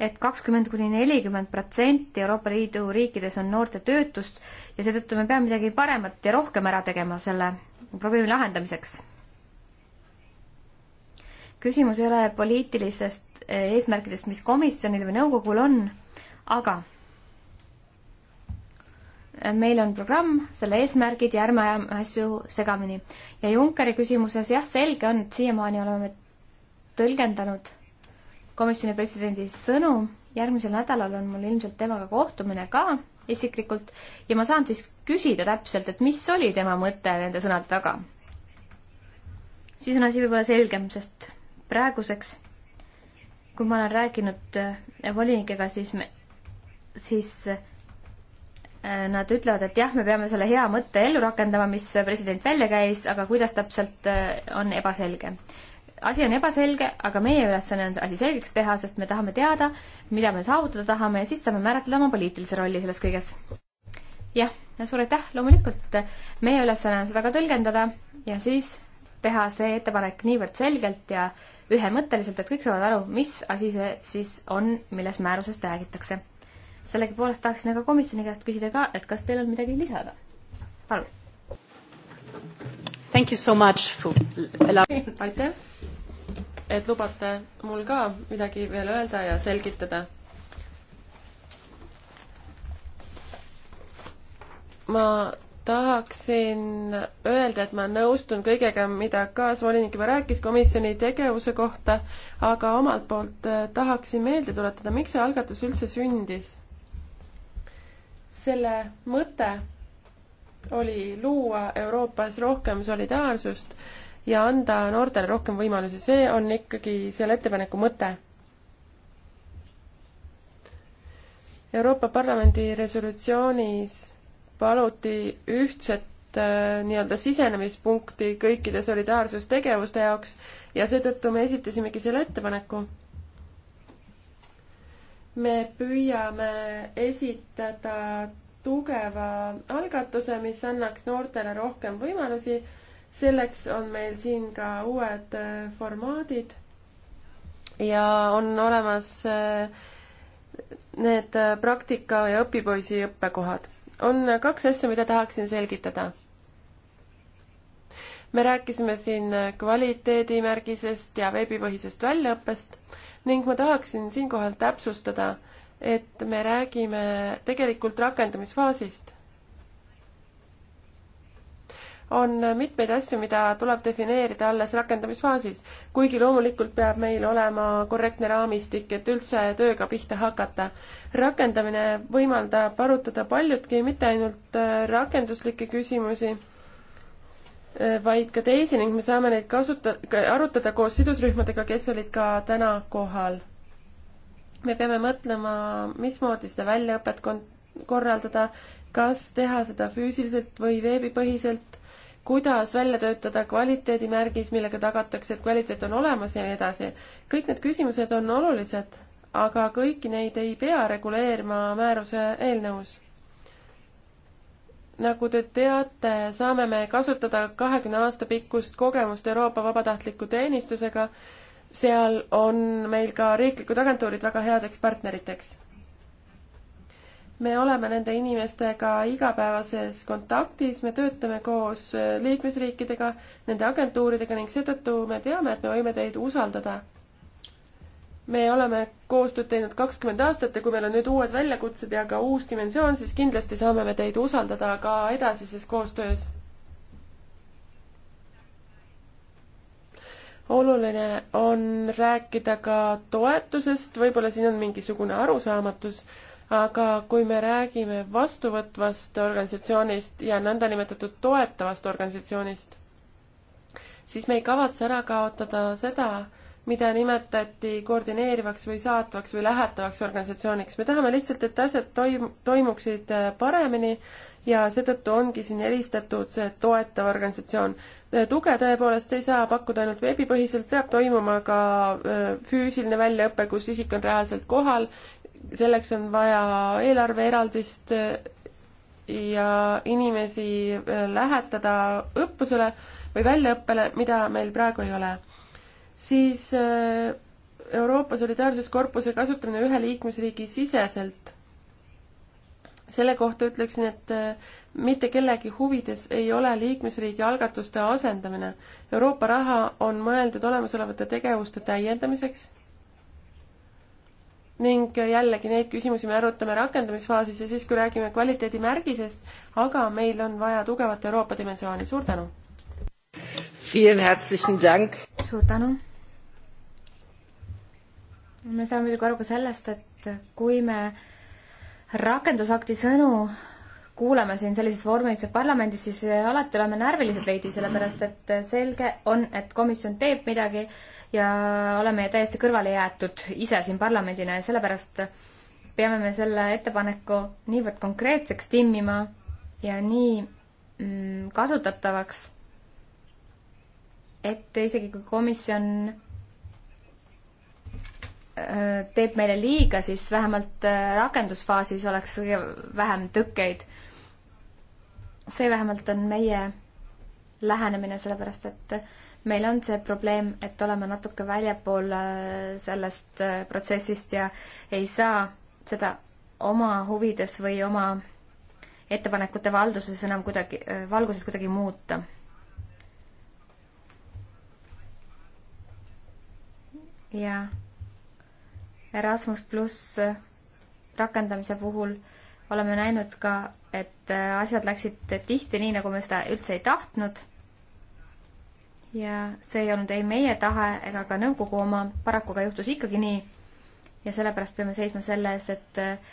et kakskümmend kuni nelikümmend protsenti Euroopa Liidu riikides on noorte töötust ja seetõttu me peame midagi paremat ja rohkem ära tegema selle probleemi lahendamiseks küsimus ei ole poliitilisest eh, eesmärkidest, mis komisjonil või nõukogul on, aga meil on programm, selle eesmärgid ja ärme ajame asju segamini. ja Junckeri küsimuses jah, selge on, et siiamaani oleme tõlgendanud komisjoni presidendi sõnu, järgmisel nädalal on mul ilmselt temaga kohtumine ka isiklikult ja ma saan siis küsida täpselt, et mis oli tema mõte nende sõnade taga. siis on asi võib-olla selgem, sest praeguseks, kui ma olen rääkinud äh, volinikega, siis me, siis äh, nad ütlevad, et jah, me peame selle hea mõtte ellu rakendama, mis president välja käis, aga kuidas täpselt, äh, on ebaselge. asi on ebaselge, aga meie ülesanne on see asi selgeks teha, sest me tahame teada, mida me saavutada tahame ja siis saame määratleda oma poliitilise rolli selles kõiges. jah, suur aitäh, loomulikult meie ülesanne on seda ka tõlgendada ja siis teha see ettepanek niivõrd selgelt ja äh, ühemõtteliselt, et kõik saavad aru, mis asi see siis on, milles määrusest räägitakse. sellegipoolest tahaksin aga komisjoni käest küsida ka, et kas teil on midagi lisada? palun. Thank you so much for aitäh, et lubate mul ka midagi veel öelda ja selgitada. ma tahaksin öelda, et ma nõustun kõigega, mida kaasvolinik juba rääkis komisjoni tegevuse kohta, aga omalt poolt äh, tahaksin meelde tuletada, miks see algatus üldse sündis. selle mõte oli luua Euroopas rohkem solidaarsust ja anda noortele rohkem võimalusi, see on ikkagi selle ettepaneku mõte Euroopa Parlamendi resolutsioonis paluti ühtset äh, nii-öelda sisenemispunkti kõikide solidaarsustegevuste jaoks ja seetõttu me esitasimegi selle ettepaneku. me püüame esitada tugeva algatuse, mis annaks noortele rohkem võimalusi. selleks on meil siin ka uued äh, formaadid ja on olemas äh, need praktika ja õpipoisi õppekohad on kaks asja, mida tahaksin selgitada. me rääkisime siin kvaliteedimärgisest ja veebipõhisest väljaõppest ning ma tahaksin siinkohal täpsustada, et me räägime tegelikult rakendamisfaasist on mitmeid asju, mida tuleb defineerida alles rakendamisfaasis. kuigi loomulikult peab meil olema korrektne raamistik, et üldse tööga pihta hakata. rakendamine võimaldab arutada paljutki, mitte ainult äh, rakenduslikke küsimusi, äh, vaid ka teisi ning me saame neid kasuta-, arutada koos sidusrühmadega, kes olid ka täna kohal. me peame mõtlema, mismoodi seda väljaõpet kon-, korraldada, kas teha seda füüsiliselt või veebipõhiselt, kuidas välja töötada kvaliteedimärgis, millega tagatakse, et kvaliteet on olemas ja nii edasi. kõik need küsimused on olulised, aga kõiki neid ei pea reguleerima määruse eelnõus. nagu te teate, saame me kasutada kahekümne aasta pikkust kogemust Euroopa vabatahtliku teenistusega, seal on meil ka riiklikud agentuurid väga headeks partneriteks me oleme nende inimestega igapäevases kontaktis, me töötame koos liikmesriikidega, nende agentuuridega ning seetõttu me teame, et me võime teid usaldada. me oleme koostööd teinud kakskümmend aastat ja kui meil on nüüd uued väljakutsed ja ka uus dimensioon, siis kindlasti saame me teid usaldada ka edasises koostöös. oluline on rääkida ka toetusest, võib-olla siin on mingisugune arusaamatus aga kui me räägime vastuvõtvast organisatsioonist ja nõndanimetatud toetavast organisatsioonist, siis me ei kavatse ära kaotada seda, mida nimetati koordineerivaks või saatvaks või lähetavaks organisatsiooniks. me tahame lihtsalt, et asjad toim-, toimuksid äh, paremini ja seetõttu ongi siin eristatud see toetav organisatsioon. Äh, tuge tõepoolest ei saa pakkuda ainult veebipõhiselt, peab toimuma ka äh, füüsiline väljaõpe, kus isik on reaalselt kohal selleks on vaja eelarveeraldist ja inimesi äh, lähetada õppusele või väljaõppele, mida meil praegu ei ole. siis äh, Euroopa Solidaarsuskorpuse kasutamine ühe liikmesriigi siseselt. selle kohta ütleksin, et äh, mitte kellegi huvides ei ole liikmesriigi algatuste asendamine. Euroopa raha on mõeldud olemasolevate tegevuste täiendamiseks ning jällegi neid küsimusi me arutame rakendamisfaasis ja siis, kui räägime kvaliteedimärgisest, aga meil on vaja tugevat Euroopa dimensiooni, suur tänu! suur tänu! me saame muidugi aru ka sellest, et kui me rakendusakti sõnu kuulame siin sellises vormis parlamendis, siis alati oleme närvilised veidi, sellepärast et selge on, et komisjon teeb midagi ja oleme täiesti kõrvale jäetud ise siin parlamendina ja sellepärast peame me selle ettepaneku niivõrd konkreetseks timmima ja nii mm, kasutatavaks, et isegi kui komisjon teeb meile liiga, siis vähemalt rakendusfaasis oleks kõige vähem tõkkeid see vähemalt on meie lähenemine, sellepärast et meil on see probleem, et oleme natuke väljapool äh, sellest äh, protsessist ja ei saa seda oma huvides või oma ettepanekute valduses enam kuidagi, äh, valguses kuidagi muuta. ja Erasmus pluss rakendamise puhul äh, oleme näinud ka, et äh, asjad läksid tihti nii, nagu me seda üldse ei tahtnud. ja see ei olnud ei meie tahe ega ka nõukogu oma, paraku ka juhtus ikkagi nii. ja sellepärast peame seisma selle ees, et äh,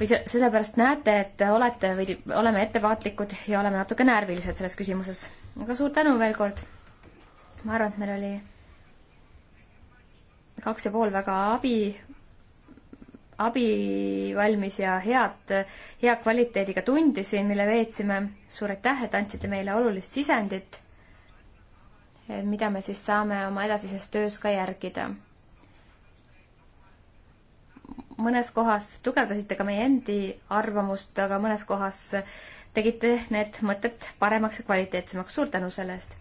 või se-, sellepärast näete, et olete või oleme ettevaatlikud ja oleme natuke närvilised selles küsimuses. aga suur tänu veel kord. ma arvan, et meil oli kaks ja pool väga abi abivalmis ja head, hea kvaliteediga tundi siin, mille veetsime. suur aitäh, et andsite meile olulist sisendit, mida me siis saame oma edasises töös ka järgida. mõnes kohas tugevdasite ka meie endi arvamust, aga mõnes kohas tegite need mõtted paremaks ja kvaliteetsemaks. suur tänu selle eest!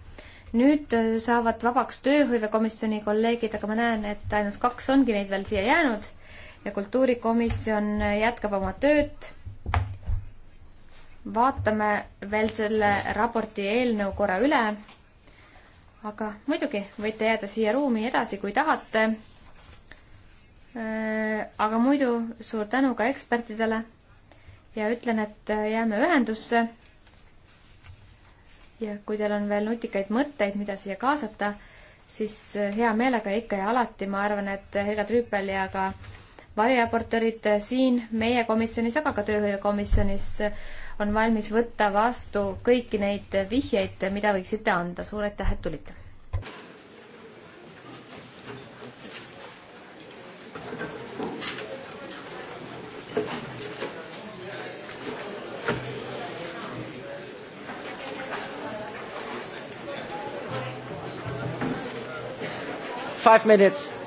nüüd saavad vabaks tööhõivekomisjoni kolleegid, aga ma näen, et ainult kaks ongi neid veel siia jäänud ja kultuurikomisjon jätkab oma tööd. vaatame veel selle raporti eelnõu korra üle. aga muidugi võite jääda siia ruumi edasi, kui tahate. Äh, aga muidu suur tänu ka ekspertidele ja ütlen, et jääme ühendusse. ja kui teil on veel nutikaid mõtteid, mida siia kaasata, siis hea meelega ikka ja alati, ma arvan, et Helga Trüüpel ja ka variraportöörid siin meie komisjonis, aga ka tööhõivekomisjonis on valmis võtta vastu kõiki neid vihjeid, mida võiksite anda. suur aitäh, et tulite! Five minutes.